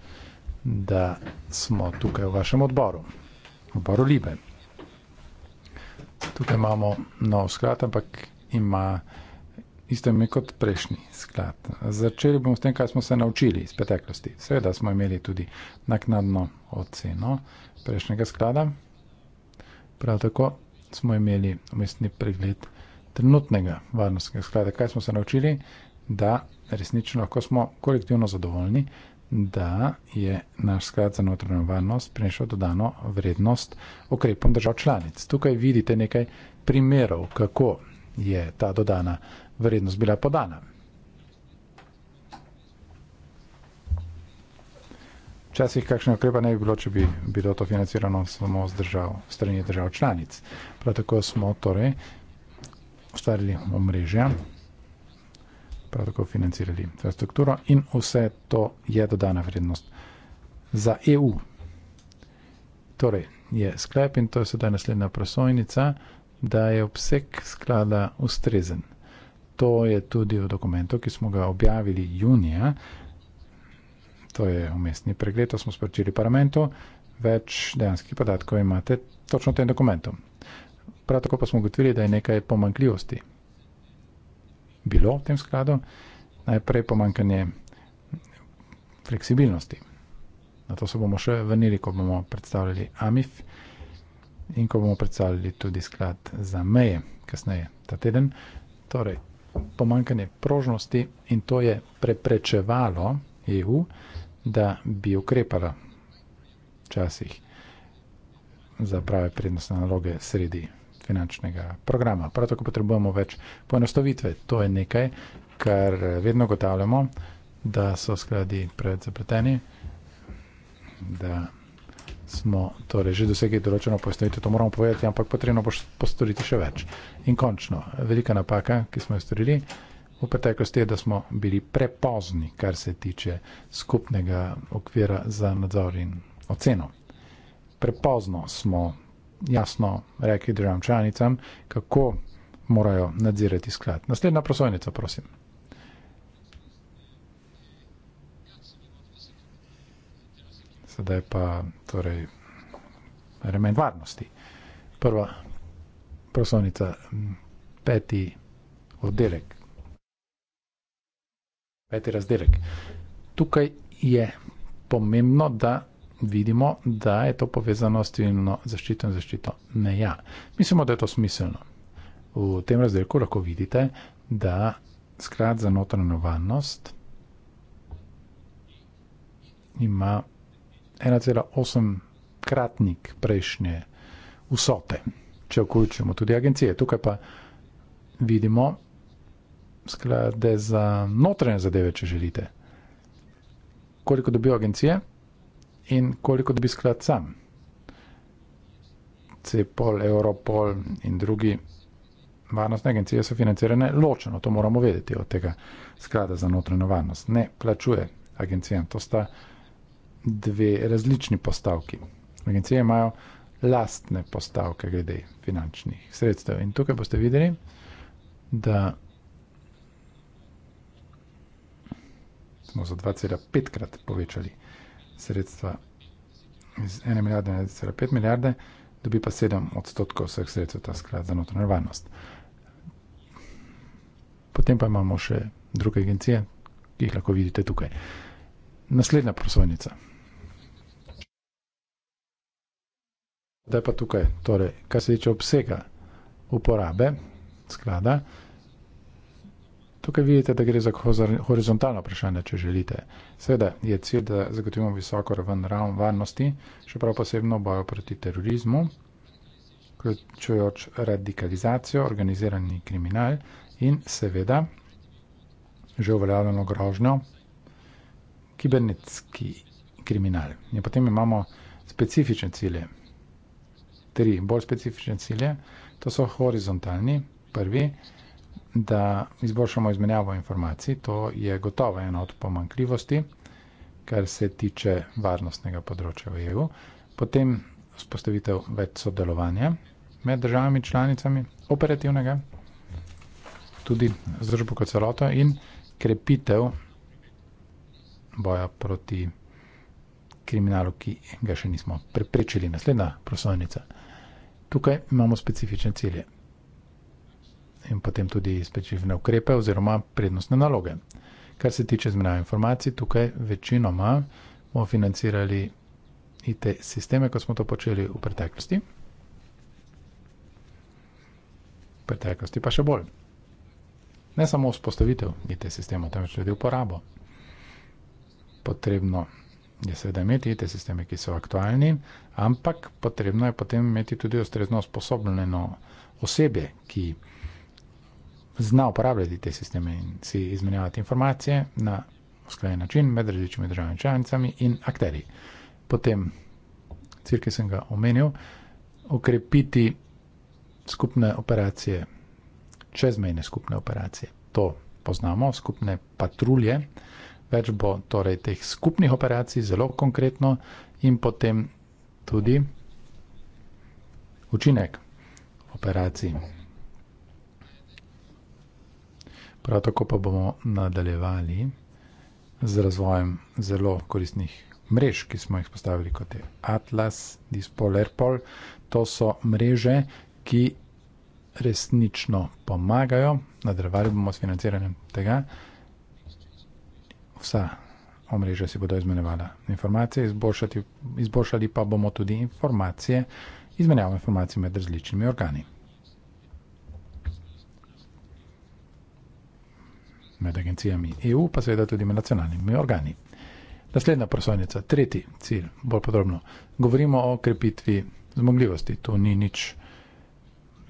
da smo tukaj v vašem odboru, odboru Libe tukaj imamo nov sklad, ampak ima isto ime kot prejšnji sklad. Začeli bomo s tem, kaj smo se naučili iz preteklosti. Seveda smo imeli tudi naknadno oceno prejšnjega sklada, prav tako smo imeli umestni pregled trenutnega varnostnega sklada. Kaj smo se naučili? Da resnično lahko smo kolektivno zadovoljni, da je naš sklad za notranjo varnost prinesel dodano vrednost okrepom držav članic. Tukaj vidite nekaj primerov, kako je ta dodana vrednost bila podana. Včasih kakšne okrepa ne bi bilo, če bi bilo to financirano samo z držav, strani držav članic. Prav tako smo torej ustvarili omrežja, prav tako financirali infrastrukturo in vse to je dodana vrednost za EU. Torej je sklep in to je sedaj naslednja prosojnica, da je obseg sklada ustrezen. To je tudi v dokumentu, ki smo ga objavili junija, to je umestni pregled, to smo sporočili parlamentu, več dejanskih podatkov imate točno v tem dokumentu. Prav tako pa smo ugotovili, da je nekaj pomankljivosti bilo v tem skladu, najprej pomankanje fleksibilnosti. Na to se bomo še vrnili, ko bomo predstavljali Amif in ko bomo predstavljali tudi sklad za meje, kasneje ta teden. Torej, pomankanje prožnosti in to je preprečevalo EU, da bi ukrepala včasih za prave prednostne naloge sredi finančnega programa. Prav tako potrebujemo več poenostavitve. To je nekaj, kar eh, vedno gotavljamo, da so skladi preveč zapleteni, da smo torej že dosegli določeno poenostavitev, to moramo povedati, ampak potrebno bo postoriti še več. In končno, velika napaka, ki smo jo storili. V preteklosti je, da smo bili prepozni, kar se tiče skupnega okvira za nadzor in oceno. Prepozno smo jasno rekli državam članicam, kako morajo nadzirati sklad. Naslednja prosojnica, prosim. Sedaj pa torej remen varnosti. Prva prosojnica, peti oddelek, peti razdelek. Tukaj je pomembno, da vidimo, da je to povezano s civilno zaščito in zaščito meja. Mislimo, da je to smiselno. V tem razdelku lahko vidite, da sklad za notranjo varnost ima 1,8 kratnik prejšnje vsote, če vključimo tudi agencije. Tukaj pa vidimo sklade za notranje zadeve, če želite. Koliko dobijo agencije? in koliko dobi sklad sam. CEPOL, Europol in drugi varnostne agencije so financirane ločeno, to moramo vedeti od tega sklada za notranjo varnost. Ne plačuje agencijam, to sta dve različni postavki. Agencije imajo lastne postavke glede finančnih sredstev in tukaj boste videli, da smo za 2,5 krat povečali sklada sredstva iz 1 milijarde na 1,5 milijarde, dobi pa 7 odstotkov vseh sredstev ta sklad za notranjo varnost. Potem pa imamo še druge agencije, ki jih lahko vidite tukaj. Naslednja prosojnica. Zdaj pa tukaj, torej, kar se tiče obsega uporabe sklada, Tukaj vidite, da gre za horizontalno vprašanje, če želite. Seveda je cilj, da zagotovimo visoko raven ravn varnosti, še prav posebno bojo proti terorizmu, vključujoč radikalizacijo, organizirani kriminal in seveda že uveljavljeno grožnjo, kibernetski kriminal. In potem imamo specifične cilje, tri bolj specifične cilje, to so horizontalni, prvi, da izboljšamo izmenjavo informacij. To je gotovo ena od pomankljivosti, kar se tiče varnostnega področja v EU. Potem spostavitev več sodelovanja med državami članicami, operativnega, tudi z družbo kot celoto in krepitev boja proti kriminalu, ki ga še nismo preprečili. Naslednja prosojnica. Tukaj imamo specifične cilje in potem tudi specifične ukrepe oziroma prednostne naloge. Kar se tiče zmenjave informacij, tukaj večinoma bomo financirali IT sisteme, kot smo to počeli v preteklosti. V preteklosti pa še bolj. Ne samo vzpostavitev IT sistemov, temveč tudi uporabo. Potrebno je seveda imeti IT sisteme, ki so aktualni, ampak potrebno je potem imeti tudi ustrezno usposobljeno osebje, ki je zna uporabljati te sisteme in si izmenjavati informacije na usklajen način med različnimi državami članicami in akteri. Potem, cilj, ki sem ga omenil, ukrepiti skupne operacije, čezmejne skupne operacije. To poznamo, skupne patrulje, več bo torej teh skupnih operacij, zelo konkretno, in potem tudi učinek operacij. Prav tako pa bomo nadaljevali z razvojem zelo koristnih mrež, ki smo jih postavili kot je Atlas, Dispol, Airpol. To so mreže, ki resnično pomagajo. Nadaljevali bomo s financiranjem tega. Vsa omrežja si bodo izmenjevala informacije, izboljšali pa bomo tudi informacije, izmenjavo informacij med različnimi organi. med agencijami EU, pa seveda tudi med nacionalnimi organi. Naslednja prosojnica, tretji cilj, bolj podrobno. Govorimo o krepitvi zmogljivosti. To ni nič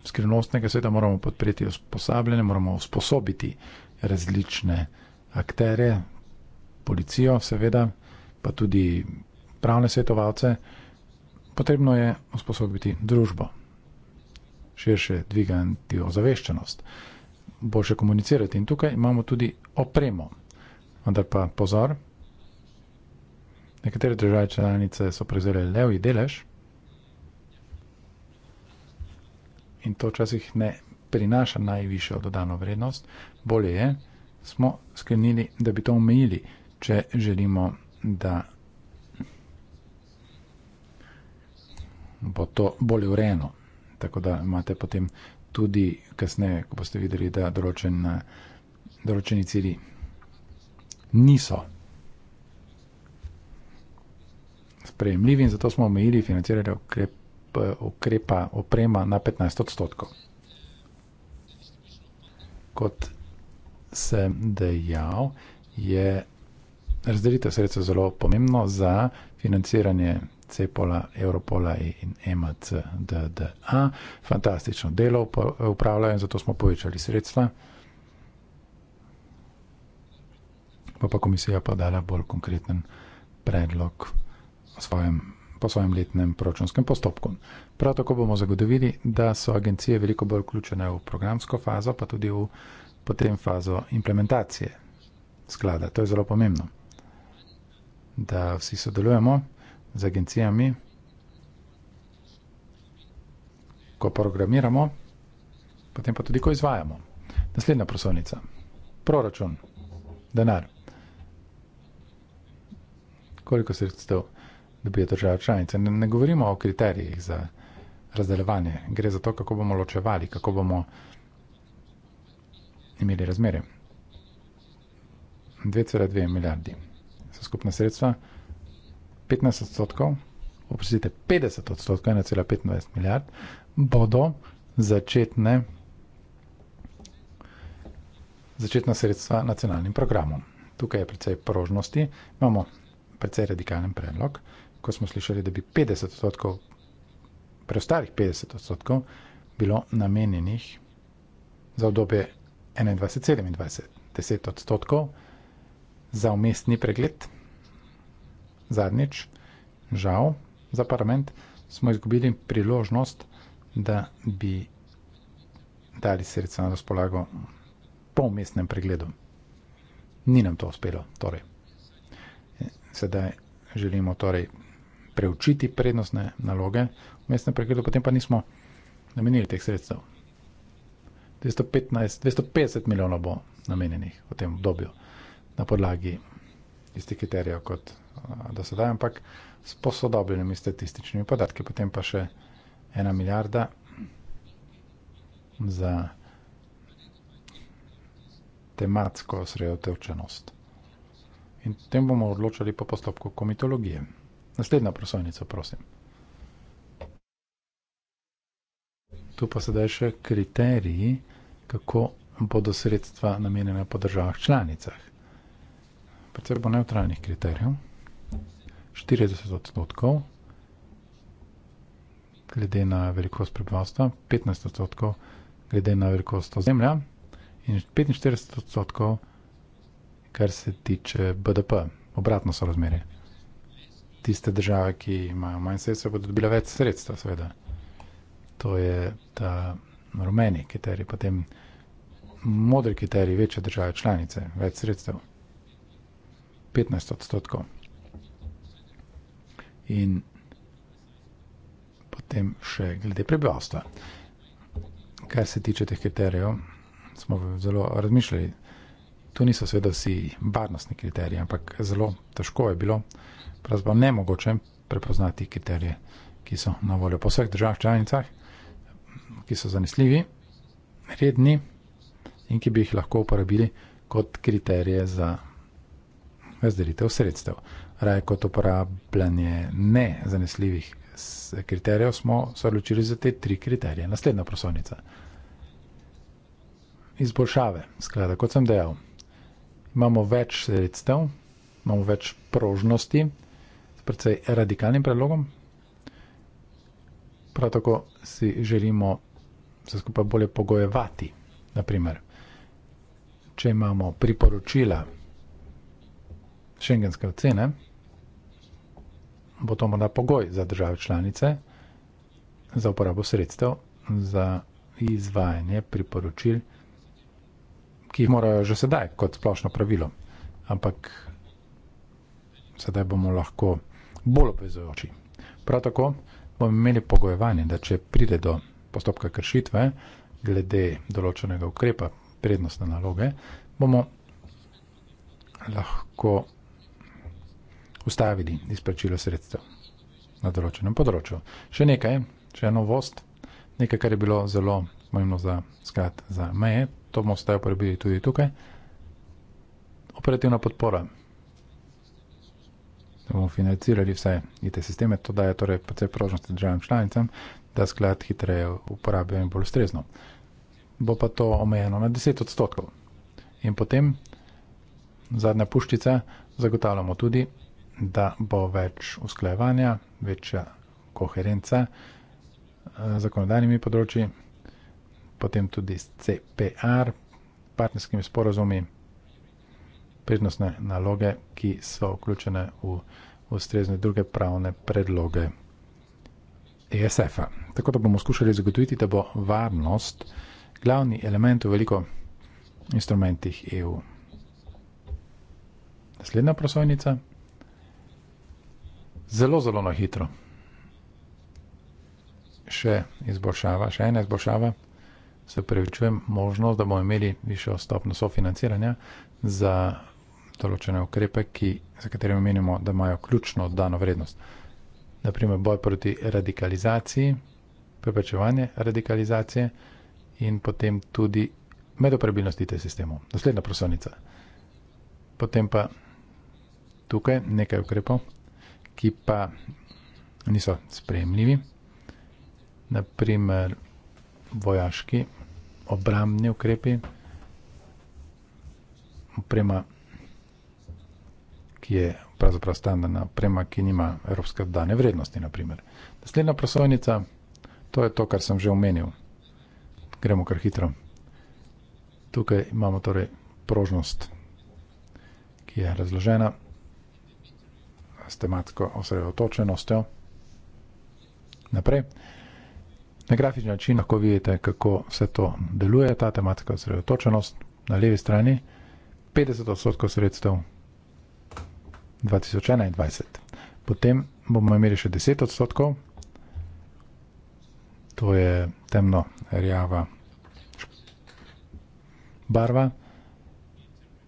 skrivnostnega, seveda moramo podpreti usposabljanje, moramo usposobiti različne akterje, policijo, seveda, pa tudi pravne svetovalce. Potrebno je usposobiti družbo, širše dvigati ozaveščenost boljše komunicirati. In tukaj imamo tudi opremo. Vendar pa pozor, nekatere države članice so prevzele levji delež in to včasih ne prinaša najvišjo dodano vrednost. Bolje je, smo sklenili, da bi to omejili, če želimo, da bo to bolje urejeno. Tako da imate potem tudi kasneje, ko boste videli, da določen, eh, določeni cilji niso sprejemljivi in zato smo omejili financiranje ukrep, ukrepa oprema na 15 odstotkov. Kot sem dejal, je razdelitev sredstva zelo pomembno za financiranje Cepola, Europola in MCDDA. Fantastično delo upravljajo in zato smo povečali sredstva. Pa pa komisija pa dala bolj konkreten predlog svojem, po svojem letnem proračunskem postopku. Prav tako bomo zagotovili, da so agencije veliko bolj vključene v programsko fazo, pa tudi v potem fazo implementacije sklada. To je zelo pomembno, da vsi sodelujemo z agencijami. Ko programiramo, potem pa tudi, ko izvajamo. Naslednja prosovnica. Proračun. Denar. Koliko sredstev dobijo država članice? Ne, ne govorimo o kriterijih za razdelevanje. Gre za to, kako bomo ločevali, kako bomo imeli razmere. 2,2 milijardi so skupna sredstva. 15 odstotkov, oprostite, 50 odstotkov, 1,25 milijard, bodo začetne začetna sredstva nacionalnim programom. Tukaj je precej prožnosti, imamo precej radikalen predlog, ko smo slišali, da bi 50 odstotkov, preostalih 50 odstotkov, bilo namenjenih za obdobje 21-27, 10 odstotkov za umestni pregled, zadnjič, žal, za parlament, smo izgubili priložnost, da bi dali sredstva na razpolago po mestnem pregledu. Ni nam to uspelo, torej. Sedaj želimo torej preučiti prednostne naloge v mestnem pregledu, potem pa nismo namenili teh sredstev. 215, 250 milijonov bo namenjenih v tem obdobju na podlagi istih kriterijev kot Eh, do sedaj, ampak s posodobljenimi statističnimi podatki, potem pa še ena milijarda za tematsko osredotočenost. In tem bomo odločali po postopku komitologije. Naslednja prosojnica, prosim. Tu pa sedaj še kriteriji, kako bodo sredstva namenjena po državah članicah. Predvsem bo neutralnih kriterijev. 40 odstotkov, glede na velikost prebivalstva, 15 odstotkov, glede na velikost ozemlja, in 45 odstotkov, kar se tiče BDP. Obratno so razmere. Tiste države, ki imajo manj sredstva, bodo dobile več sredstva, seveda. To je ta rumeni kriterij, potem modri kriterij, večje države članice, več sredstev. 15 odstotkov in potem še glede prebivalstva. Kar se tiče teh kriterijev, smo zelo razmišljali. Tu niso seveda vsi varnostni kriteriji, ampak zelo težko je bilo, pravzaprav nemogoče prepoznati kriterije, ki so na voljo po vseh državah članicah, ki so zanesljivi, redni in ki bi jih lahko uporabili kot kriterije za razdelitev sredstev raje kot uporabljanje nezanesljivih kriterijev, smo se odločili za te tri kriterije. Naslednja prosovnica. Izboljšave, sklada, kot sem dejal, imamo več sredstev, imamo več prožnosti s precej radikalnim predlogom. Prav tako si želimo se skupaj bolje pogojevati. Naprimer, če imamo priporočila šengenske ocene, bo to morda pogoj za države članice za uporabo sredstev za izvajanje priporočil, ki jih morajo že sedaj kot splošno pravilo, ampak sedaj bomo lahko bolj obvezujoči. Prav tako bomo imeli pogojevanje, da če pride do postopka kršitve glede določenega ukrepa prednostne naloge, bomo lahko ustavili izplačilo sredstev na določenem področju. Še nekaj, še eno vost, nekaj, kar je bilo zelo pomembno za sklad za meje, to bomo zdaj uporabili tudi tukaj. Operativna podpora. Da bomo financirali vse IT sisteme, to daje torej precej prožnosti državam članicam, da sklad hitreje uporabijo in bolj ustrezno. Bo pa to omejeno na 10 odstotkov. In potem zadnja puščica, zagotavljamo tudi da bo več usklajevanja, večja koherenca eh, z zakonodajnimi področji, potem tudi s CPR, partnerskimi sporozumi, prednostne naloge, ki so vključene v ustrezne druge pravne predloge ESF-a. Tako da bomo skušali zagotoviti, da bo varnost glavni element v veliko instrumentih EU. Naslednja prosojnica zelo, zelo na hitro. Še izboljšava, še ena izboljšava, se prevečujem možnost, da bomo imeli višjo stopno sofinanciranja za določene ukrepe, ki, za katere menimo, da imajo ključno dano vrednost. Naprimer, boj proti radikalizaciji, preprečevanje radikalizacije in potem tudi medoprebilnosti te sistemov. Naslednja prosovnica. Potem pa tukaj nekaj ukrepov ki pa niso spremljivi, naprimer vojaški obramni ukrepi, oprema, ki je pravzaprav standardna oprema, ki nima evropske dane vrednosti, naprimer. Naslednja prosojnica, to je to, kar sem že omenil. Gremo kar hitro. Tukaj imamo torej prožnost, ki je razložena s tematsko osredotočenostjo. Naprej. Na grafični način lahko vidite, kako vse to deluje, ta tematska osredotočenost. Na levi strani 50 odstotkov sredstev 2021. Potem bomo imeli še 10 odstotkov, to je temno rjava barva.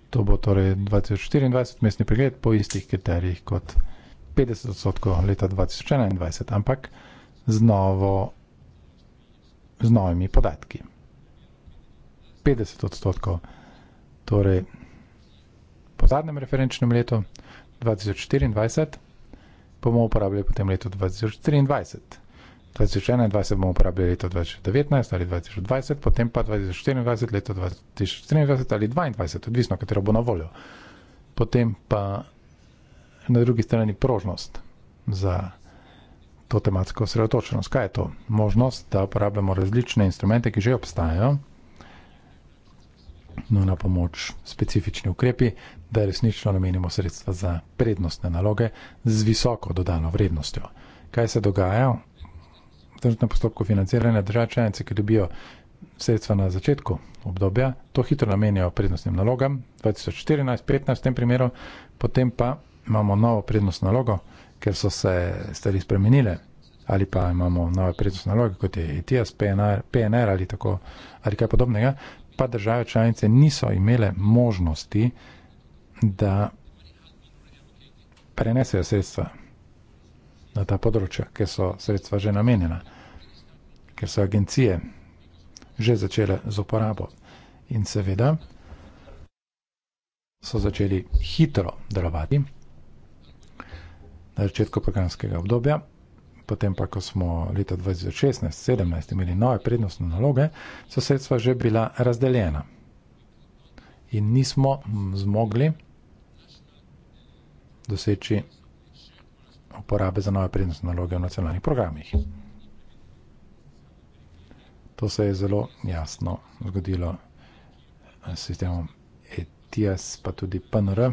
To bo torej 2024 mestni pregled po istih kriterijih kot 2021. 50 odstotkov leta 2021, ampak z, novo, z novimi podatki. 50 odstotkov, torej po zadnjem referenčnem letu 2024, bomo uporabljali potem leto 2023. 2021 bomo uporabljali leto 2019 ali 2020, potem pa 2024, leto 2024 ali 2022, odvisno, katero bo na voljo. Potem pa na drugi strani prožnost za to tematsko osredotočenost. Kaj je to? Možnost, da uporabljamo različne instrumente, ki že obstajajo, no na pomoč specifični ukrepi, da resnično namenimo sredstva za prednostne naloge z visoko dodano vrednostjo. Kaj se dogaja? V trenutnem postopku financiranja države članice, ki dobijo sredstva na začetku obdobja, to hitro namenjajo prednostnim nalogam, 2014-2015 v tem primeru, potem pa imamo novo prednostno nalogo, ker so se stvari spremenile, ali pa imamo nove prednostne naloge, kot je ETS, PNR, PNR ali, tako, ali kaj podobnega, pa države članice niso imele možnosti, da prenesejo sredstva na ta področja, ker so sredstva že namenjena, ker so agencije že začele z uporabo in seveda so začeli hitro delovati na začetku programskega obdobja, potem pa, ko smo leta 2016-2017 imeli nove prednostne naloge, so sredstva že bila razdeljena. In nismo zmogli doseči uporabe za nove prednostne naloge v nacionalnih programih. To se je zelo jasno zgodilo s sistemom ETIAS, pa tudi PNR,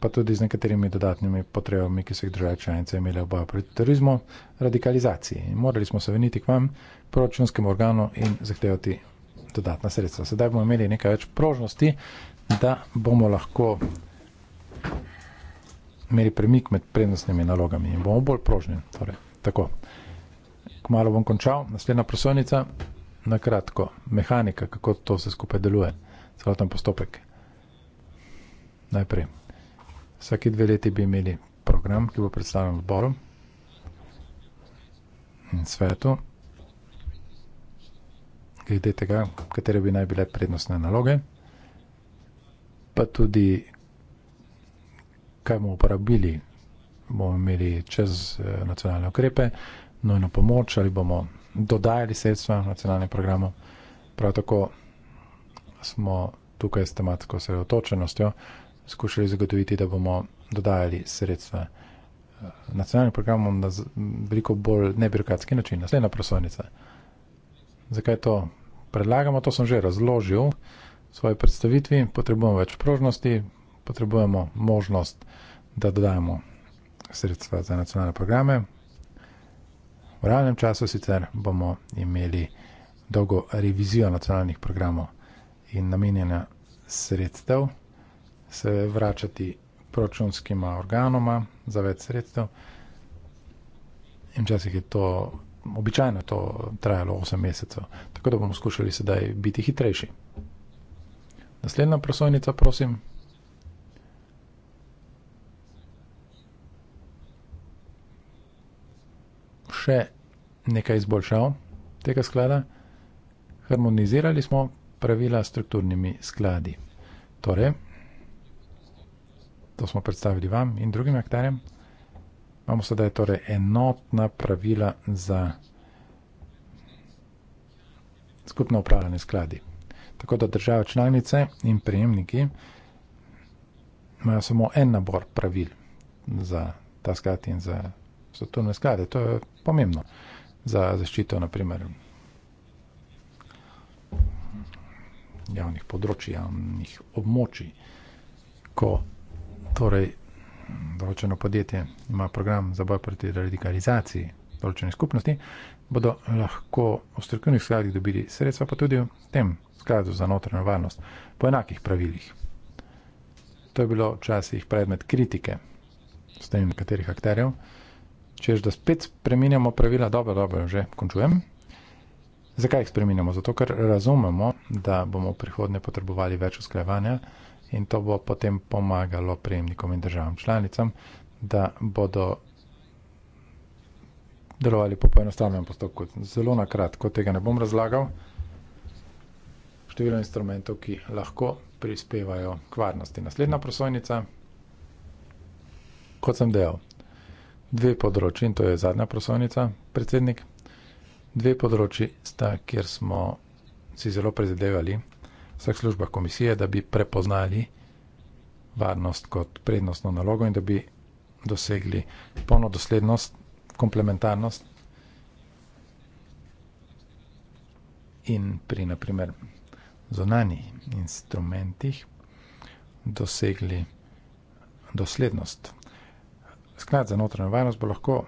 pa tudi z nekaterimi dodatnimi potrebami, ki so jih države članice imele v boju proti terorizmu, radikalizaciji. Morali smo se veniti k vam, proračunskemu organu in zahtevati dodatna sredstva. Sedaj bomo imeli nekaj več prožnosti, da bomo lahko imeli premik med prednostnimi nalogami in bomo bolj prožni. Torej, tako. Kmalo bom končal. Naslednja prosovnica, na kratko, mehanika, kako to vse skupaj deluje, celoten postopek. Najprej. Vsake dve leti bi imeli program, ki bo predstavljen v odboru in svetu, glede tega, katere bi naj bile prednostne naloge, pa tudi, kaj bomo uporabili. Bomo imeli čez eh, nacionalne ukrepe, nojno pomoč ali bomo dodajali sredstva nacionalnim programom. Prav tako smo tukaj s tematsko sredotočenostjo, skušali zagotoviti, da bomo dodajali sredstva eh, nacionalnim programom na veliko bolj nebirokratski način, naslednja prosojnica. Zakaj to predlagamo, to sem že razložil v svoji predstavitvi, potrebujemo več prožnosti, potrebujemo možnost, da dodajamo sredstva za nacionalne programe. V realnem času sicer bomo imeli dolgo revizijo nacionalnih programov in namenjena sredstev se vračati proračunskima organoma za več sredstev. In včasih je to, običajno je to trajalo 8 mesecev, tako da bomo skušali sedaj biti hitrejši. Naslednja prosojnica, prosim. Še nekaj izboljšav tega sklada. Harmonizirali smo pravila strukturnimi skladi. Torej, to smo predstavili vam in drugim akterjem. Imamo sedaj torej enotna pravila za skupno upravljanje skladi. Tako da države članice in prejemniki imajo samo en nabor pravil za ta sklad in za strukturne sklade. To je pomembno za zaščito, naprimer, javnih področij, javnih območij, ko Torej, določeno podjetje ima program za boj proti radikalizaciji določene skupnosti, bodo lahko v strokovnih skladih dobili sredstva, pa tudi v tem skladu za notranjo varnost, po enakih pravilih. To je bilo včasih predmet kritike strani nekaterih akterjev. Če že spet spremenjamo pravila, dobro, dobro, že končujem. Zakaj jih spremenjamo? Zato, ker razumemo, da bomo v prihodnje potrebovali več usklajevanja in to bo potem pomagalo prejemnikom in državam članicam, da bodo delovali po poenostavljenem postopku. Zelo na kratko, tega ne bom razlagal. Število instrumentov, ki lahko prispevajo k varnosti. Naslednja prosojnica, kot sem dejal, dve področji, in to je zadnja prosojnica, predsednik, dve področji sta, kjer smo si zelo prezidevali, vseh službah komisije, da bi prepoznali varnost kot prednostno nalogo in da bi dosegli polno doslednost, komplementarnost in pri naprimer zonanih instrumentih dosegli doslednost. Sklad za notranjo varnost bo lahko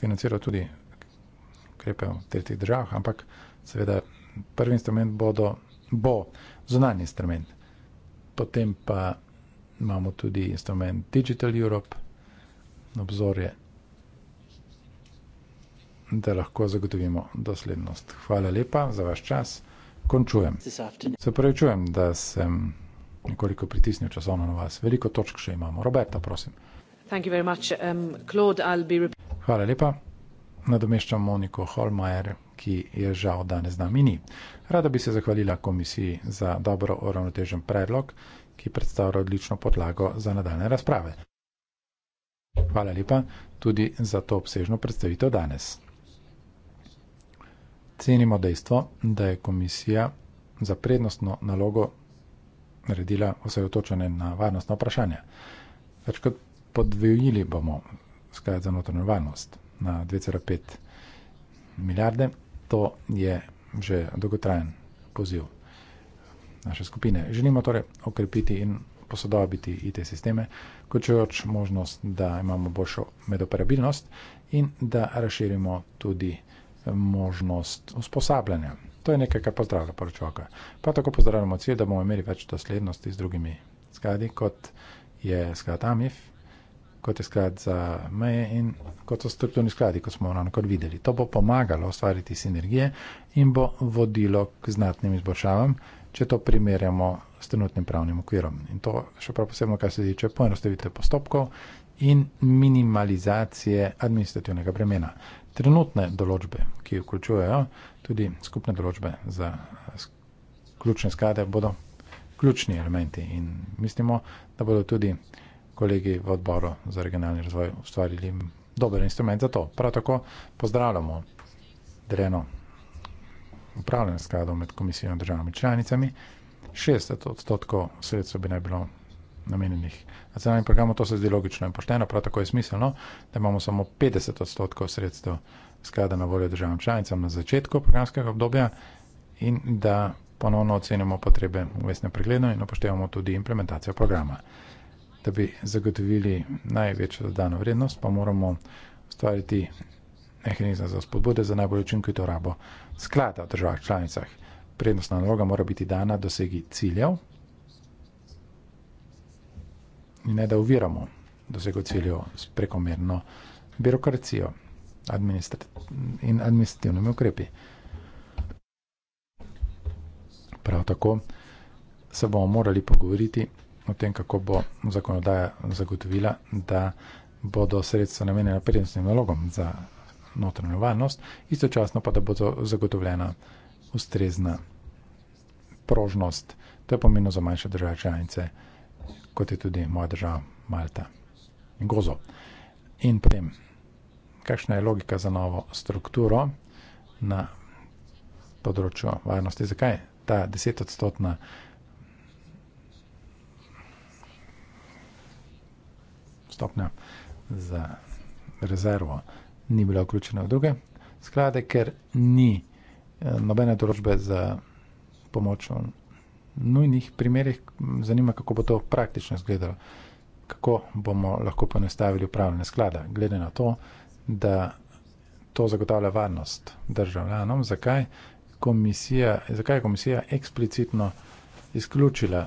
financiral tudi ukrepe v tretjih državah, ampak seveda prvi instrument bodo, bo zunanji instrument. Potem pa imamo tudi instrument Digital Europe, obzorje, da lahko zagotovimo doslednost. Hvala lepa za vaš čas. Končujem. Se pravi, čujem, da sem nekoliko pritisnil časovno na vas. Veliko točk še imamo. Roberta, prosim. Um, Hvala lepa. Nadomeščam Moniko Holmajer, ki je žal danes z nami ni. Rada bi se zahvalila komisiji za dobro uravnotežen predlog, ki predstavlja odlično podlago za nadaljne razprave. Hvala lepa tudi za to obsežno predstavitev danes. Cenimo dejstvo, da je komisija za prednostno nalogo naredila osredotočene na varnostna vprašanja. Več kot podvojili bomo sklad za notranjo varnost na 2,5 milijarde To je že dolgotrajen poziv naše skupine. Želimo torej okrepiti in posodobiti IT sisteme, vključujoč možnost, da imamo boljšo medoperabilnost in da razširimo tudi možnost usposabljanja. To je nekaj, kar pozdravlja poročovka. Pa tako pozdravljamo cilj, da bomo imeli več doslednosti z drugimi skladi, kot je sklad AMIF, kot je sklad za meje in kot so strukturni skladi, kot smo ravno kar videli. To bo pomagalo ustvariti sinergije in bo vodilo k znatnim izboljšavam, če to primerjamo s trenutnim pravnim okvirom. In to še prav posebno, kar se tiče poenostavitve postopkov in minimalizacije administrativnega bremena. Trenutne določbe, ki vključujejo tudi skupne določbe za ključne sklade, bodo ključni elementi in mislimo, da bodo tudi kolegi v odboru za regionalni razvoj ustvarili dober instrument za to. Prav tako pozdravljamo deleno upravljanje skladov med komisijo in državami članicami. 60 odstotkov sredstev bi naj bilo namenjenih nacionalnim programom, to se zdi logično in pošteno, prav tako je smiselno, da imamo samo 50 odstotkov sredstev sklada na voljo državam članicam na začetku programskega obdobja in da ponovno ocenimo potrebe vmesne pregledno in upoštevamo tudi implementacijo programa da bi zagotovili največjo dodano vrednost, pa moramo ustvariti mehanizem za spodbude za najbolj učinkovito rabo sklada v državah članicah. Prednostna naloga mora biti dana dosegi ciljev in ne da uviramo dosego ciljev s prekomerno birokracijo administrat in administrativnimi ukrepi. Prav tako se bomo morali pogovoriti o tem, kako bo zakonodaja zagotovila, da bodo sredstva namenjena prednostnim nalogom za notranjo varnost, istočasno pa, da bo zagotovljena ustrezna prožnost. To je pomenilo za manjše države članice, kot je tudi moja država Malta in Gozo. In potem, kakšna je logika za novo strukturo na področju varnosti, zakaj ta desetodstotna stopnja za rezervo ni bila vključena v druge sklade, ker ni eh, nobene določbe za pomoč v nujnih primerjih. Zanima, kako bo to praktično izgledalo, kako bomo lahko poenostavili upravljanje sklada, glede na to, da to zagotavlja varnost državljanom. Zakaj, komisija, zakaj je komisija eksplicitno izključila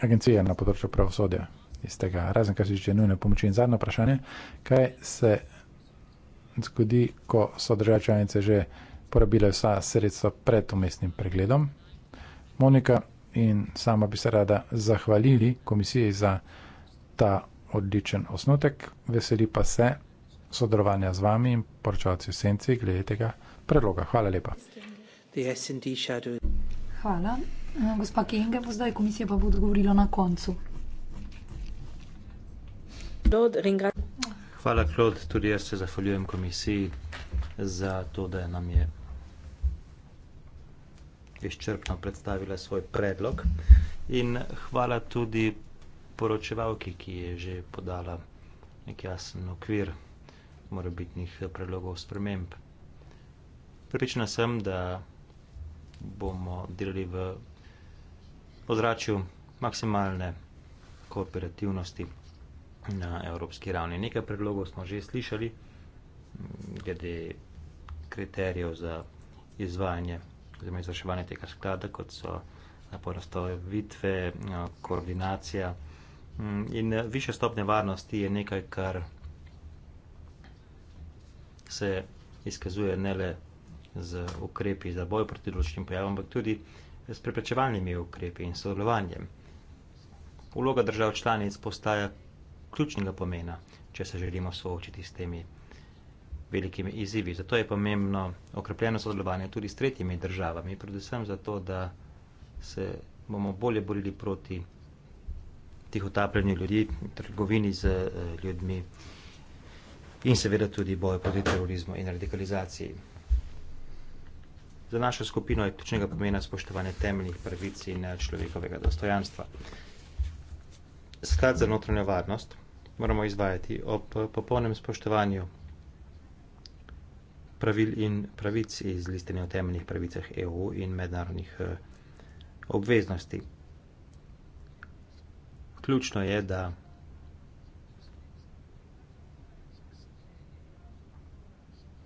agencije na področju pravosodja, iz tega. Razen, kar se tiče nujne pomoči. In zadnje vprašanje, kaj se zgodi, ko so države članice že porabile vsa sredstva pred umestnim pregledom. Monika in sama bi se rada zahvalili komisiji za ta odličen osnutek, veseli pa se sodelovanja z vami in poročavci v senci glede tega predloga. Hvala lepa. Hvala. Gospa Kenge bo zdaj komisija pa bo odgovorila na koncu. Hvala, Klod. Tudi jaz se zahvaljujem komisiji za to, da je nam je izčrpno predstavila svoj predlog. In hvala tudi poročevalki, ki je že podala nek jasen okvir morebitnih predlogov sprememb. Pričena sem, da bomo delali v ozračju maksimalne kooperativnosti na evropski ravni. Nekaj predlogov smo že slišali, mm, glede kriterijev za izvajanje oziroma izvrševanje tega sklada, kot so eh, porastavitve, eh, koordinacija mm, in eh, više stopne varnosti je nekaj, kar se izkazuje ne le z ukrepi za boj proti določenim pojavom, ampak tudi s preprečevalnimi ukrepi in sodelovanjem. Vloga držav članic postaja ključnega pomena, če se želimo soočiti s temi velikimi izzivi. Zato je pomembno okrepljeno sodelovanje tudi s tretjimi državami, predvsem zato, da se bomo bolje borili proti tihotapljenju ljudi, trgovini z eh, ljudmi in seveda tudi boju proti terorizmu in radikalizaciji. Za našo skupino je ključnega pomena spoštovanje temeljnih pravic in eh, človekovega dostojanstva. Sklad za notranjo varnost – moramo izvajati ob popolnem spoštovanju pravil in pravic iz listine o temeljnih pravicah EU in mednarodnih eh, obveznosti. Ključno je, da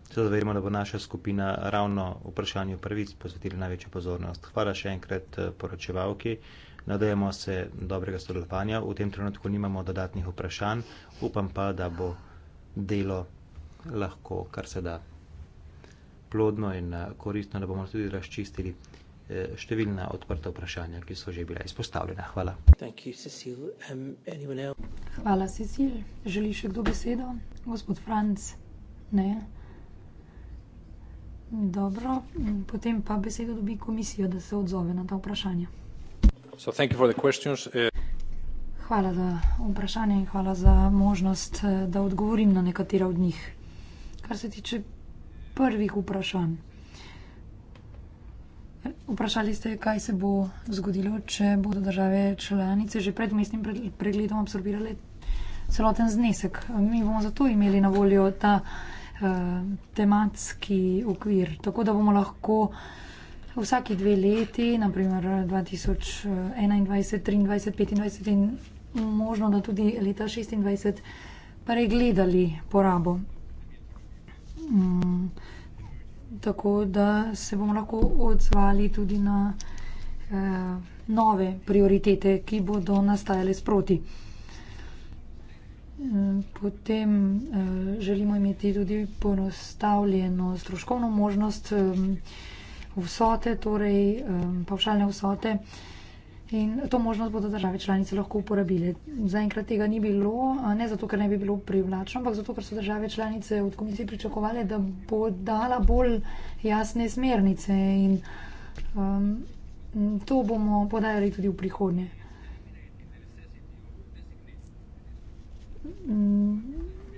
se zavedamo, da bo naša skupina ravno vprašanju pravic posvetila največjo pozornost. Hvala še enkrat eh, poročevalki. Nadejamo se dobrega sodelovanja. V tem trenutku nimamo dodatnih vprašanj, upam pa, da bo delo lahko kar se da plodno in eh, koristno, da bomo tudi razčistili eh, številna odprta vprašanja, ki so že bila izpostavljena. Hvala. Um, Hvala, Cecil. Želi še kdo besedo? Gospod Franc? Ne. Dobro, potem pa besedo dobi komisijo, da se odzove na ta vprašanja. Uh, hvala za vprašanje in hvala za možnost, eh, da odgovorim na nekatera od njih. Kar se tiče prvih vprašanj. Vprašali ste, kaj se bo zgodilo, če bodo države članice že pred mestnim pregledom absorbirale celoten znesek. Mi bomo zato imeli na voljo ta uh, tematski okvir, tako da bomo lahko uh, vsaki dve leti, naprimer 2021, 2023, 2025 in možno da tudi leta 2026, pregledali porabo. Mm, tako da se bomo lahko odzvali tudi na eh, nove prioritete, ki bodo nastajale sproti. Mm, potem eh, želimo imeti tudi ponostavljeno stroškovno možnost. Eh, vsote, torej pavšalne vsote. In to možnost bodo države članice lahko uporabile. Zaenkrat tega ni bilo, ne zato, ker ne bi bilo privlačno, ampak zato, ker so države članice od komisije pričakovali, da bo dala bolj jasne smernice in um, to bomo podajali tudi v prihodnje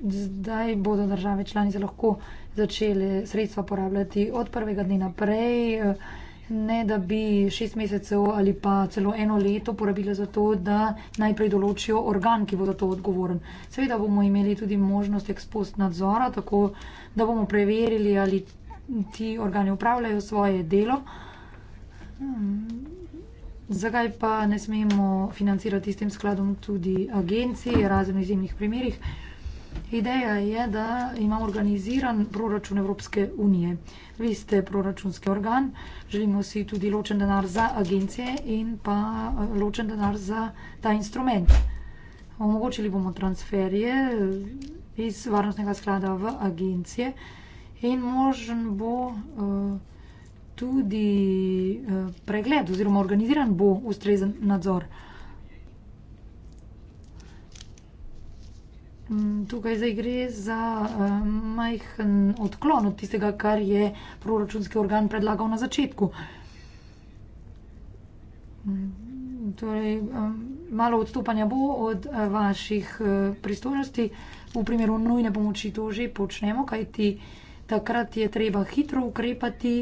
zdaj bodo države članice lahko začele sredstva porabljati od prvega dne naprej, ne da bi šest mesecev ali pa celo eno leto porabile za to, da najprej določijo organ, ki bo za to odgovoren. Seveda bomo imeli tudi možnost ekspost nadzora, tako da bomo preverili, ali ti organi upravljajo svoje delo. Hmm. Zakaj pa ne smemo financirati s tem skladom tudi agencij, razen v izjemnih primerjih? Ideja je, da imamo organiziran proračun Evropske unije. Vi ste proračunski organ, želimo si tudi ločen denar za agencije in pa eh, ločen denar za ta instrument. Omogočili bomo transferje eh, iz varnostnega sklada v agencije in možen bo eh, tudi pregled oziroma organiziran bo ustrezen nadzor. Mm, tukaj zdaj gre za uh, majhen odklon od tistega, kar je proračunski organ predlagal na začetku. Mm, torej, um, malo odstopanja bo od uh, vaših uh, pristojnosti, v primeru nujne pomoči to že počnemo, kajti takrat je treba hitro ukrepati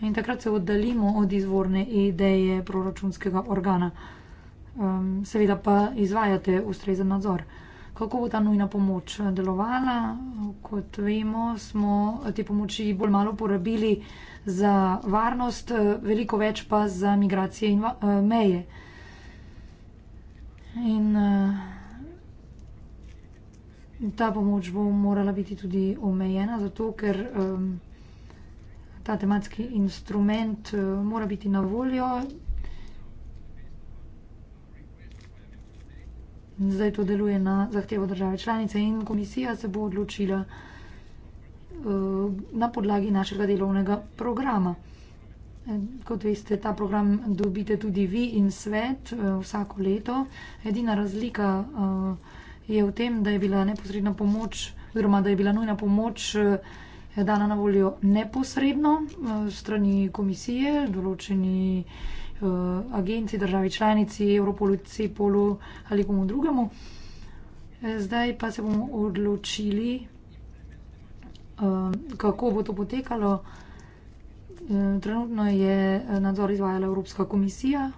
in takrat se oddaljimo od izvorne ideje proračunskega organa. Um, seveda pa izvajate ustrezen nadzor kako bo ta nujna pomoč eh, delovala. Kot vemo, smo eh, te pomoči bolj malo porabili za varnost, eh, veliko več pa za migracije in meje. In ta pomoč bo morala biti tudi omejena, zato ker ta tematski instrument mora biti na voljo. Zdaj to deluje na zahtevo države članice in komisija se bo odločila eh, na podlagi našega delovnega programa. Eh, kot veste, ta program dobite tudi vi in svet eh, vsako leto. Edina razlika je v tem, da je bila neposredna pomoč oziroma da je bila nujna pomoč dana na voljo neposredno strani komisije, določeni Eh, agenci, državi članici, Europolu, Cepolu ali komu drugemu. Eh, zdaj pa se bomo odločili, eh, kako bo to potekalo. Trenutno je nadzor izvajala Evropska komisija,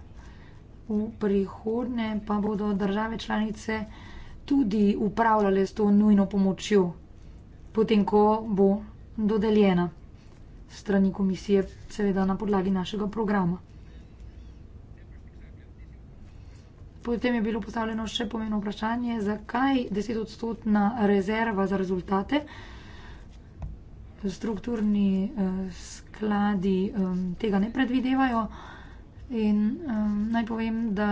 v prihodnje pa bodo države članice tudi upravljale s to nujno pomočjo, potem ko bo dodeljena strani komisije, seveda na podlagi našega programa. Potem je bilo postavljeno še pomembno vprašanje, zakaj je desetodstotna rezerva za rezultate. Strukturni eh, skladi eh, tega ne predvidevajo. In eh, naj povem, da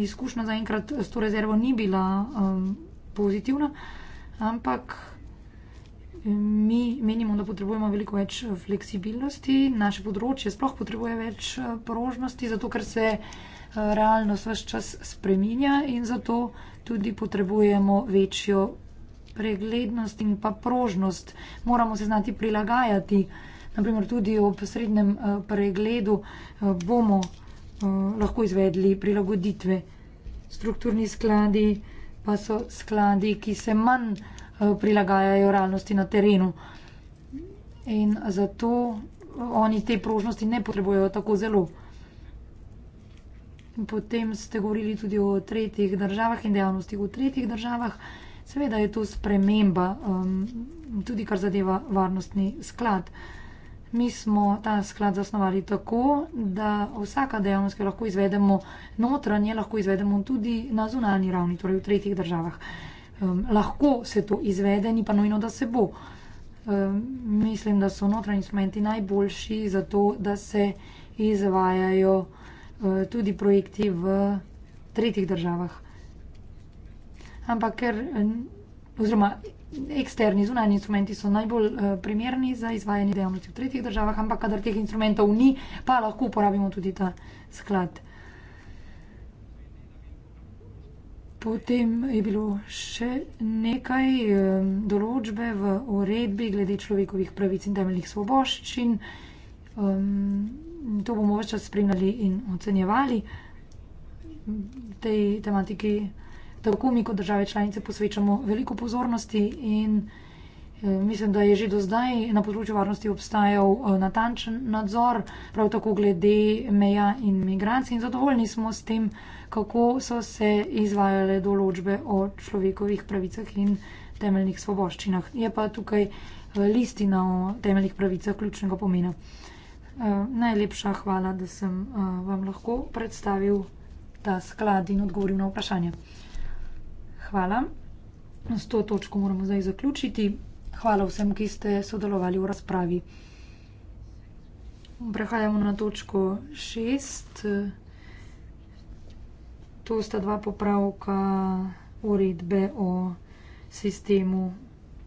izkušnja zaenkrat s to rezervo ni bila eh, pozitivna, ampak eh, mi menimo, da potrebujemo veliko več eh, fleksibilnosti, naše področje sploh potrebuje več eh, porožnosti, zato ker se realnost vse čas spreminja in zato tudi potrebujemo večjo preglednost in pa prožnost. Moramo se znati prilagajati. Naprimer, tudi ob srednjem eh, pregledu eh, bomo eh, lahko izvedli prilagoditve. Strukturni skladi pa so skladi, ki se manj prilagajajo realnosti na terenu. In zato oni te prožnosti ne potrebujejo tako zelo. Potem ste govorili tudi o tretjih državah in dejavnostih v tretjih državah. Seveda je to sprememba, um, tudi kar zadeva varnostni sklad. Mi smo ta sklad zasnovali tako, da vsaka dejavnost, ki jo lahko izvedemo notranje, lahko izvedemo tudi na zunanji ravni, torej v tretjih državah. Um, lahko se to izvede, ni pa nujno, da se bo. Um, mislim, da so notranji instrumenti najboljši za to, da se izvajajo. Eh, tudi projekti v tretjih državah. Ampak ker, eh, oziroma eksterni, zunanji instrumenti so najbolj eh, primerni za izvajanje dejavnosti v tretjih državah, ampak kadar teh instrumentov ni, pa lahko uporabimo tudi ta sklad. Potem je bilo še nekaj določbe v uredbi glede človekovih pravic in temeljnih svoboščin. Ehm, to bomo več čas spremljali in ocenjevali. Tej tematiki, tako mi kot države članice, posvečamo veliko pozornosti in eh, mislim, da je že do zdaj na področju varnosti obstajal eh, natančen nadzor, prav tako glede meja in migracij in zadovoljni smo s tem, kako so se izvajale določbe o človekovih pravicah in temeljnih svoboščinah. Je pa tukaj eh, listina o temeljnih pravicah ključnega pomena. Eh, najlepša hvala, da sem uh, vam lahko predstavil ta sklad in odgovoril na vprašanje. Hvala. S to točko moramo zdaj zaključiti. Hvala vsem, ki ste sodelovali v razpravi. Prehajamo na točko šest. To sta dva popravka uredbe o sistemu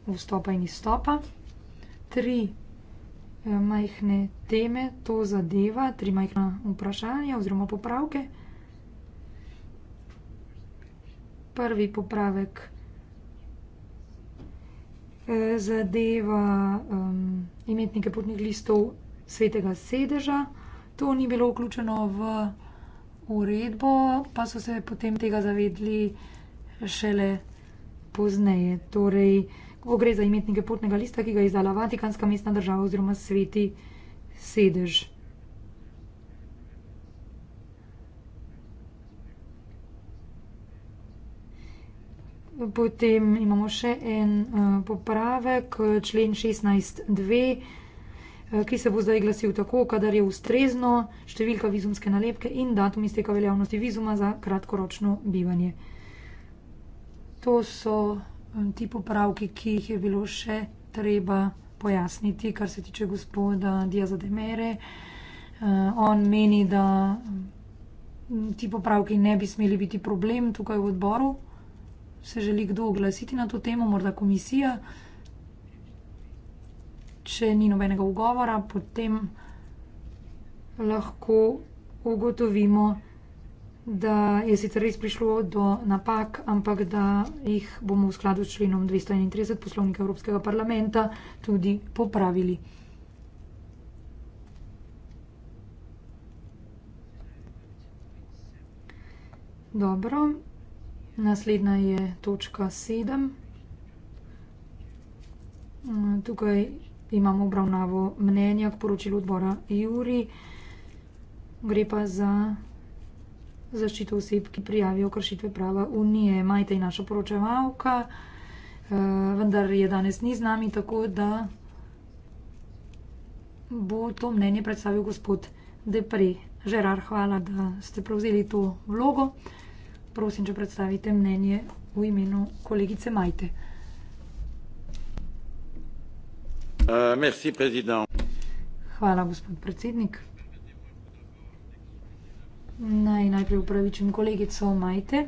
vstopa in izstopa. Tri Eh, majhne teme to zadeva, tri majhna vprašanja oziroma popravke. Prvi popravek, eh, zadeva, imetnike potnih listov Svetega sedeža. To ni bilo vključeno v uredbo, pa so se potem tega zavedli šele pozneje, torej bo gre za imetnike potnega lista, ki ga je izdala Vatikanska mestna država oziroma sveti sedež. Potem imamo še en, eh, popravek, člen šestnajst dve, eh, ki se bo zdaj glasil tako: kadar je ustrezno, številka vizumske nalepke in datum izteka veljavnosti vizuma za kratkoročno bivanje. To so... Um, ti popravki, ki jih je bilo še treba pojasniti, kar se tiče gospoda Diaza de Mere. Uh, on meni, da um, ti popravki ne bi smeli biti problem tukaj v odboru. Se želi kdo oglasiti na to temo, morda komisija. Če ni nobenega ugovora, potem lahko ugotovimo, da je sicer res prišlo do napak, ampak da jih bomo v skladu s členom 231 poslovnika Evropskega parlamenta tudi popravili. Dobro, naslednja je točka 7. Tukaj imamo obravnavo mnenja k poročilu odbora Juri. Gre pa za zaščito oseb, ki prijavijo kršitve prava Unije. Majte je naša poročevalka, eh, vendar je danes ni z nami, tako da bo to mnenje predstavil gospod Depre. Žerar, hvala, da ste prevzeli to vlogo. Prosim, če predstavite mnenje v imenu kolegice Majte. Eh, hvala, gospod predsednik. Naj najprej upravičim kolegico Majte,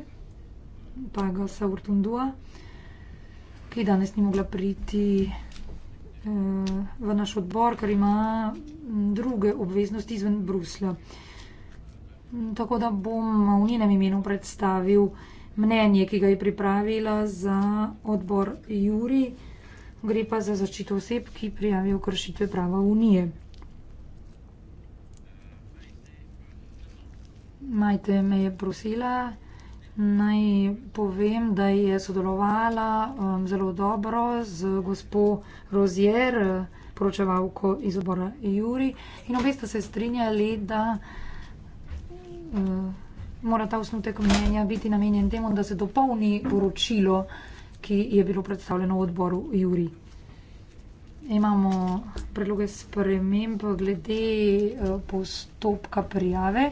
pa ga Saurtundua, ki danes ni mogla priti eh, v naš odbor, ker ima druge obveznosti izven Bruslja. Tako da bom v njenem imenu predstavil mnenje, ki ga je pripravila za odbor Juri. Gre pa za zaščito oseb, ki prijavijo kršitve prava Unije. Majte me je prosila, naj povem, da je sodelovala um, zelo dobro z gospo Rozier, poročevalko iz obora Juri. In obe sta se strinjali, da uh, mora ta osnutek mnenja biti namenjen temu, da se dopolni poročilo, ki je bilo predstavljeno v odboru Juri. Imamo predloge sprememb glede uh, postopka prijave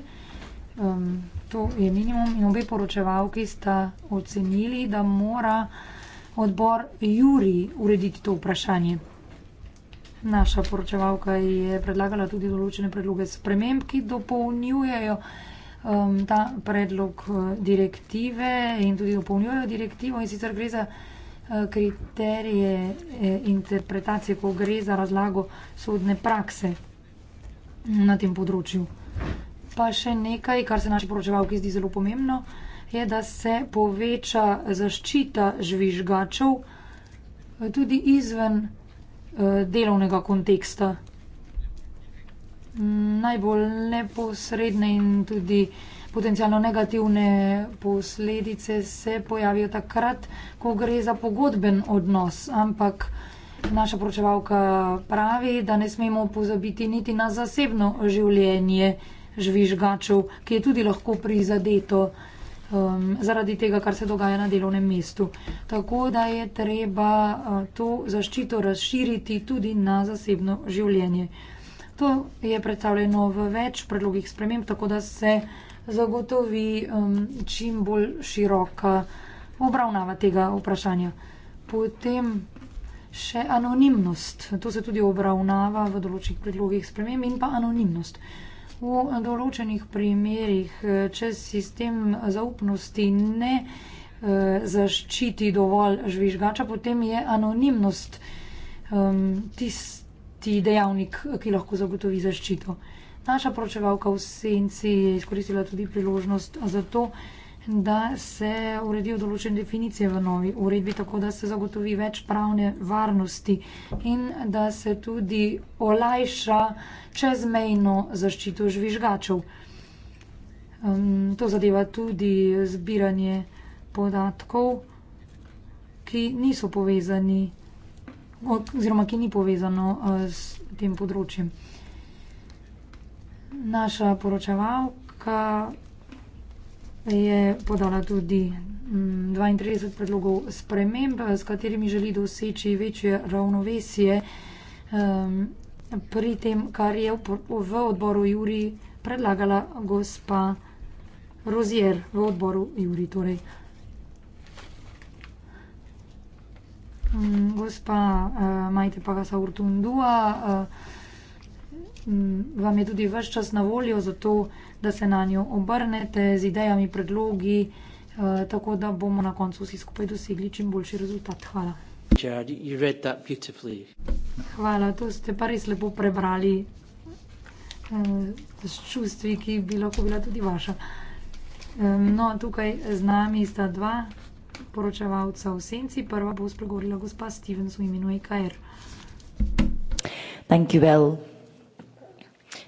um, to je minimum. In obe poročevalki sta ocenili, da mora odbor Juri urediti to vprašanje. Naša poročevalka je predlagala tudi določene predloge sprememb, ki dopolnjujejo um, ta predlog eh, direktive in tudi dopolnjujejo direktivo in sicer gre za eh, kriterije eh, interpretacije, ko gre za razlago sodne prakse na tem področju. Pa še nekaj, kar se naši poročevalki zdi zelo pomembno, je, da se poveča zaščita žvižgačev eh, tudi izven eh, delovnega konteksta. Mm, najbolj neposredne in tudi potencialno negativne posledice se pojavijo takrat, ko gre za pogodben odnos, ampak naša poročevalka pravi, da ne smemo pozabiti niti na zasebno življenje žvižgačev, ki je tudi lahko prizadeto um, zaradi tega, kar se dogaja na delovnem mestu. Tako da je treba uh, to zaščito razširiti tudi na zasebno življenje. To je predstavljeno v več predlogih sprememb, tako da se zagotovi um, čim bolj široka obravnava tega vprašanja. Potem še anonimnost. To se tudi obravnava v določenih predlogih sprememb in pa anonimnost. V določenih primerjih, eh, če sistem zaupnosti ne eh, zaščiti dovolj žvižgača, potem je anonimnost um, tisti dejavnik, ki lahko zagotovi zaščito. Naša pročevalka v senci je izkoristila tudi priložnost, zato uh, da se uredijo določene definicije v novi uredbi, tako da se zagotovi več pravne varnosti in da se tudi olajša čezmejno zaščito žvižgačev. Um, to zadeva tudi zbiranje podatkov, ki niso povezani oziroma ki ni povezano uh, s tem področjem. Naša poročevalka je podala tudi 32 mm, predlogov sprememb, s katerimi želi doseči večje ravnovesje um, pri tem, kar je v odboru Juri predlagala gospa Rozier v odboru Juri. Torej. Um, gospa uh, Majte Pagasa Urtundua. Uh, eh, Mm, vam je tudi vse čas na voljo, zato da se na njo obrnete z idejami, predlogi, eh, tako da bomo na koncu vsi skupaj dosegli čim boljši rezultat. Hvala. Hvala, to ste pa res lepo prebrali z eh, čustvi, ki bi lahko bila tudi vaša. No, tukaj z nami sta dva poročevalca v senci. Prva bo spregovorila gospa Stevens v imenu IKR. E Thank you, Belle.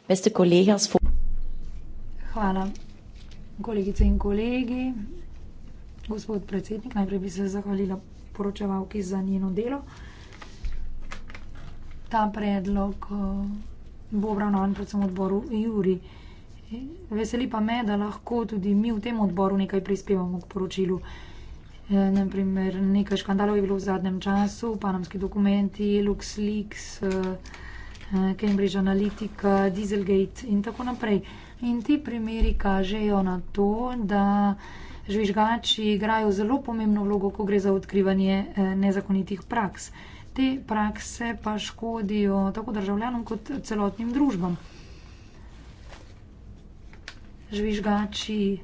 Beste kolegas, Hvala. Kolegice in kolegi, gospod predsednik, najprej bi se zahvalila poročevalki za njeno delo. Ta predlog eh, bo obravnavan predvsem v odboru Juri. Veseli pa me, da lahko tudi mi v tem odboru nekaj prispevamo k poročilu. Eh, Naprimer, nekaj škandalov je bilo v zadnjem času, panamski dokumenti, LuxLeaks. Eh, Eh, Cambridge Analytica, Dieselgate in tako naprej. In ti primeri kažejo na to, da žvižgači igrajo zelo pomembno vlogo, ko gre za odkrivanje eh, nezakonitih praks. Te prakse pa škodijo tako državljanom kot celotnim družbam. Žvižgači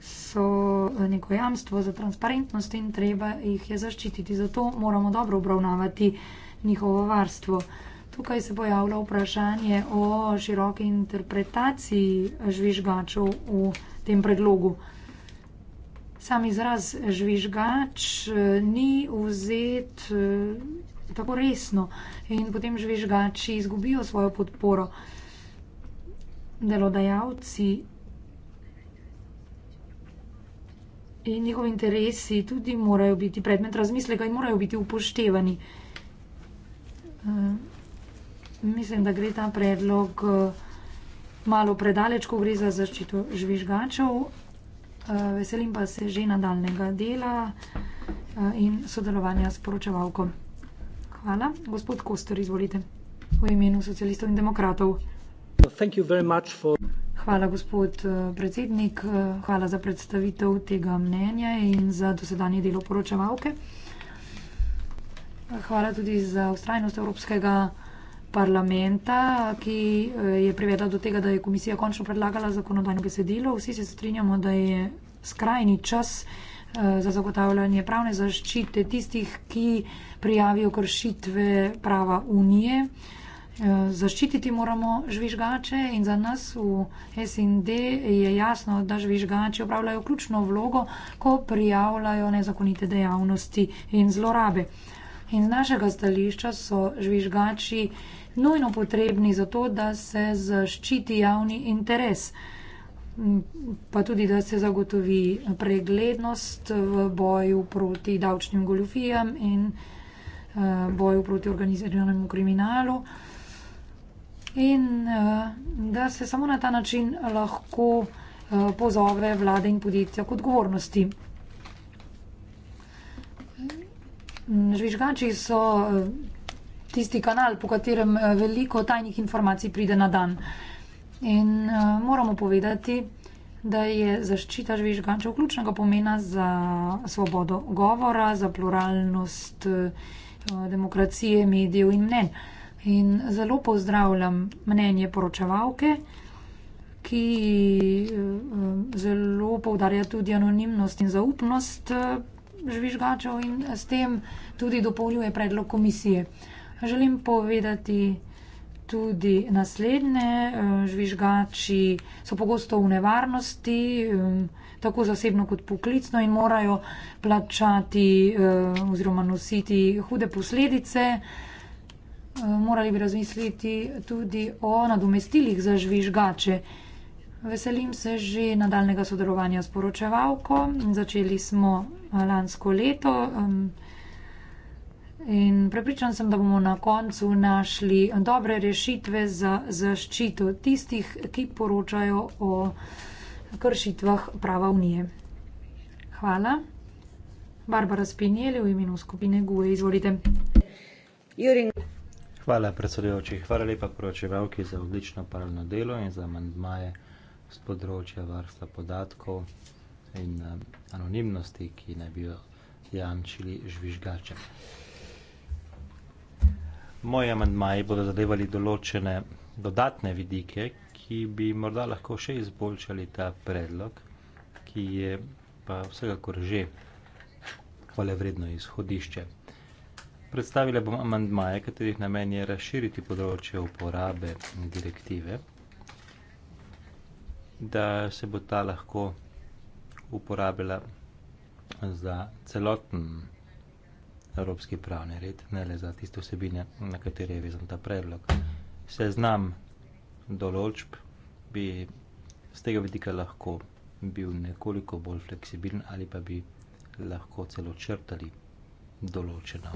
so eh, neko jamstvo za transparentnost in treba jih je zaščititi, zato moramo dobro obravnavati njihovo varstvo tukaj se pojavlja vprašanje o široki interpretaciji žvižgačev v tem predlogu. Sam izraz žvižgač eh, ni vzet eh, tako resno in potem žvižgači izgubijo svojo podporo. Delodajalci in njihovi interesi tudi morajo biti predmet razmisleka in morajo biti upoštevani. 嗯。Uh. Eh, mislim, da gre ta predlog eh, malo predaleč, ko gre za zaščito žvižgačev. Eh, veselim pa se že nadaljnega dela eh, in sodelovanja s poročevalkom. Hvala. Gospod Kostor, izvolite. V imenu socialistov in demokratov. Hvala, gospod predsednik. Hvala za predstavitev tega mnenja in za dosedanje delo poročevalke. Hvala tudi za ustrajnost Evropskega parlamenta, ki eh, je privedla do tega, da je komisija končno predlagala zakonodajno besedilo. Vsi se strinjamo, da je skrajni čas eh, za zagotavljanje pravne zaščite tistih, ki prijavijo kršitve prava Unije. Eh, zaščititi moramo žvižgače in za nas v SND je jasno, da žvižgači upravljajo ključno vlogo, ko prijavljajo nezakonite dejavnosti in zlorabe. In z našega stališča so žvižgači nujno potrebni za to, da se zaščiti javni interes, pa tudi da se zagotovi preglednost v boju proti davčnim goljufijam in eh, boju proti organiziranemu kriminalu. In eh, da se samo na ta način lahko eh, pozove vlade in podjetja k odgovornosti. Žvižgači so tisti kanal, po katerem eh, veliko tajnih informacij pride na dan. In uh, moramo povedati, da je zaščita žvižgančev ključnega pomena za svobodo govora, za pluralnost uh, demokracije, medijev in mnen. In zelo pozdravljam mnenje poročevalke, ki uh, zelo povdarja tudi anonimnost in zaupnost uh, žvižgačev in s tem tudi dopolnjuje predlog komisije. Uh, želim povedati tudi naslednje. Eh, žvižgači so pogosto v nevarnosti, eh, tako zasebno kot poklicno in morajo plačati eh, oziroma nositi hude posledice. Morali bi razmisliti tudi o nadomestilih za žvižgače. Veselim se že nadaljnega sodelovanja s poročevalko. Začeli smo lansko leto. In prepričan sem, da bomo na koncu našli dobre rešitve za zaščito tistih, ki poročajo o kršitvah prava Unije. Hvala. Barbara Spinjeli v imenu skupine GUE, izvolite. Jurin. Hvala, predsedujoči. Hvala lepa poročevalki za odlično paralelno delo in za amandmaje z področja varstva podatkov in um, anonimnosti, ki naj bi jo jamčili žvižgačem. Moji amandmaji bodo zadevali določene dodatne vidike, ki bi morda lahko še izboljšali ta predlog, ki je pa vsekakor že hvale vredno izhodišče. Predstavila bom amandmaje, katerih namen je razširiti področje uporabe direktive, da se bo ta lahko uporabila za celoten evropski pravni red, ne le za tiste osebine, na katere je vezan ta predlog. Seznam določb bi z tega vidika lahko bil nekoliko bolj fleksibilen ali pa bi lahko celo črtali določeno,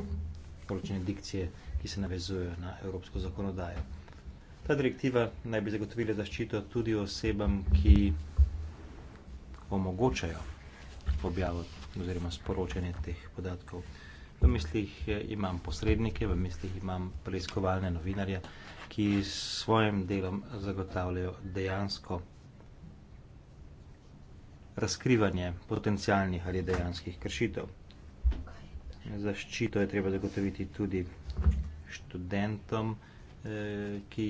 določene dikcije, ki se navezujejo na evropsko zakonodajo. Ta direktiva naj bi zagotovila zaščito tudi osebam, ki omogočajo objavo oziroma sporočanje teh podatkov. V mislih eh, imam posrednike, v mislih imam preiskovalne novinarje, ki s svojim delom zagotavljajo dejansko razkrivanje potencijalnih ali dejanskih kršitev. Zaščito je treba zagotoviti tudi študentom, eh, ki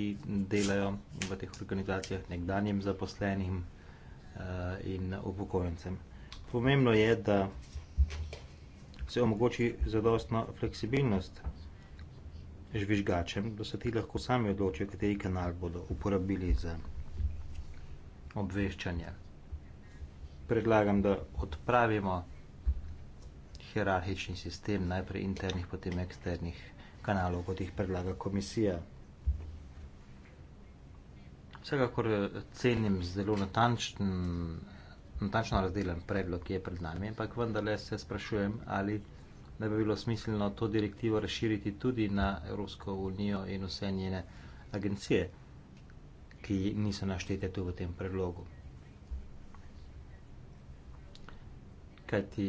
delajo v teh organizacijah, nekdanjim zaposlenim eh, in upokojencem. Pomembno je, da se omogoči zadostna fleksibilnost žvižgačem, da se ti lahko sami odločijo, kateri kanal bodo uporabili za obveščanje. Predlagam, da odpravimo hierarhični sistem najprej internih, potem eksternih kanalov, kot jih predlaga komisija. Vsekakor eh, cenim zelo natančen natančno razdeljen predlog, ki je pred nami, ampak vendarle se sprašujem, ali ne bi bilo smiselno to direktivo razširiti tudi na Evropsko unijo in vse njene agencije, ki niso naštete tu v tem predlogu. Kaj ti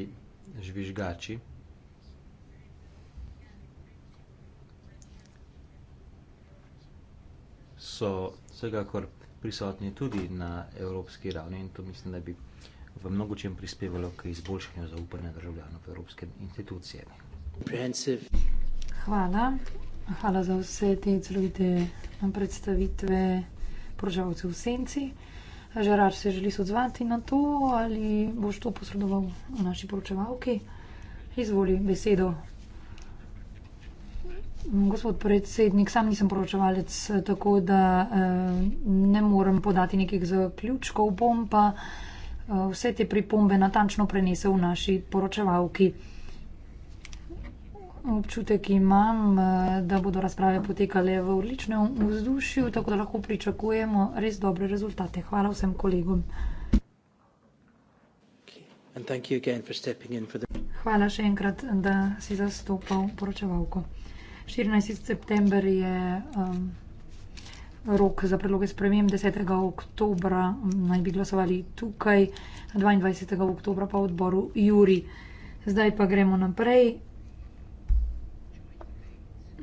žvižgači? So vsekakor prisotni tudi na evropski ravni in to mislim, da bi v mnogo čem prispevalo k izboljšanju zaupanja državljanov v evropske institucije. Hvala. Hvala za vse te celovite um, predstavitve poročavcev v senci. Žerar se želi odzvati na to ali boš to posredoval naši poročevalki. Izvoli besedo. Gospod predsednik, sam nisem poročevalec, eh, tako da eh, ne morem podati nekih zaključkov, bom pa eh, Eh, vse te pripombe natančno prenesel v naši poročevalki. Občutek imam, eh, da bodo razprave potekale v odličnem vzdušju, tako da lahko pričakujemo res dobre rezultate. Hvala vsem kolegom. Hvala še enkrat, da si zastopal poročevalko. 14. september je um, rok za predloge spremem 10. oktober, naj bi glasovali tukaj, 22. oktober pa v odboru Juri. Zdaj pa gremo naprej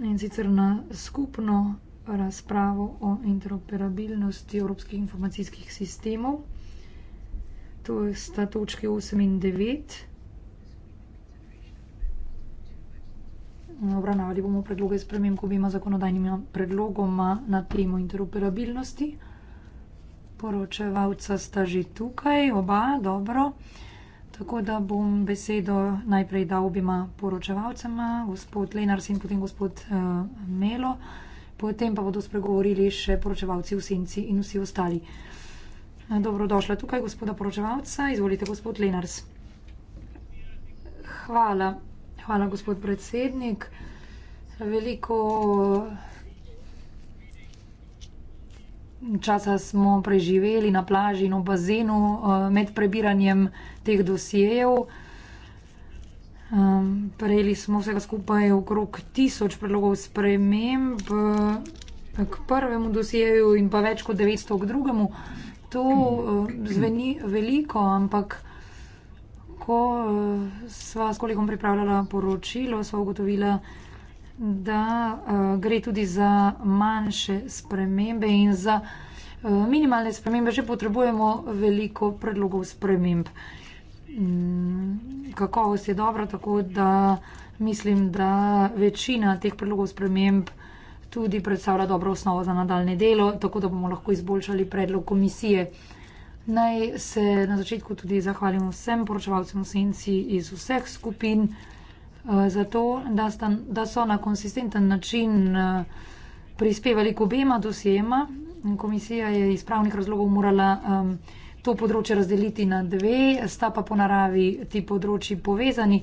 in sicer na skupno razpravo o interoperabilnosti evropskih informacijskih sistemov. To sta točke 8 in 9. Obravnavali bomo predloge sprememb obima zakonodajnima predlogoma na temo interoperabilnosti. Poročevalca sta že tukaj, oba, dobro. Tako da bom besedo najprej dal obima poročevalcema, gospod Lenars in potem gospod uh, Melo. Potem pa bodo spregovorili še poročevalci v Sinci in vsi ostali. Eh, dobrodošla tukaj, gospoda poročevalca. Izvolite, gospod Lenars. Hvala. Hvala, gospod predsednik. Veliko časa smo preživeli na plaži in v bazenu med prebiranjem teh dosijev. Um, prejeli smo vsega skupaj okrog tisoč predlogov sprememb eh, k prvemu dosijeju in pa več kot 900 k drugemu. To eh, zveni veliko, ampak tako. Eh, sva s kolegom pripravljala poročilo, sva ugotovila, da eh, gre tudi za manjše spremembe in za eh, minimalne spremembe že potrebujemo veliko predlogov sprememb. Mm, kakovost je dobra, tako da mislim, da večina teh predlogov sprememb tudi predstavlja dobro osnovo za nadaljne delo, tako da bomo lahko izboljšali predlog komisije. Naj se na začetku tudi zahvalim vsem poročevalcem v senci iz vseh skupin eh, za to, da, sta, da so na konsistenten način eh, prispevali k obema dosjema. Komisija je iz pravnih razlogov morala um, to področje razdeliti na dve, sta pa po naravi ti področji povezani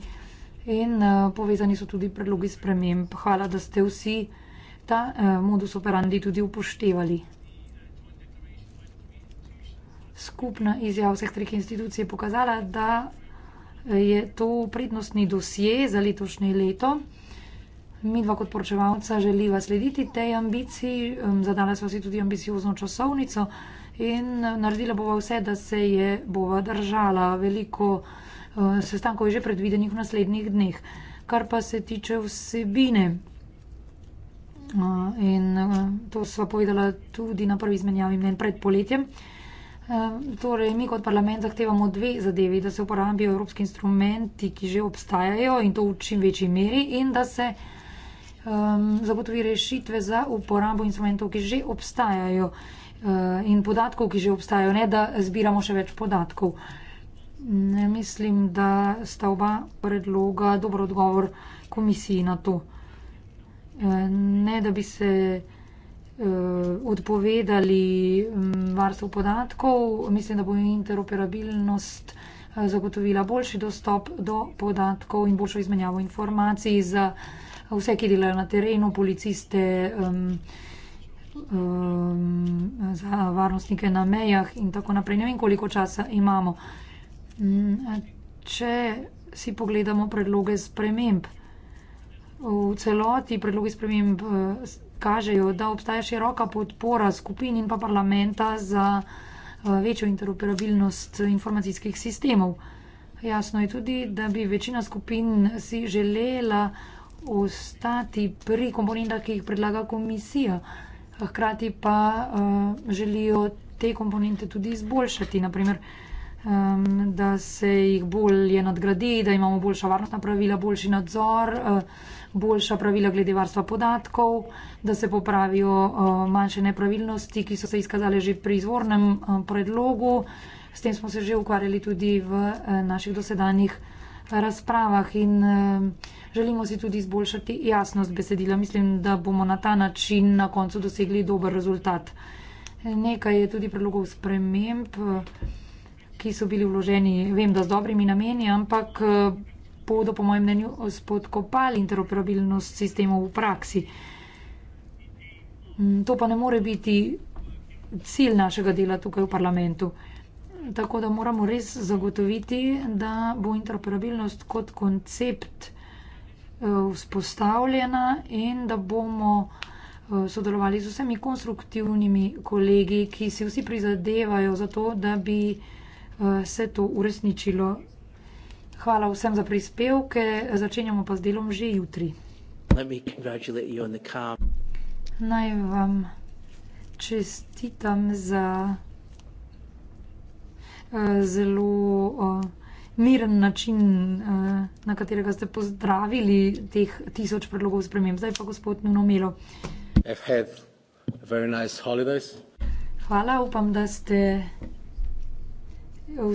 in uh, povezani so tudi predlogi sprememb. Hvala, da ste vsi ta uh, modus operandi tudi upoštevali skupna izjava vseh treh institucij je pokazala, da je to prednostni dosje za letošnje leto. Mi dva kot poročevalca želiva slediti tej ambiciji, zadala sva si tudi ambiciozno časovnico in naredila bova vse, da se je bova držala. Veliko sestankov je že predvidenih v naslednjih dneh. Kar pa se tiče vsebine, in to sva povedala tudi na prvi izmenjavi mnen pred poletjem, Eh, torej, mi kot parlament zahtevamo dve zadevi, da se uporabijo evropski instrumenti, ki že obstajajo in to v čim večji meri, in da se um, zagotovi rešitve za uporabo instrumentov, ki že obstajajo uh, in podatkov, ki že obstajajo, ne da zbiramo še več podatkov. Ne, mislim, da sta oba predloga dobro odgovor komisiji na to. Uh, ne, da bi se. Eh, odpovedali mm, varstvo podatkov. Mislim, da bo interoperabilnost eh, zagotovila boljši dostop do podatkov in boljšo izmenjavo informacij za vse, ki delajo na terenu, policiste, um, um, za varnostnike na mejah in tako naprej. Ne vem, koliko časa imamo. Mm, če si pogledamo predloge sprememb, v celoti predloge sprememb. Uh, kažejo, da obstaja široka podpora skupin in pa parlamenta za eh, večjo interoperabilnost informacijskih sistemov. Jasno je tudi, da bi večina skupin si želela ostati pri komponentah, ki jih predlaga komisija. Hkrati pa uh, želijo te komponente tudi izboljšati, naprimer uh, um, da se jih bolje nadgradi, da imamo boljša varnostna pravila, boljši nadzor, uh, boljša pravila glede varstva podatkov, da se popravijo uh, manjše nepravilnosti, ki so se izkazale že pri izvornem uh, predlogu. S tem smo se že ukvarjali tudi v uh, naših dosedanjih razpravah in uh, želimo si tudi izboljšati jasnost besedila. Mislim, da bomo na ta način na koncu dosegli dober rezultat. Nekaj je tudi predlogov sprememb. Uh, ki so bili vloženi, vem, da z dobrimi nameni, ampak eh, bodo, po mojem mnenju, spodkopali interoperabilnost sistemov v praksi. Mm, to pa ne more biti cilj našega dela tukaj v parlamentu. Tako da moramo res zagotoviti, da bo interoperabilnost kot koncept eh, vzpostavljena in da bomo eh, sodelovali z vsemi konstruktivnimi kolegi, ki si vsi prizadevajo za to, da bi Eh, se to uresničilo. Hvala vsem za prispevke, začenjamo pa z delom že jutri. Naj vam čestitam za eh, zelo eh, miren način, na katerega ste pozdravili teh tisoč predlogov sprememb. Zdaj pa gospod Nuno Melo. Hvala, upam, da ste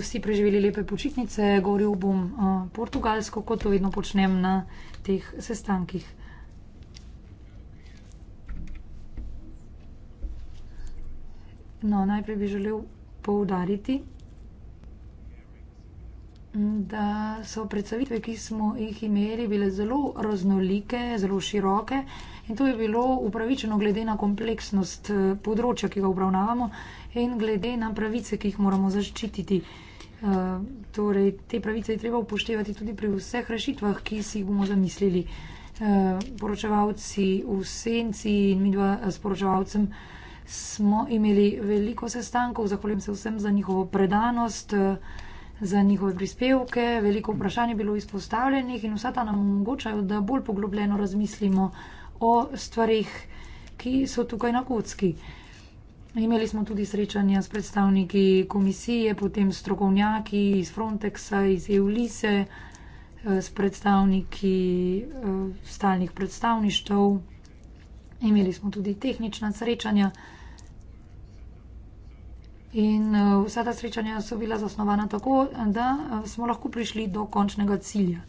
vsi preživeli lepe počitnice, govoril bom uh, portugalsko, kot to vedno počnem na teh sestankih. No, najprej bi želel poudariti, da so predstavitve, ki smo jih imeli, bile zelo raznolike, zelo široke. Uh, In to je bilo upravičeno glede na kompleksnost eh, področja, ki ga obravnavamo in glede na pravice, ki jih moramo zaščititi. Eh, torej, te pravice je treba upoštevati tudi pri vseh rešitvah, ki si jih bomo zamislili. Eh, poročevalci v senci in mi dva s poročevalcem smo imeli veliko sestankov, zahvaljujem se vsem za njihovo predanost, za njihove prispevke, veliko vprašanj je bilo izpostavljenih in vsa ta nam omogočajo, da bolj poglobljeno razmislimo o stvarih, ki so tukaj na kocki. Imeli smo tudi srečanja s predstavniki komisije, potem strokovnjaki iz Frontexa, iz EULISE, eh, s predstavniki eh, stalnih predstavništev. Imeli smo tudi tehnična srečanja. In eh, vsa ta srečanja so bila zasnovana tako, da smo lahko prišli do končnega cilja.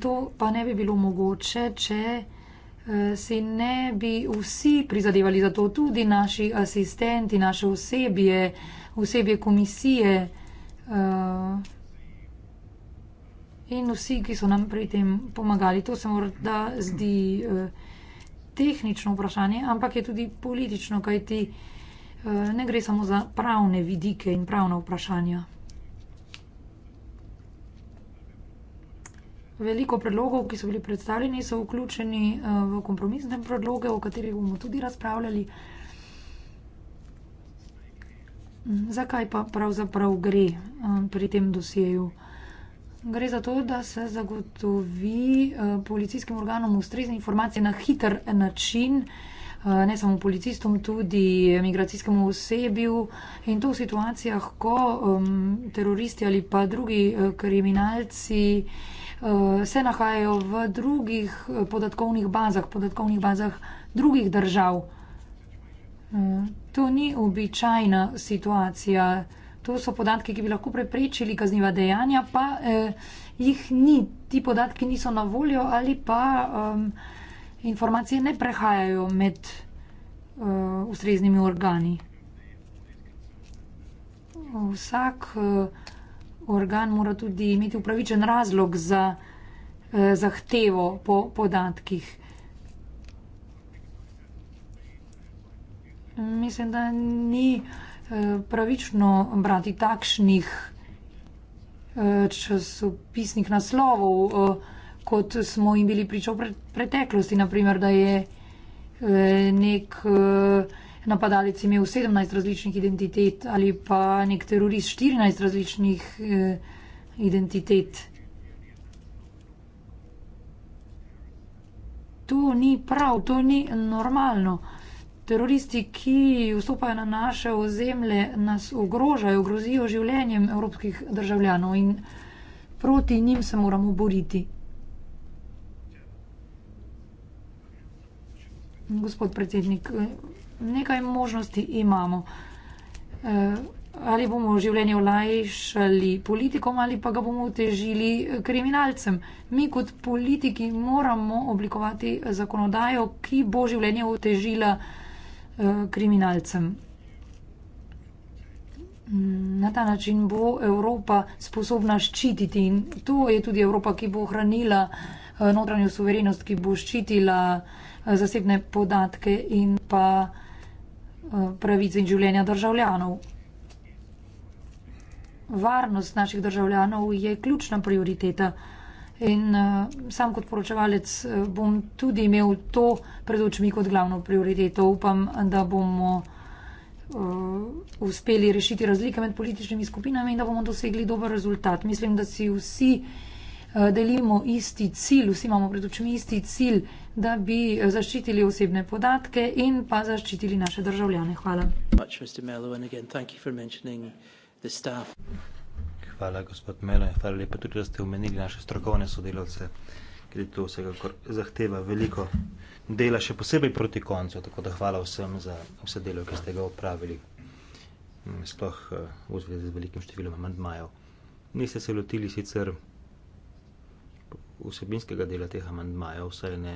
To pa ne bi bilo mogoče, če eh, si ne bi vsi prizadevali za to, tudi naši asistenti, naše osebje, osebje komisije eh, in vsi, ki so nam pri tem pomagali. To se morda zdi eh, tehnično vprašanje, ampak je tudi politično, kajti ne gre samo za pravne vidike in pravna vprašanja. Veliko predlogov, ki so bili predstavljeni, so vključeni eh, v kompromisne predloge, o katerih bomo tudi razpravljali. Mm, zakaj pa pravzaprav gre eh, pri tem dosjeju? Gre za to, da se zagotovi eh, policijskim organom ustrezne informacije na hiter način, ne samo policistom, tudi migracijskemu osebju in to v situacijah, ko ehm, teroristi ali pa drugi kriminalci Eh, se nahajajo v drugih eh, podatkovnih bazah, podatkovnih bazah drugih držav. Eh, to ni običajna situacija. To so podatki, ki bi lahko preprečili kazniva dejanja, pa eh, jih ni. Ti podatki niso na voljo ali pa um, informacije ne prehajajo med uh, ustreznimi organi. Vsak uh, organ mora tudi imeti upravičen razlog za eh, zahtevo po podatkih. Mislim, da ni eh, pravično brati takšnih eh, časopisnih naslovov, eh, kot smo jim bili priča v pre preteklosti, naprimer, da je eh, nek. Eh, napadalec imel 17 različnih identitet ali pa nek terorist 14 različnih eh, identitet. To ni prav, to ni normalno. Teroristi, ki vstopajo na naše ozemlje, nas ogrožajo, grozijo življenjem evropskih državljanov in proti njim se moramo boriti. Gospod predsednik, eh, nekaj možnosti imamo. E, ali bomo življenje olajšali politikom ali pa ga bomo otežili kriminalcem. Mi kot politiki moramo oblikovati zakonodajo, ki bo življenje otežila e, kriminalcem. Na ta način bo Evropa sposobna ščititi in to je tudi Evropa, ki bo hranila e, notranjo suverenost, ki bo ščitila zasebne podatke in pa. Eh, pravic in življenja državljanov. Varnost naših državljanov je ključna prioriteta in eh, sam kot poročevalec eh, bom tudi imel to pred očmi kot glavno prioriteto. Upam, da bomo uspeli rešiti razlike med političnimi skupinami in da bomo dosegli dober rezultat. Mislim, da si vsi Eh, delimo isti cilj, vsi imamo pred očmi isti cilj, da bi eh, zaščitili osebne podatke in pa zaščitili naše državljane. Hvala. Hvala, gospod Melo, in hvala lepa tudi, da ste omenili naše strokovne sodelavce, ker to vsekakor zahteva veliko dela, še posebej proti koncu. Tako da hvala vsem za vse delo, ki ste ga opravili, mm, sploh eh, v zvezi z velikim številom amantmajev. Niste se lotili sicer vsebinskega dela teh amantmajev, vsaj ne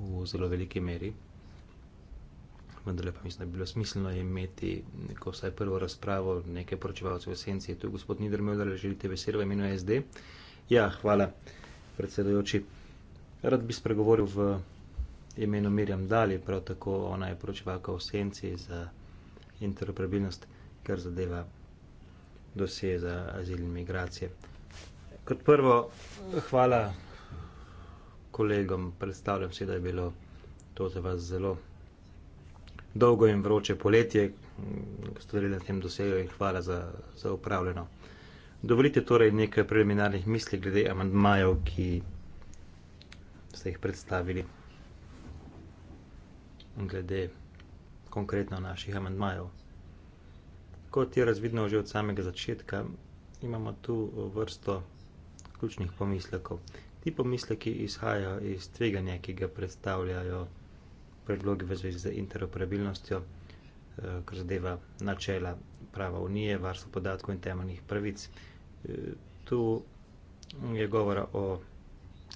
v zelo veliki meri. Vendar pa mislim, da bi bilo smiselno imeti neko vsaj prvo razpravo nekaj poročevalcev v esenci. Tu je gospod Nidermelder, želite besedo v imenu SD. Ja, hvala, predsedojoči. Rad bi spregovoril v imenu Mirjam Dali, prav tako ona je poročevalka v esenci za interoperabilnost, kar zadeva dosje za azil in migracije. Kot prvo, hvala kolegom. Predstavljam si, da je bilo to za vas zelo dolgo in vroče poletje, ki ste delili na tem dosegu in hvala za, za upravljeno. Dovolite torej nekaj preliminarnih misli glede amandmajev, ki ste jih predstavili in glede konkretno naših amandmajev. Kot je razvidno že od samega začetka, imamo tu vrsto ključnih pomislekov. Ti pomisleki izhajajo iz tveganja, ki ga predstavljajo predlogi v zvezi z interoperabilnostjo, eh, kar zadeva načela prava unije, varstvo podatkov in temeljnih pravic. Eh, tu je govora o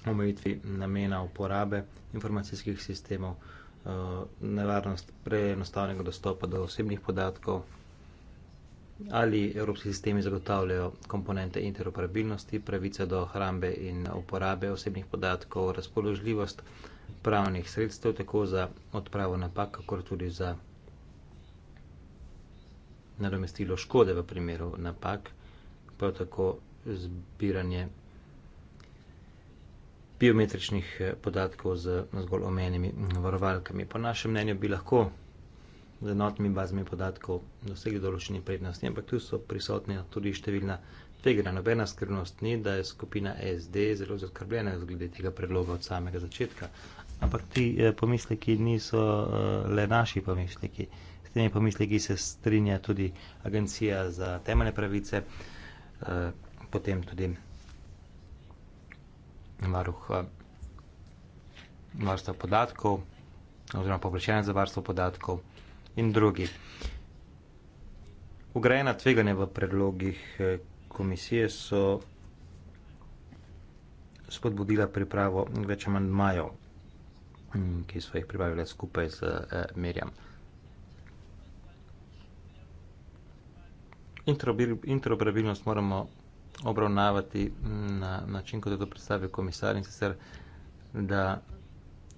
omejitvi namena uporabe informacijskih sistemov, eh, nevarnost preenostavnega dostopa do osebnih podatkov, Ali evropski sistemi zagotavljajo komponente interoperabilnosti, pravice do hrambe in uporabe osebnih podatkov, razpoložljivost pravnih sredstev tako za odpravo napak, kot tudi za nadomestilo škode v primeru napak, prav tako zbiranje biometričnih podatkov z zgolj omenjenimi varovalkami. Po našem mnenju bi lahko z enotnimi bazami podatkov dosegli določene prednosti, ampak tu so prisotne tudi številna tvegana. Nobena skrivnost ni, da je skupina SD zelo zaskrbljena glede tega predloga od samega začetka. Ampak ti eh, pomisleki niso eh, le naši pomisleki. S temi pomisleki se strinja tudi Agencija za temeljne pravice, eh, potem tudi varuh varstva podatkov oziroma povrčenja za varstvo podatkov in drugi. Ugrajena tveganja v predlogih eh, komisije so spodbudila pripravo več amandmajev, mm, ki so jih pripravile skupaj z eh, Mirjam. Interoperabilnost moramo obravnavati mm, na način, kot je to predstavil komisar in sicer, da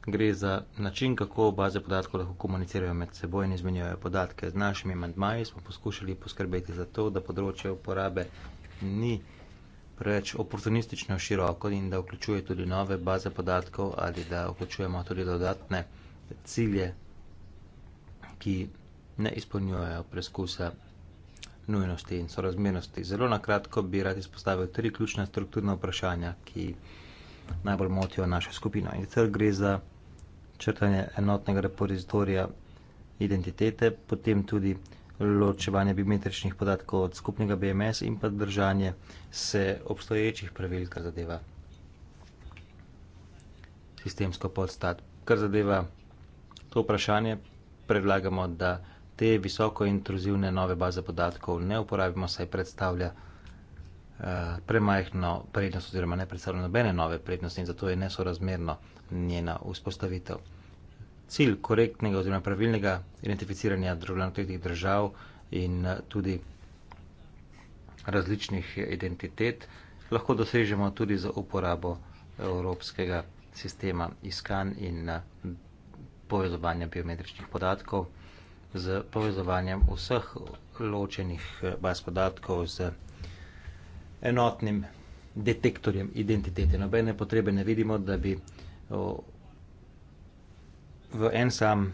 gre za način, kako baze podatkov lahko komunicirajo med seboj in izmenjujejo podatke. Z našimi amandmaji smo poskušali poskrbeti za to, da področje uporabe ni preveč oportunistično široko in da vključuje tudi nove baze podatkov ali da vključujemo tudi dodatne cilje, ki ne izpolnjujejo preskusa nujnosti in sorazmernosti. Zelo na kratko bi rad izpostavil tri ključna strukturna vprašanja, ki najbolj motijo našo skupino. In sicer gre za črtanje enotnega repozitorija identitete, potem tudi ločevanje biometričnih podatkov od skupnega BMS in pa držanje se obstoječih pravil, kar zadeva sistemsko podstat. Kar zadeva to vprašanje, predlagamo, da te visoko intruzivne nove baze podatkov ne uporabimo, saj predstavlja Eh, premajhno prednost oziroma ne predstavlja nobene nove prednosti in zato je nesorazmerno njena vzpostavitev. Cilj korektnega oziroma pravilnega identificiranja državljanov tretjih držav in eh, tudi različnih identitet lahko dosežemo tudi za uporabo evropskega sistema iskan in eh, povezovanja biometričnih podatkov z povezovanjem vseh ločenih baz podatkov z enotnim detektorjem identitete. Nobene potrebe ne vidimo, da bi o, v en sam,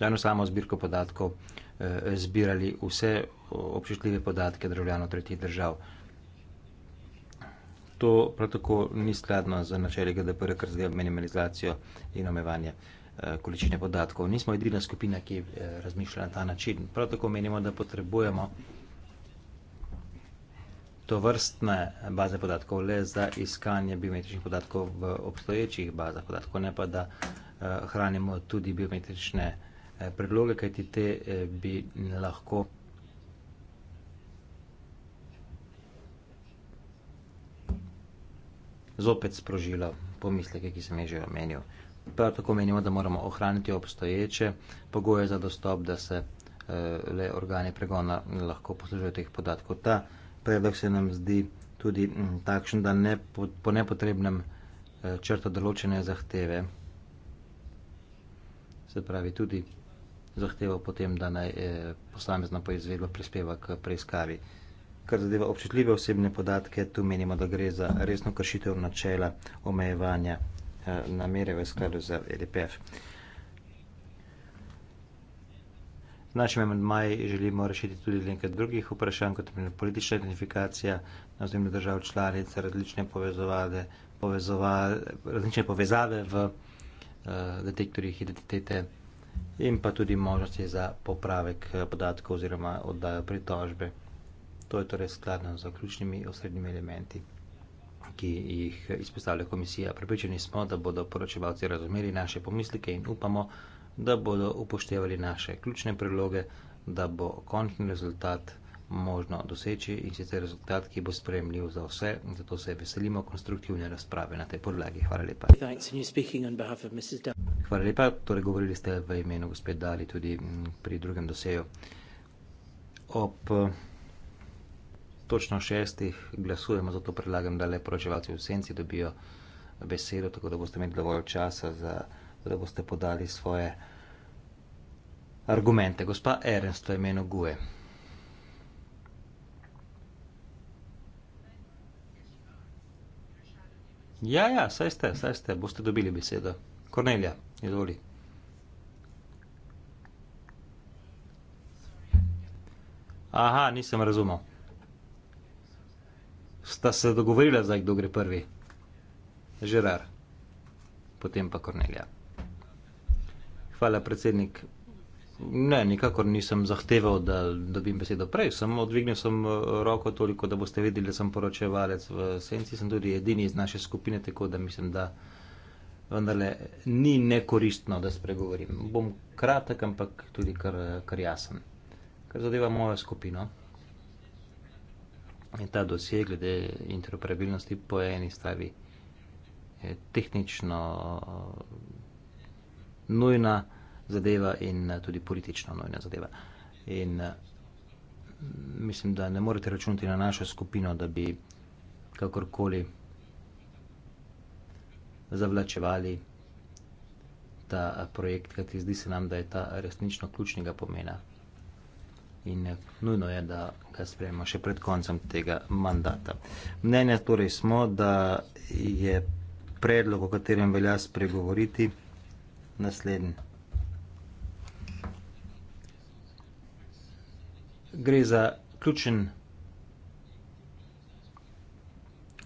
eno samo zbirko podatkov e, zbirali vse občutljive podatke državljanov tretjih držav. To prav tako ni skladno za načeli GDPR, kar zdaj minimalizacijo in omevanje e, količine podatkov. Nismo edina skupina, ki e, razmišlja na ta način. Prav tako menimo, da potrebujemo to vrstne baze podatkov le za iskanje biometričnih podatkov v obstoječih bazah podatkov, ne pa da eh, hranimo tudi biometrične eh, predloge, kajti te eh, bi lahko. Zopet sprožila pomisleke, ki sem jih že omenil. Prav tako menimo, da moramo ohraniti obstoječe pogoje za dostop, da se eh, le organi pregona lahko poslužijo teh podatkov. Ta eh, predlog se nam zdi tudi mm, takšen, da ne po nepotrebnem eh, črta določene zahteve. Se pravi, tudi zahteva potem, da naj eh, posamezna poizvedba prispeva k preiskavi. Kar zadeva občutljive osebne podatke, tu menimo, da gre za resno kršitev načela omejevanja eh, namere v skladu za LDPF. E Z našimi amendmaji želimo rešiti tudi nekaj drugih vprašanj, kot je politična identifikacija na ozemlju držav članic, različne, povezovade, povezovade, različne povezave v uh, detektorjih identitete in pa tudi možnosti za popravek eh, podatkov oziroma oddajo pritožbe. To je torej skladno z ključnimi osrednjimi elementi, ki jih eh, izpostavlja komisija. Pripričani smo, da bodo poročevalci razumeli naše pomislike in upamo, da bodo da bodo upoštevali naše ključne predloge, da bo končni rezultat možno doseči in sicer rezultat, ki bo sprejemljiv za vse. Zato se veselimo konstruktivne razprave na tej podlagi. Hvala lepa. Hvala lepa. Torej, govorili ste v imenu gospe Dali tudi mm, pri drugem doseju. Ob točno šestih glasujemo, zato predlagam, da le poročevalci v senci dobijo besedo, tako da boste imeli dovolj časa za da boste podali svoje argumente. Gospa Ernst, v imenu Gue. Ja, ja, saj ste, saj ste, boste dobili besedo. Kornelija, izvoli. Aha, nisem razumel. Sta se dogovorila zdaj, kdo gre prvi? Žerar. Potem pa Kornelija. Hvala, predsednik. Ne, nikakor nisem zahteval, da dobim besedo prej, samo odvignil sem eh, roko toliko, da boste videli, da sem poročevalec v senci, sem tudi edini iz naše skupine, tako da mislim, da vendarle ni nekoristno, da spregovorim. Bom kratek, ampak tudi kar, kar jasen. Kar zadeva mojo skupino in ta dosje glede interoperabilnosti po eni stavi eh, tehnično nujna zadeva in eh, tudi politično nujna zadeva. In eh, mislim, da ne morete računati na našo skupino, da bi kakorkoli zavlačevali ta eh, projekt, kajti zdi se nam, da je ta resnično ključnega pomena. In nujno je, da ga sprejemo še pred koncem tega mandata. Mnenja torej smo, da je predlog, o katerem velja spregovoriti, naslednji. Gre za ključen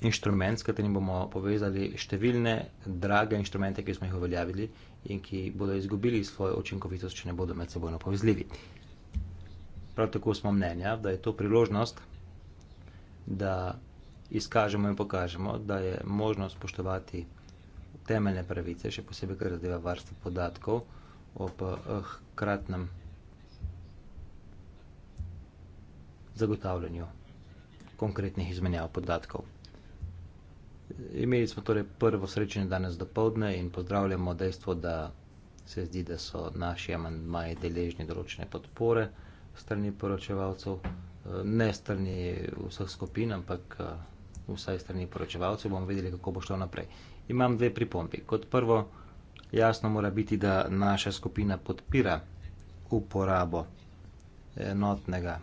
inštrument, s katerim bomo povezali številne drage inštrumente, ki smo jih uveljavili in ki bodo izgubili svojo učinkovitost, če ne bodo med seboj povezljivi. Prav tako smo mnenja, da je to priložnost, da izkažemo in pokažemo, da je možno spoštovati inštrument, temeljne pravice, še posebej, kar zadeva varstvo podatkov, ob eh, kratnem zagotavljanju konkretnih izmenjav podatkov. Imeli smo torej prvo srečanje danes dopoldne in pozdravljamo dejstvo, da se zdi, da so naši amandmaji deležni določene podpore strani poročevalcev, eh, ne strani vseh skupin, ampak eh, vsaj strani poročevalcev, bomo videli, kako bo šlo naprej imam dve pripombi. Kot prvo, jasno mora biti, da naša skupina podpira uporabo enotnega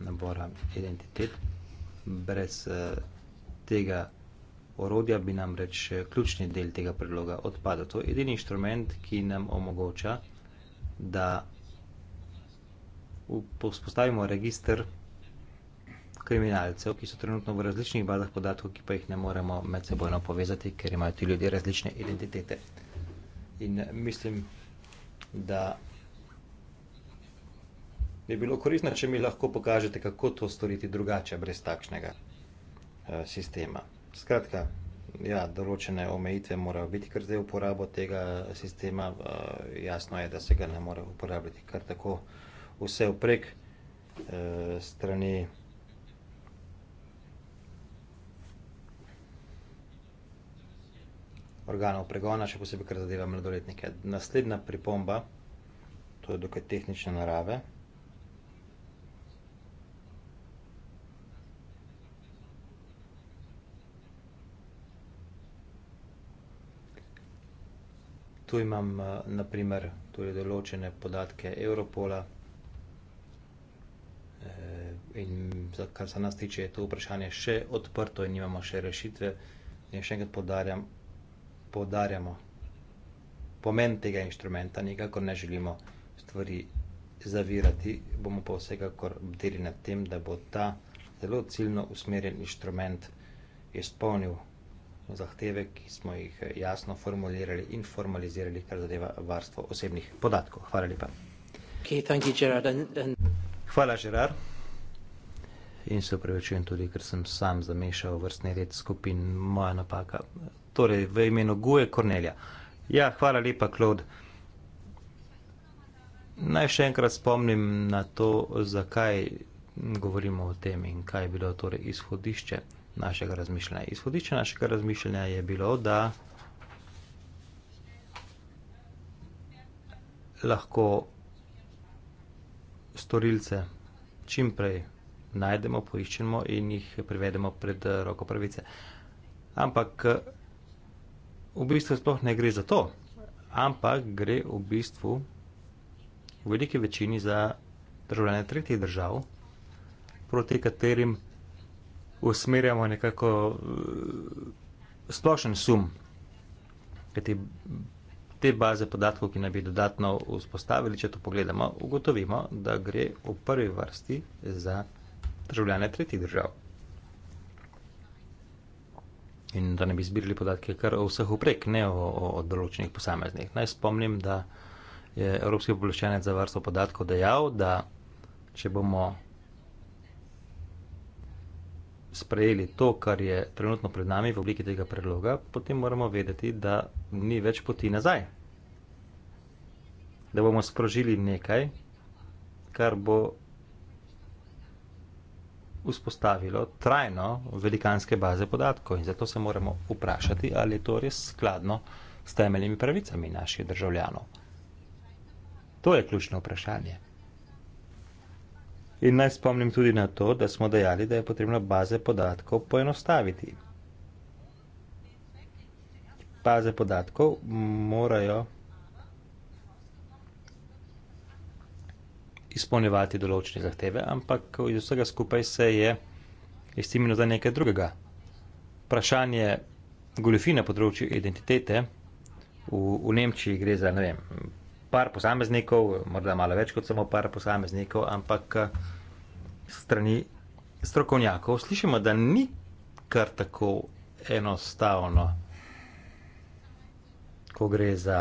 nabora identitet. Brez eh, tega orodja bi nam reč eh, ključni del tega predloga odpadel. To je edini inštrument, ki nam omogoča, da vzpostavimo registr kriminalcev, ki so trenutno v različnih bazah podatkov, ki pa jih ne moremo med seboj povezati, ker imajo ti ljudje različne identitete. In mislim, da je bilo koristno, če mi lahko pokažete, kako to storiti drugače, brez takšnega uh, sistema. Skratka, ja, določene omejitve morajo biti, ker zdaj uporabo tega eh, sistema uh, jasno je, da se ga ne more uporabljati kar tako vse vprek uh, strani. organov pregona, še posebej, ker zadeva mladoletnike. Naslednja pripomba, to je dokaj tehnične narave. Tu imam eh, naprimer tudi torej določene podatke Europola eh, in kar se nas tiče, je to vprašanje še odprto in imamo še rešitve. In še enkrat podarjam, poudarjamo pomen tega inštrumenta, nikakor ne želimo stvari zavirati, bomo pa vsekakor bdeli nad tem, da bo ta zelo ciljno usmerjen inštrument izpolnil zahteve, ki smo jih jasno formulirali in formalizirali, kar zadeva varstvo osebnih podatkov. Hvala lepa. Okay, thank you, Gerard. And, and... Hvala, Gerard. In se upravičujem tudi, ker sem sam zamešal vrstni red skupin. Moja napaka torej v imenu Guje Kornelja. Ja, hvala lepa, Klod. Naj še enkrat spomnim na to, zakaj govorimo o tem in kaj je bilo torej izhodišče našega razmišljanja. Izhodišče našega razmišljanja je bilo, da lahko storilce čimprej najdemo, poiščemo in jih privedemo pred roko pravice. Ampak v bistvu sploh ne gre za to, ampak gre v bistvu v veliki večini za državljane tretjih držav, proti katerim usmerjamo nekako eh, splošen sum, kajti te baze podatkov, ki naj bi dodatno vzpostavili, če to pogledamo, ugotovimo, da gre v prvi vrsti za državljane tretjih držav in da ne bi zbirali podatke kar o vseh uprek, ne o, o, o določenih posameznih. Naj spomnim, da je Evropski obveščenec za varstvo podatkov dejal, da če bomo sprejeli to, kar je trenutno pred nami v obliki tega predloga, potem moramo vedeti, da ni več poti nazaj. Da bomo sprožili nekaj, kar bo vzpostavilo trajno velikanske baze podatkov in zato se moramo vprašati, ali je to res skladno s temeljnimi pravicami naših državljanov. To je ključno vprašanje. In naj spomnim tudi na to, da smo dejali, da je potrebno baze podatkov poenostaviti. Baze podatkov morajo izpolnjevati določene zahteve, ampak iz vsega skupaj se je istimilo za nekaj drugega. Vprašanje goljofije na področju identitete v, v Nemčiji gre za ne vem, par posameznikov, morda malo več kot samo par posameznikov, ampak strani strokovnjakov slišimo, da ni kar tako enostavno, ko gre za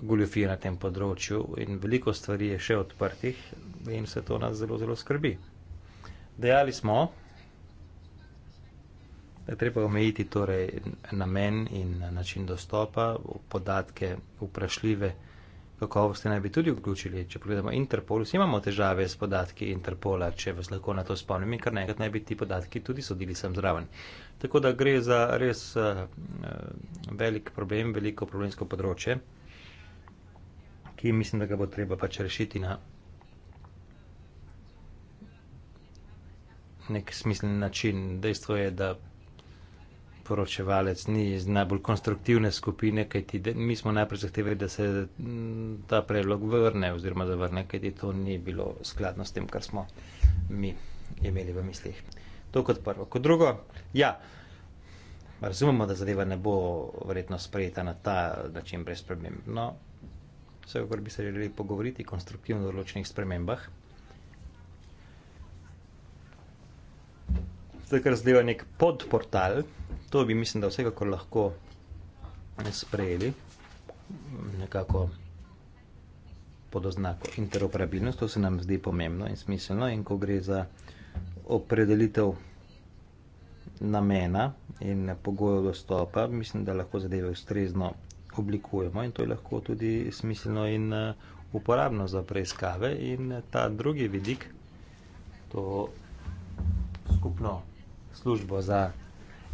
goljofije na tem področju in veliko stvari je še odprtih in se to nas zelo, zelo skrbi. Dejali smo, da je treba omejiti torej namen in način dostopa, podatke vprašljive kakovosti naj bi tudi vključili. Če pogledamo Interpol, vsi imamo težave s podatki Interpola, če vas lahko na to spomnim, in kar nekrat naj bi ti podatki tudi sodili sem zraven. Tako da gre za res uh, velik problem, veliko problemsko področje ki mislim, da ga bo treba pač rešiti na nek smislen način. Dejstvo je, da poročevalec ni iz najbolj konstruktivne skupine, kajti mi smo najprej zahtevali, da se mm, ta predlog vrne oziroma zavrne, kajti to ni bilo skladno s tem, kar smo mi imeli v mislih. To kot prvo. Kot drugo, ja, razumemo, da zadeva ne bo verjetno sprejeta na ta način brez problem. No, vsekakor bi se želeli pogovoriti konstruktivno o določenih spremembah. Zdaj, kar zdaj je nek podportal, to bi mislim, da vsekakor lahko sprejeli nekako pod oznako interoperabilnost, to se nam zdi pomembno in smiselno in ko gre za opredelitev namena in pogojev dostopa, mislim, da lahko zadeve ustrezno oblikujemo in to je lahko tudi smiselno in eh, uporabno za preiskave. In eh, ta drugi vidik, to skupno službo za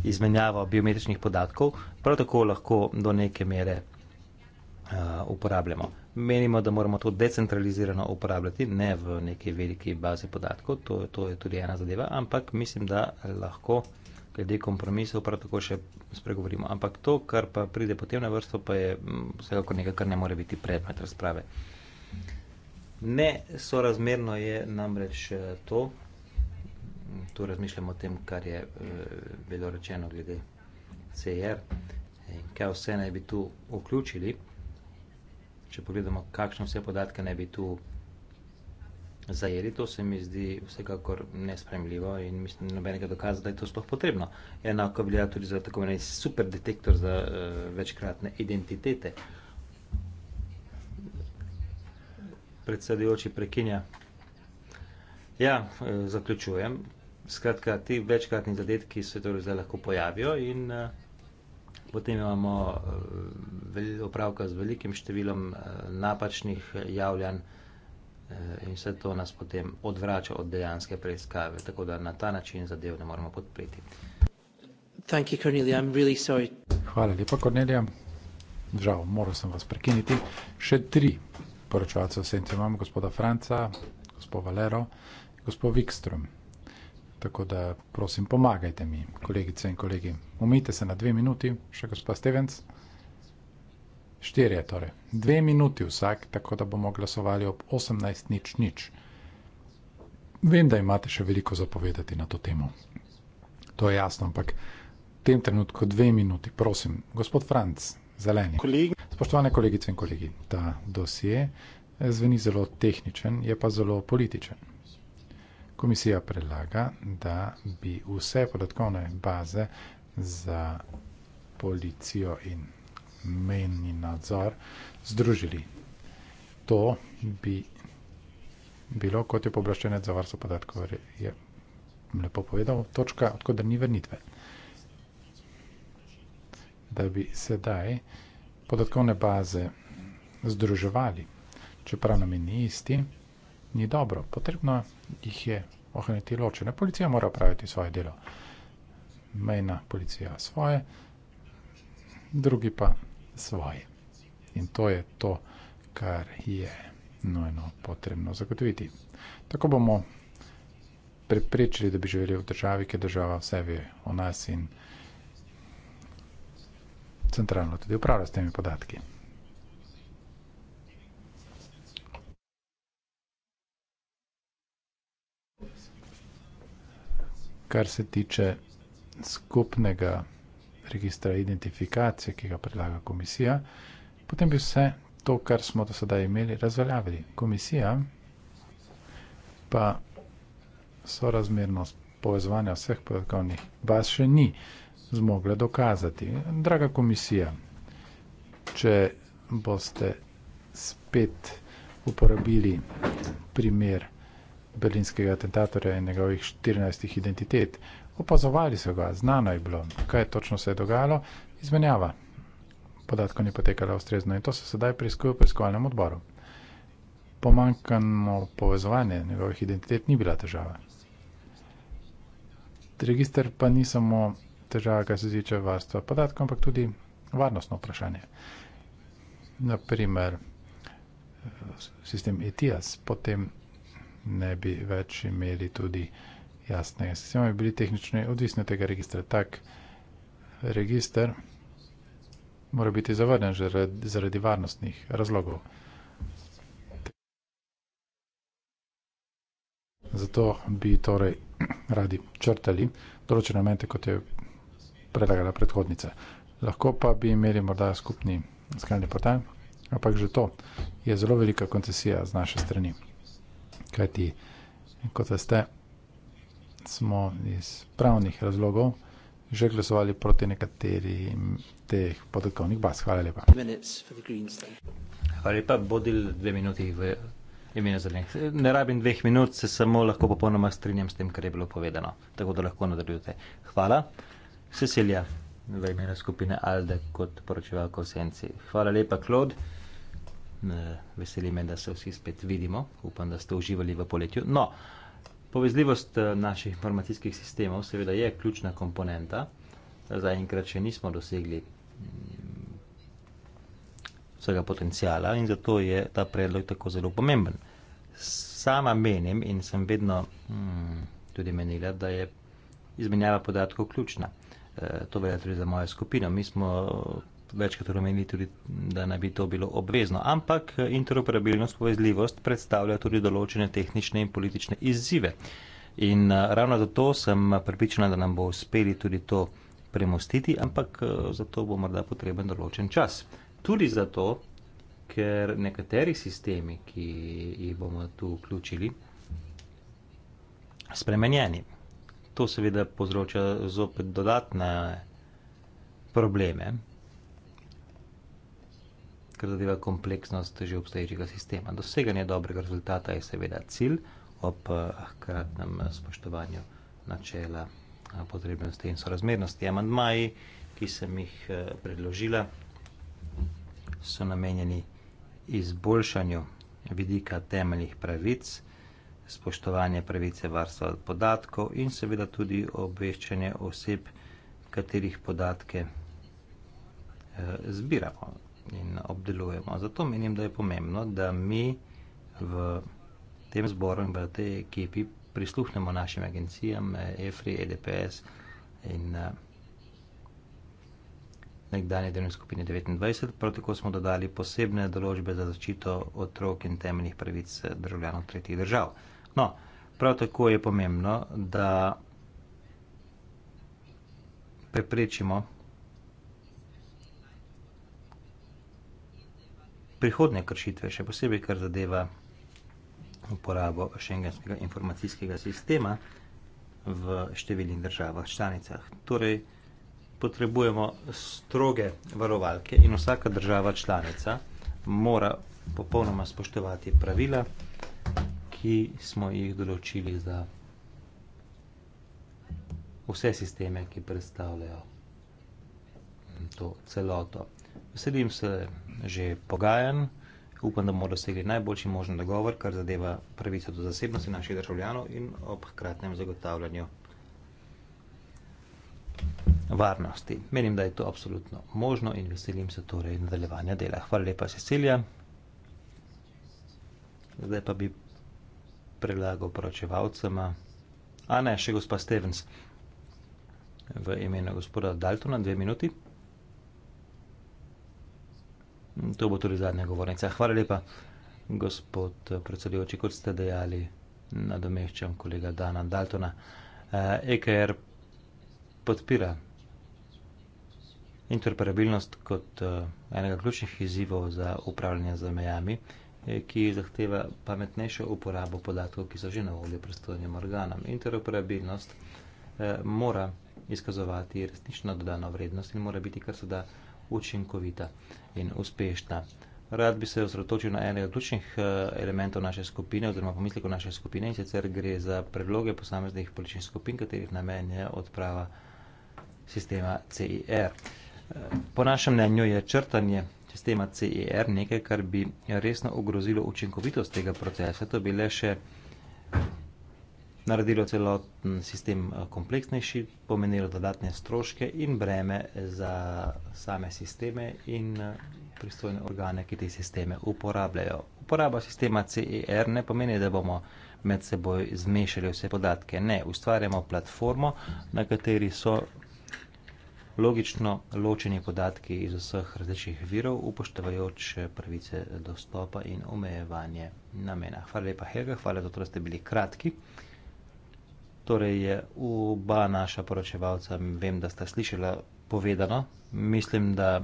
izmenjavo biometričnih podatkov, prav tako lahko do neke mere uh, uporabljamo. Menimo, da moramo to decentralizirano uporabljati, ne v neki veliki bazi podatkov, to, to je tudi ena zadeva, ampak mislim, da lahko glede kompromisov prav tako še spregovorimo. Ampak to, kar pa pride potem na vrsto, pa je mm, vsekakor nekaj, kar ne more biti predmet razprave. Ne sorazmerno je namreč eh, to, tu razmišljamo o tem, kar je e, bilo rečeno glede CR, in kaj vse naj bi tu vključili, če pogledamo, kakšne vse podatke naj bi tu vključili zajeli, to se mi zdi vsekakor nespremljivo in mislim, nobenega dokaza, da je to sploh potrebno. Enako velja tudi za tako imenovani super detektor za uh, večkratne identitete. Predsedujoči prekinja. Ja, e, zaključujem. Skratka, ti večkratni zadetki se torej zdaj lahko pojavijo in e, potem imamo e, opravka z velikim številom e, napačnih javljanj, Eh, in vse to nas potem odvrača od dejanske preiskave, tako da na ta način zadev ne moremo podpreti. Really Hvala lepa, Kornelija. Žal, moral sem vas prekiniti. Še tri poročevalce v senci imam, gospoda Franca, gospod Valero in gospod Wikström. Tako da prosim, pomagajte mi, kolegice in kolegi. Umite se na dve minuti, še gospod Stevens. Štirje, torej. Dve minuti vsak, tako da bomo glasovali ob 18.00. Vem, da imate še veliko zapovedati na to temo. To je jasno, ampak v tem trenutku dve minuti, prosim, gospod Franc, zeleni. Kolegi. Spoštovane kolegice in kolegi, ta dosje zveni zelo tehničen, je pa zelo političen. Komisija predlaga, da bi vse podatkovne baze za policijo in mejni nadzor združili. To bi bilo, kot je poblaščenec za varstvo podatkov, je lepo povedal, točka, odkud ni vrnitve. Da bi sedaj podatkovne baze združevali, čeprav nam je ni isti, ni dobro. Potrebno jih je ohraniti ločene. Policija mora praviti svoje delo. Mejna policija svoje, drugi pa svoje. In to je to, kar je nujno potrebno zagotoviti. Tako bomo prepričali, da bi živeli v državi, ki je država vse ve o nas in centralno tudi upravlja s temi podatki. Kar se tiče skupnega registra identifikacije, ki ga predlaga komisija, potem bi vse to, kar smo do sedaj imeli, razveljavili. Komisija pa sorazmernost povezovanja vseh podatkovnih baz še ni zmogla dokazati. Draga komisija, če boste spet uporabili primer berlinskega atentatorja in njegovih 14 identitet, opazovali so ga, znano je bilo, kaj točno se je dogajalo, izmenjava podatkov ni potekala ustrezno in to se sedaj preiskuje v preiskovalnem odboru. Pomankano povezovanje njegovih identitet ni bila težava. Register pa ni samo težava, kar se tiče varstva podatkov, ampak tudi varnostno vprašanje. Naprimer, eh, sistem ETIAS potem ne bi več imeli tudi uh, jasnega sistema bi bili tehnično odvisni od tega registra. Tak registr mora biti zavrnen že zaradi varnostnih razlogov. Zato bi torej radi črtali določene elemente, kot je predlagala predhodnica. Lahko pa bi imeli morda skupni skalni portal, ampak že to je zelo velika koncesija z naše strani. Kajti, kot veste, smo iz pravnih razlogov že glasovali proti nekaterim teh podatkovnih baz. Hvala lepa. Hvala lepa, bodil dve minuti v imenu zelenih. Ne rabim dveh minut, se samo lahko popolnoma strinjam s tem, kar je bilo povedano, tako da lahko nadaljujete. Hvala. Cecilija, v imenu skupine Alde kot poročevalka v Senci. Hvala lepa, Klod. Veseli me, da se vsi spet vidimo. Upam, da ste uživali v poletju. No, uh, Povezljivost eh, naših informacijskih sistemov seveda je ključna komponenta. Zaenkrat še nismo dosegli mm, vsega potencijala in zato je ta predlog tako zelo pomemben. Sama menim in sem vedno hmm, tudi menila, da je izmenjava podatkov ključna. E, to velja tudi za mojo skupino. Mi smo večkrat omenili tudi, da naj bi to bilo obvezno. Ampak eh, interoperabilnost, povezljivost predstavlja tudi določene tehnične in politične izzive. In eh, ravno zato sem pripričana, da nam bo uspeli tudi to premostiti, ampak eh, zato bo morda potreben določen čas. Tudi zato, ker nekateri sistemi, ki jih bomo tu vključili, spremenjeni. To seveda povzroča zopet dodatne probleme, ker zadeva kompleksnost že obstoječega sistema. Doseganje dobrega rezultata je seveda cilj ob eh, hkratnem spoštovanju načela eh, potrebnosti in sorazmernosti. Amandmaji, ki sem jih eh, predložila, so namenjeni izboljšanju vidika temeljnih pravic, spoštovanje pravice varstva podatkov in seveda tudi obveščanje oseb, katerih podatke zbiramo in obdelujemo. Zato menim, da je pomembno, da mi v tem zboru in v tej ekipi prisluhnemo našim agencijam, eh, EFRI, EDPS in eh, nekdanje delovne skupine 29. Prav tako smo dodali posebne določbe za zaščito otrok in temeljnih pravic eh, državljanov tretjih držav. No, prav tako je pomembno, da preprečimo prihodne kršitve, še posebej, kar zadeva uporabo šengenskega informacijskega sistema v številnih državah, članicah. Torej, potrebujemo stroge varovalke in vsaka država članica mora popolnoma spoštovati pravila, ki smo jih določili za vse sisteme, ki predstavljajo to celoto. Veselim se že pogajanj, upam, da bomo dosegli najboljši možen dogovor, kar zadeva pravico do zasebnosti naših državljanov in ob hkratnem zagotavljanju varnosti. Menim, da je to absolutno možno in veselim se torej nadaljevanja dela. Hvala lepa, Cecilija. Zdaj pa bi prelagal poročevalcema. A ne, še gospa Stevens. V imenu gospoda Daltona, dve minuti. To bo tudi zadnja govornica. Hvala lepa, gospod predsedujoči, kot ste dejali, nadomeščam kolega Dana Daltona. EKR eh, e podpira interoperabilnost kot eh, enega ključnih izzivov za upravljanje z mejami, eh, ki zahteva pametnejšo uporabo podatkov, ki so že na voljo predstavljenim organom. Interoperabilnost mora izkazovati resnično dodano vrednost in mora biti kar se da učinkovita in uspešna. Rad bi se osredotočil na enega ključnih eh, elementov naše skupine oziroma pomislekov naše skupine in sicer gre za predloge posameznih političnih skupin, katerih namen je odprava sistema CIR. Eh, po našem mnenju je črtanje sistema CIR nekaj, kar bi resno ogrozilo učinkovitost tega procesa. To bi le še naredilo celoten sistem eh, kompleksnejši, pomenilo dodatne stroške in breme za same sisteme in eh, pristojne organe, ki te sisteme uporabljajo. Uporaba sistema CER ne pomeni, da bomo med seboj zmešali vse podatke. Ne, ustvarjamo platformo, na kateri so logično ločeni podatki iz vseh različnih virov, upoštevajoč eh, pravice dostopa in omejevanje namena. Hvala lepa, Helga, hvala, da ste bili kratki. Torej je oba naša poročevalca, vem, da sta slišala povedano. Mislim, da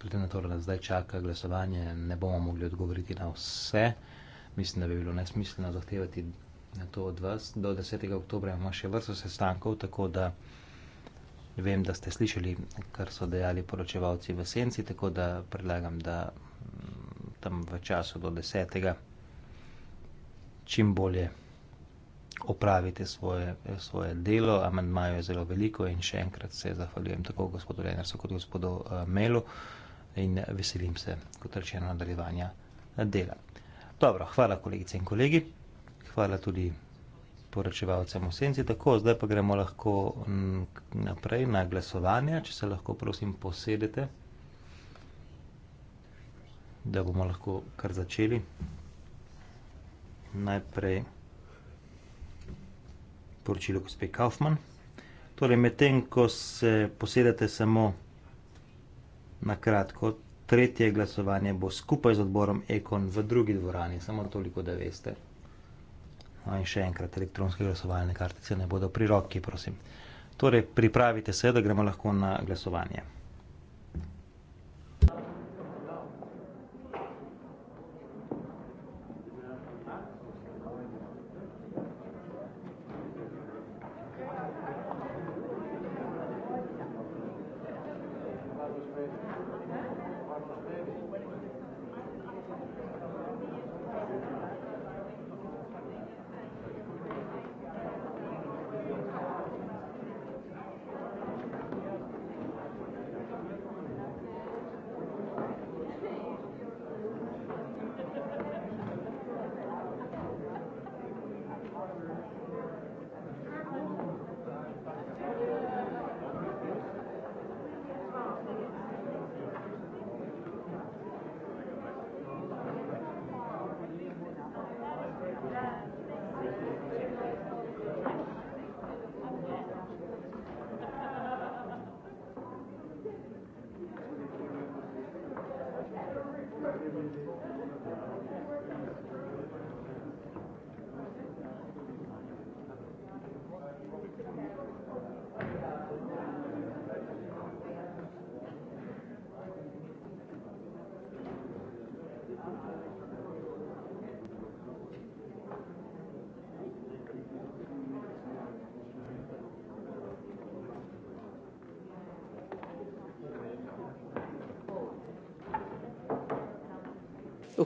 glede na to, da nas zdaj čaka glasovanje, ne bomo mogli odgovoriti na vse. Mislim, da bi bilo nesmiselno zahtevati na to od vas. Do 10. oktobra imamo še vrsto sestankov, tako da vem, da ste slišali, kar so dejali poročevalci v senci, tako da predlagam, da mm, tam v času do 10. čim bolje opravite svoje, svoje delo, amandmajo je zelo veliko in še enkrat se zahvaljujem tako gospodu Lenarsu kot gospodu eh, Melu in veselim se, kot rečeno, nadaljevanja dela. Dobro, hvala kolegice in kolegi, hvala tudi poročevalcem v senci, tako zdaj pa gremo lahko naprej na glasovanje, če se lahko prosim posedete, da bomo lahko kar začeli. Najprej sporočilo gospe Kaufmann. Torej, medtem ko se posedate samo na kratko, tretje glasovanje bo skupaj z odborom Econ v drugi dvorani, samo toliko, da veste. No in še enkrat, elektronske glasovalne kartice ne bodo pri roki, prosim. Torej, pripravite se, da gremo lahko na glasovanje.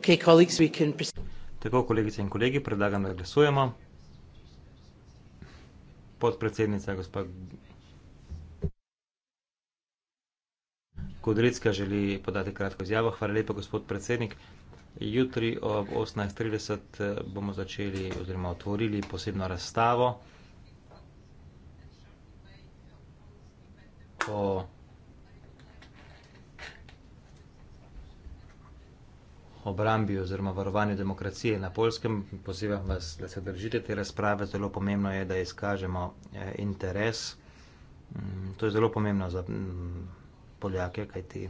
Okay, colleagues, we can Tako, kolegice in kolegi, predlagam, da glasujemo. Podpredsednica, gospa Kudricka, želi podati kratko izjavo. Hvala lepa, gospod predsednik. Jutri ob 18.30 eh, bomo začeli oziroma otvorili posebno razstavo. obrambi oziroma varovanju demokracije na polskem. Pozivam vas, da se držite te razprave. Zelo pomembno je, da izkažemo eh, interes. Mm, to je zelo pomembno za mm, Poljake, kaj ti.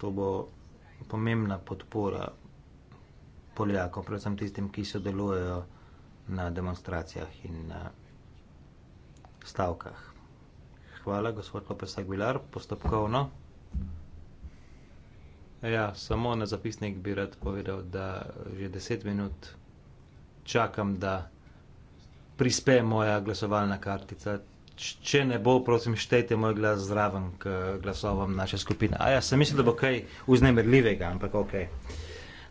To bo pomembna podpora Poljakom, predvsem tistim, ki sodelujejo na demonstracijah in na eh, stavkah. Hvala, gospod Lopes Aguilar, postopkovno. Ja, samo na zapisnik bi rad povedal, da že deset minut čakam, da prispe moja glasovalna kartica. Če ne bo, prosim, štejte moj glas zraven, k glasovam naše skupine. A ja, sem mislil, da bo kaj uznemirljivega, ampak ok.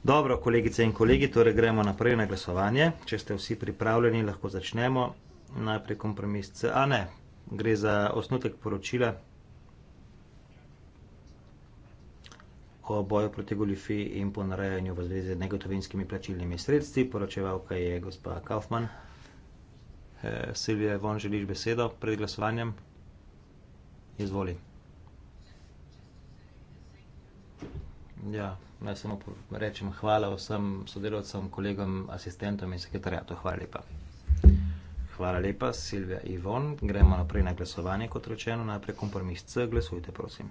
Dobro, kolegice in kolegi, torej gremo naprej na glasovanje. Če ste vsi pripravljeni, lahko začnemo. Najprej kompromis C. A ne, gre za osnutek poročila o boju proti goljufiji in ponarejanju v zvezi z negotovinskimi plačilnimi sredstvi. Poročevalka je gospa Kaufmann. Eh, Silvija, von želiš besedo pred glasovanjem? Izvoli. Ja, naj samo rečem hvala vsem sodelovcem, kolegom, asistentom in sekretarjatu. Hvala lepa. Hvala lepa, Silvija Ivon. Gremo naprej na glasovanje, kot rečeno, najprej kompromis C, glasujte, prosim.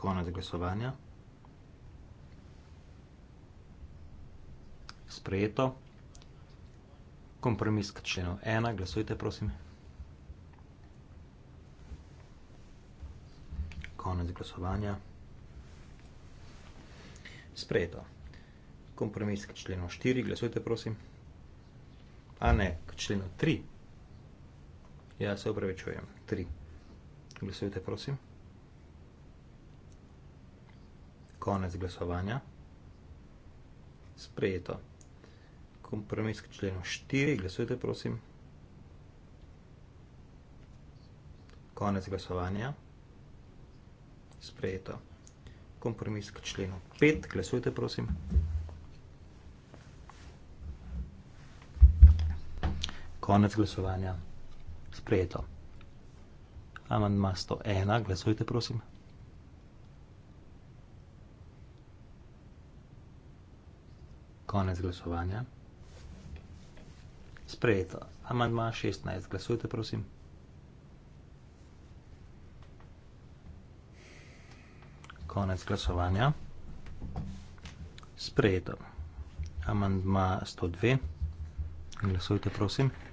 Konec glasovanja. Sprejeto. Kompromis k členu 1, glasujte, prosim. Konec glasovanja. Sprejeto kompromis k členu štiri, glasujte prosim. A ne, k členu tri. Ja, se upravičujem, tri. Glasujte prosim. Konec glasovanja. Sprejeto. Kompromis k členu štiri, glasujte prosim. Konec glasovanja. Sprejeto. Kompromis k členu 5, glasujte prosim. konec glasovanja. Sprejeto. Amandma 101, glasujte prosim. Konec glasovanja. Sprejeto. Amandma 16, glasujte prosim. Konec glasovanja. Sprejeto. Amandma 102, glasujte prosim. Sprejeto.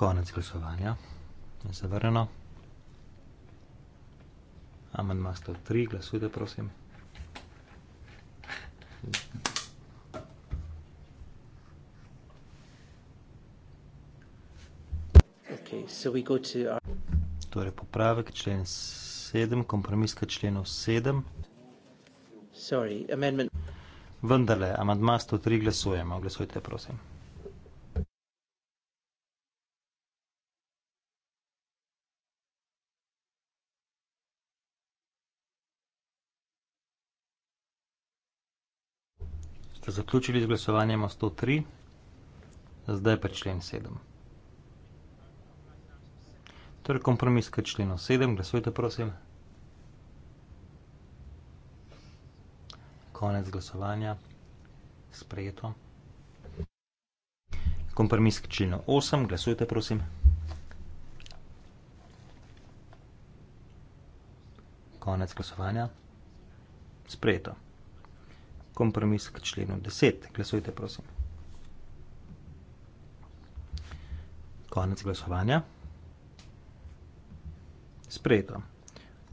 Konec glasovanja. Zavrneno. Amandma 103, glasujte, prosim. Torej, popravek člen 7, kompromis k členu 7. Sorry, amendment. Vendarle, amandma 103 glasujemo. Glasujte, prosim. zaključili z glasovanjem o 103, zdaj pa člen 7. Torej kompromis k členu 7, glasujte prosim. Konec glasovanja, sprejeto. Kompromis k členu 8, glasujte prosim. Konec glasovanja, sprejeto kompromis k členu 10. Glasujte, prosim. Konec glasovanja. Sprejeto.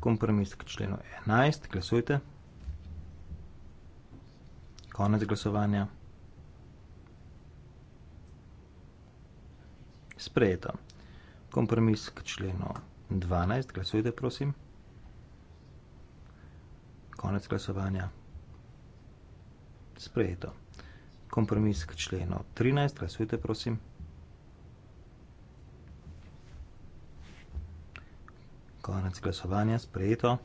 Kompromis k členu 11. Glasujte. Konec glasovanja. Sprejeto. Kompromis k členu 12. Glasujte, prosim. Konec glasovanja. Sprejeto sprejeto. Kompromis k členu 13, razvijte prosim. Konec glasovanja, sprejeto.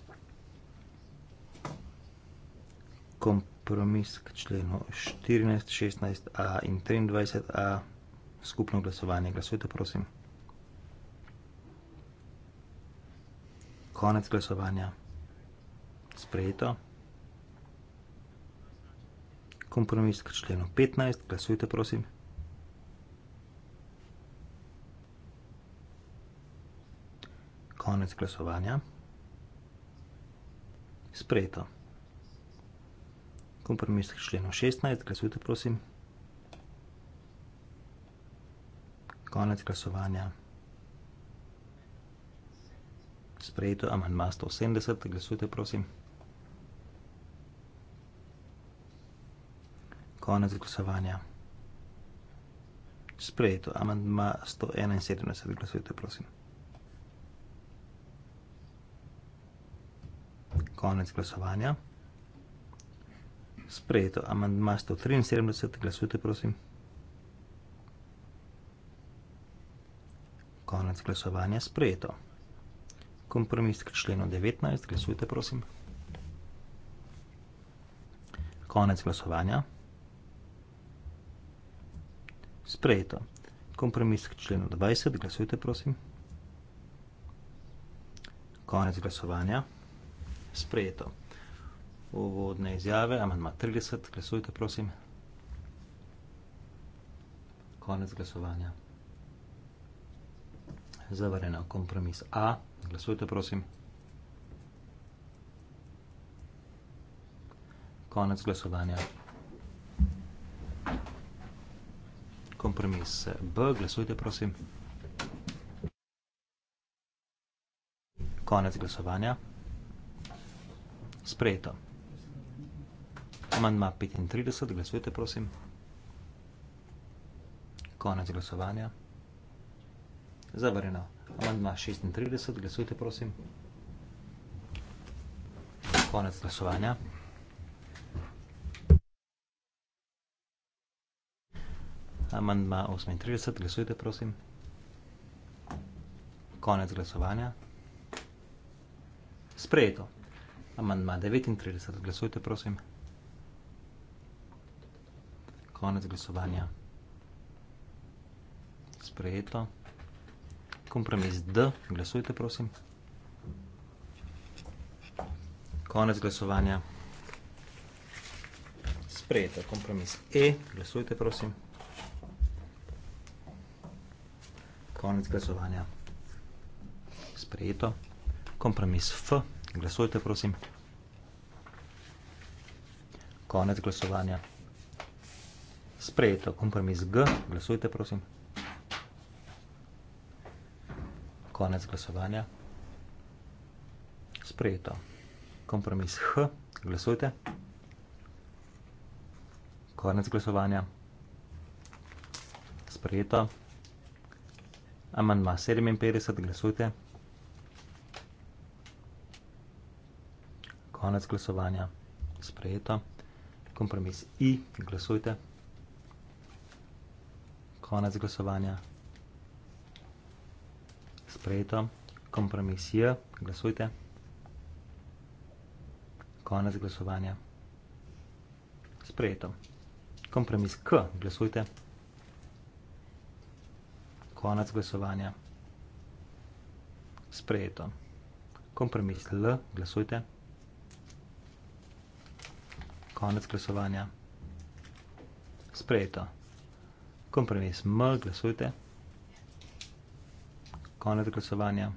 Kompromis k členu 14, 16 a in 23 a, skupno glasovanje, glasujte prosim. Konec glasovanja, sprejeto kompromis k členu 15. Glasujte, prosim. Konec glasovanja. Sprejeto. Kompromis k členu 16. Glasujte, prosim. Konec glasovanja. Sprejeto. Amandma 170. Glasujte, prosim. Konec glasovanja. Sprejeto. Amandma 171. Glasujte, prosim. Konec glasovanja. Sprejeto. Amandma 173. Glasujte, prosim. Konec glasovanja. Sprejeto. Kompromis k členu 19. Glasujte, prosim. Konec glasovanja. Sprejeto. Sprejeto. Kompromis k členu 20, glasujte prosim. Konec glasovanja. Sprejeto. Uvodne izjave, amandma 30, glasujte prosim. Konec glasovanja. Zavarjeno. Kompromis A, glasujte prosim. Konec glasovanja. kompromis. B, glasujte, prosim. Konec glasovanja. Sprejeto. Amandma 35, glasujte, prosim. Konec glasovanja. Zavrjeno. Amandma 36, glasujte, prosim. Konec glasovanja. amandma 38, glasujte prosim. Konec glasovanja. Sprejeto. Amandma 39, glasujte prosim. Konec glasovanja. Sprejeto. Kompromis D, glasujte prosim. Konec glasovanja. Sprejeto. Kompromis E, glasujte prosim. Konec glasovanja. Sprejeto. Kompromis F. Glasujte, prosim. Konec glasovanja. Sprejeto. Kompromis G. Glasujte, prosim. Konec glasovanja. Sprejeto. Kompromis H. Glasujte. Konec glasovanja. Sprejeto. Amandma 57, glasujte. Konec glasovanja, sprejeto. Kompromis I, glasujte. Konec glasovanja, sprejeto. Kompromis J, glasujte. Konec glasovanja, sprejeto. Kompromis K, glasujte konec glasovanja. Sprejeto. Kompromis L, glasujte. Konec glasovanja. Sprejeto. Kompromis M, glasujte. Konec glasovanja.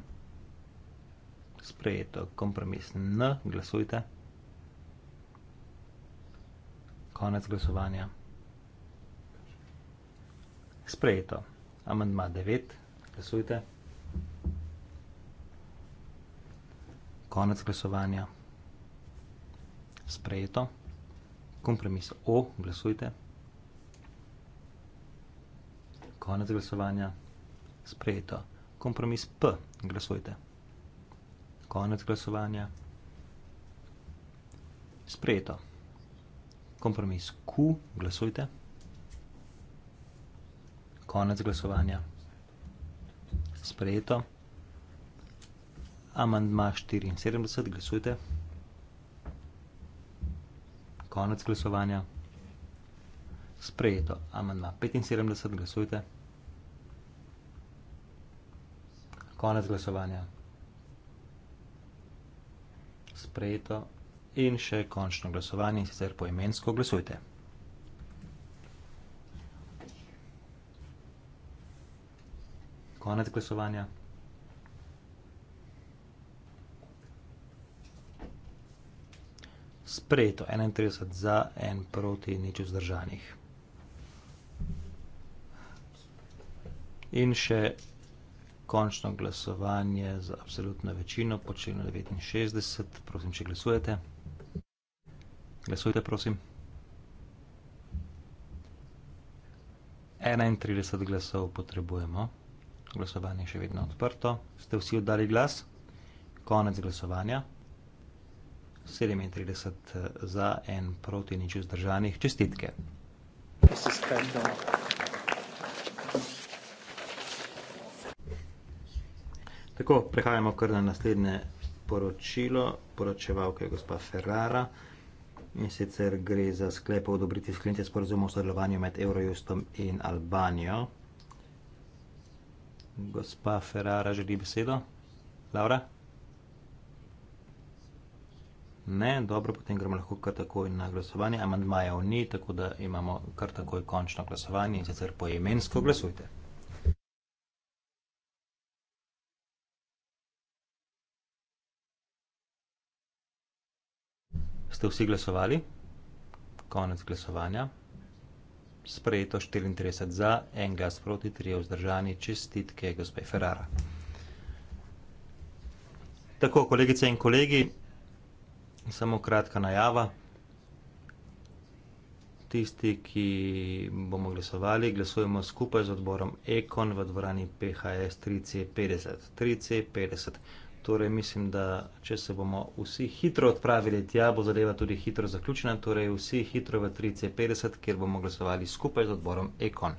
Sprejeto. Kompromis N, glasujte. Konec glasovanja. Sprejeto. Amandma 9. Glasujte. Konec glasovanja. Sprejeto. Kompromis O. Glasujte. Konec glasovanja. Sprejeto. Kompromis P. Glasujte. Konec glasovanja. Sprejeto. Kompromis Q. Glasujte. Glasujte konec glasovanja. Sprejeto. Amandma 74, glasujte. Konec glasovanja. Sprejeto. Amandma 75, glasujte. Konec glasovanja. Sprejeto. In še končno glasovanje, sicer poimensko glasujte. konec glasovanja. Sprejeto 31 za, 1 proti, nič vzdržanih. In še končno glasovanje za absolutno večino, počeljeno 69, prosim, če glasujete. Glasujte, prosim. 31 glasov potrebujemo glasovanje je še vedno odprto. Ste vsi oddali glas? Konec glasovanja. 37 eh, za, 1 proti, nič vzdržanih. Čestitke. Tako, prehajamo kar na naslednje poročilo, poročevalka je gospa Ferrara in sicer gre za sklepo odobriti sklenitev sporozuma o sodelovanju med Eurojustom in Albanijo. Gospa Ferrara želi besedo. Laura? Ne, dobro, potem gremo lahko kar takoj na glasovanje. Amandmajev ni, tako da imamo kar takoj končno glasovanje in sicer poimensko glasujte. Ste vsi glasovali? Konec glasovanja sprejeto 34 za, en glas proti, tri je vzdržani, čestitke gospe Ferrara. Tako, kolegice in kolegi, samo kratka najava. Tisti, ki bomo glasovali, glasujemo skupaj z odborom Ekon v dvorani PHS 3C50. 3C50. Torej, mislim, da če se bomo vsi hitro odpravili tja, bo zadeva tudi hitro zaključena, torej vsi hitro v 3C50, kjer bomo glasovali skupaj z odborom Ekon.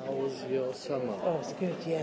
How was your summer? Oh, it's good, yeah.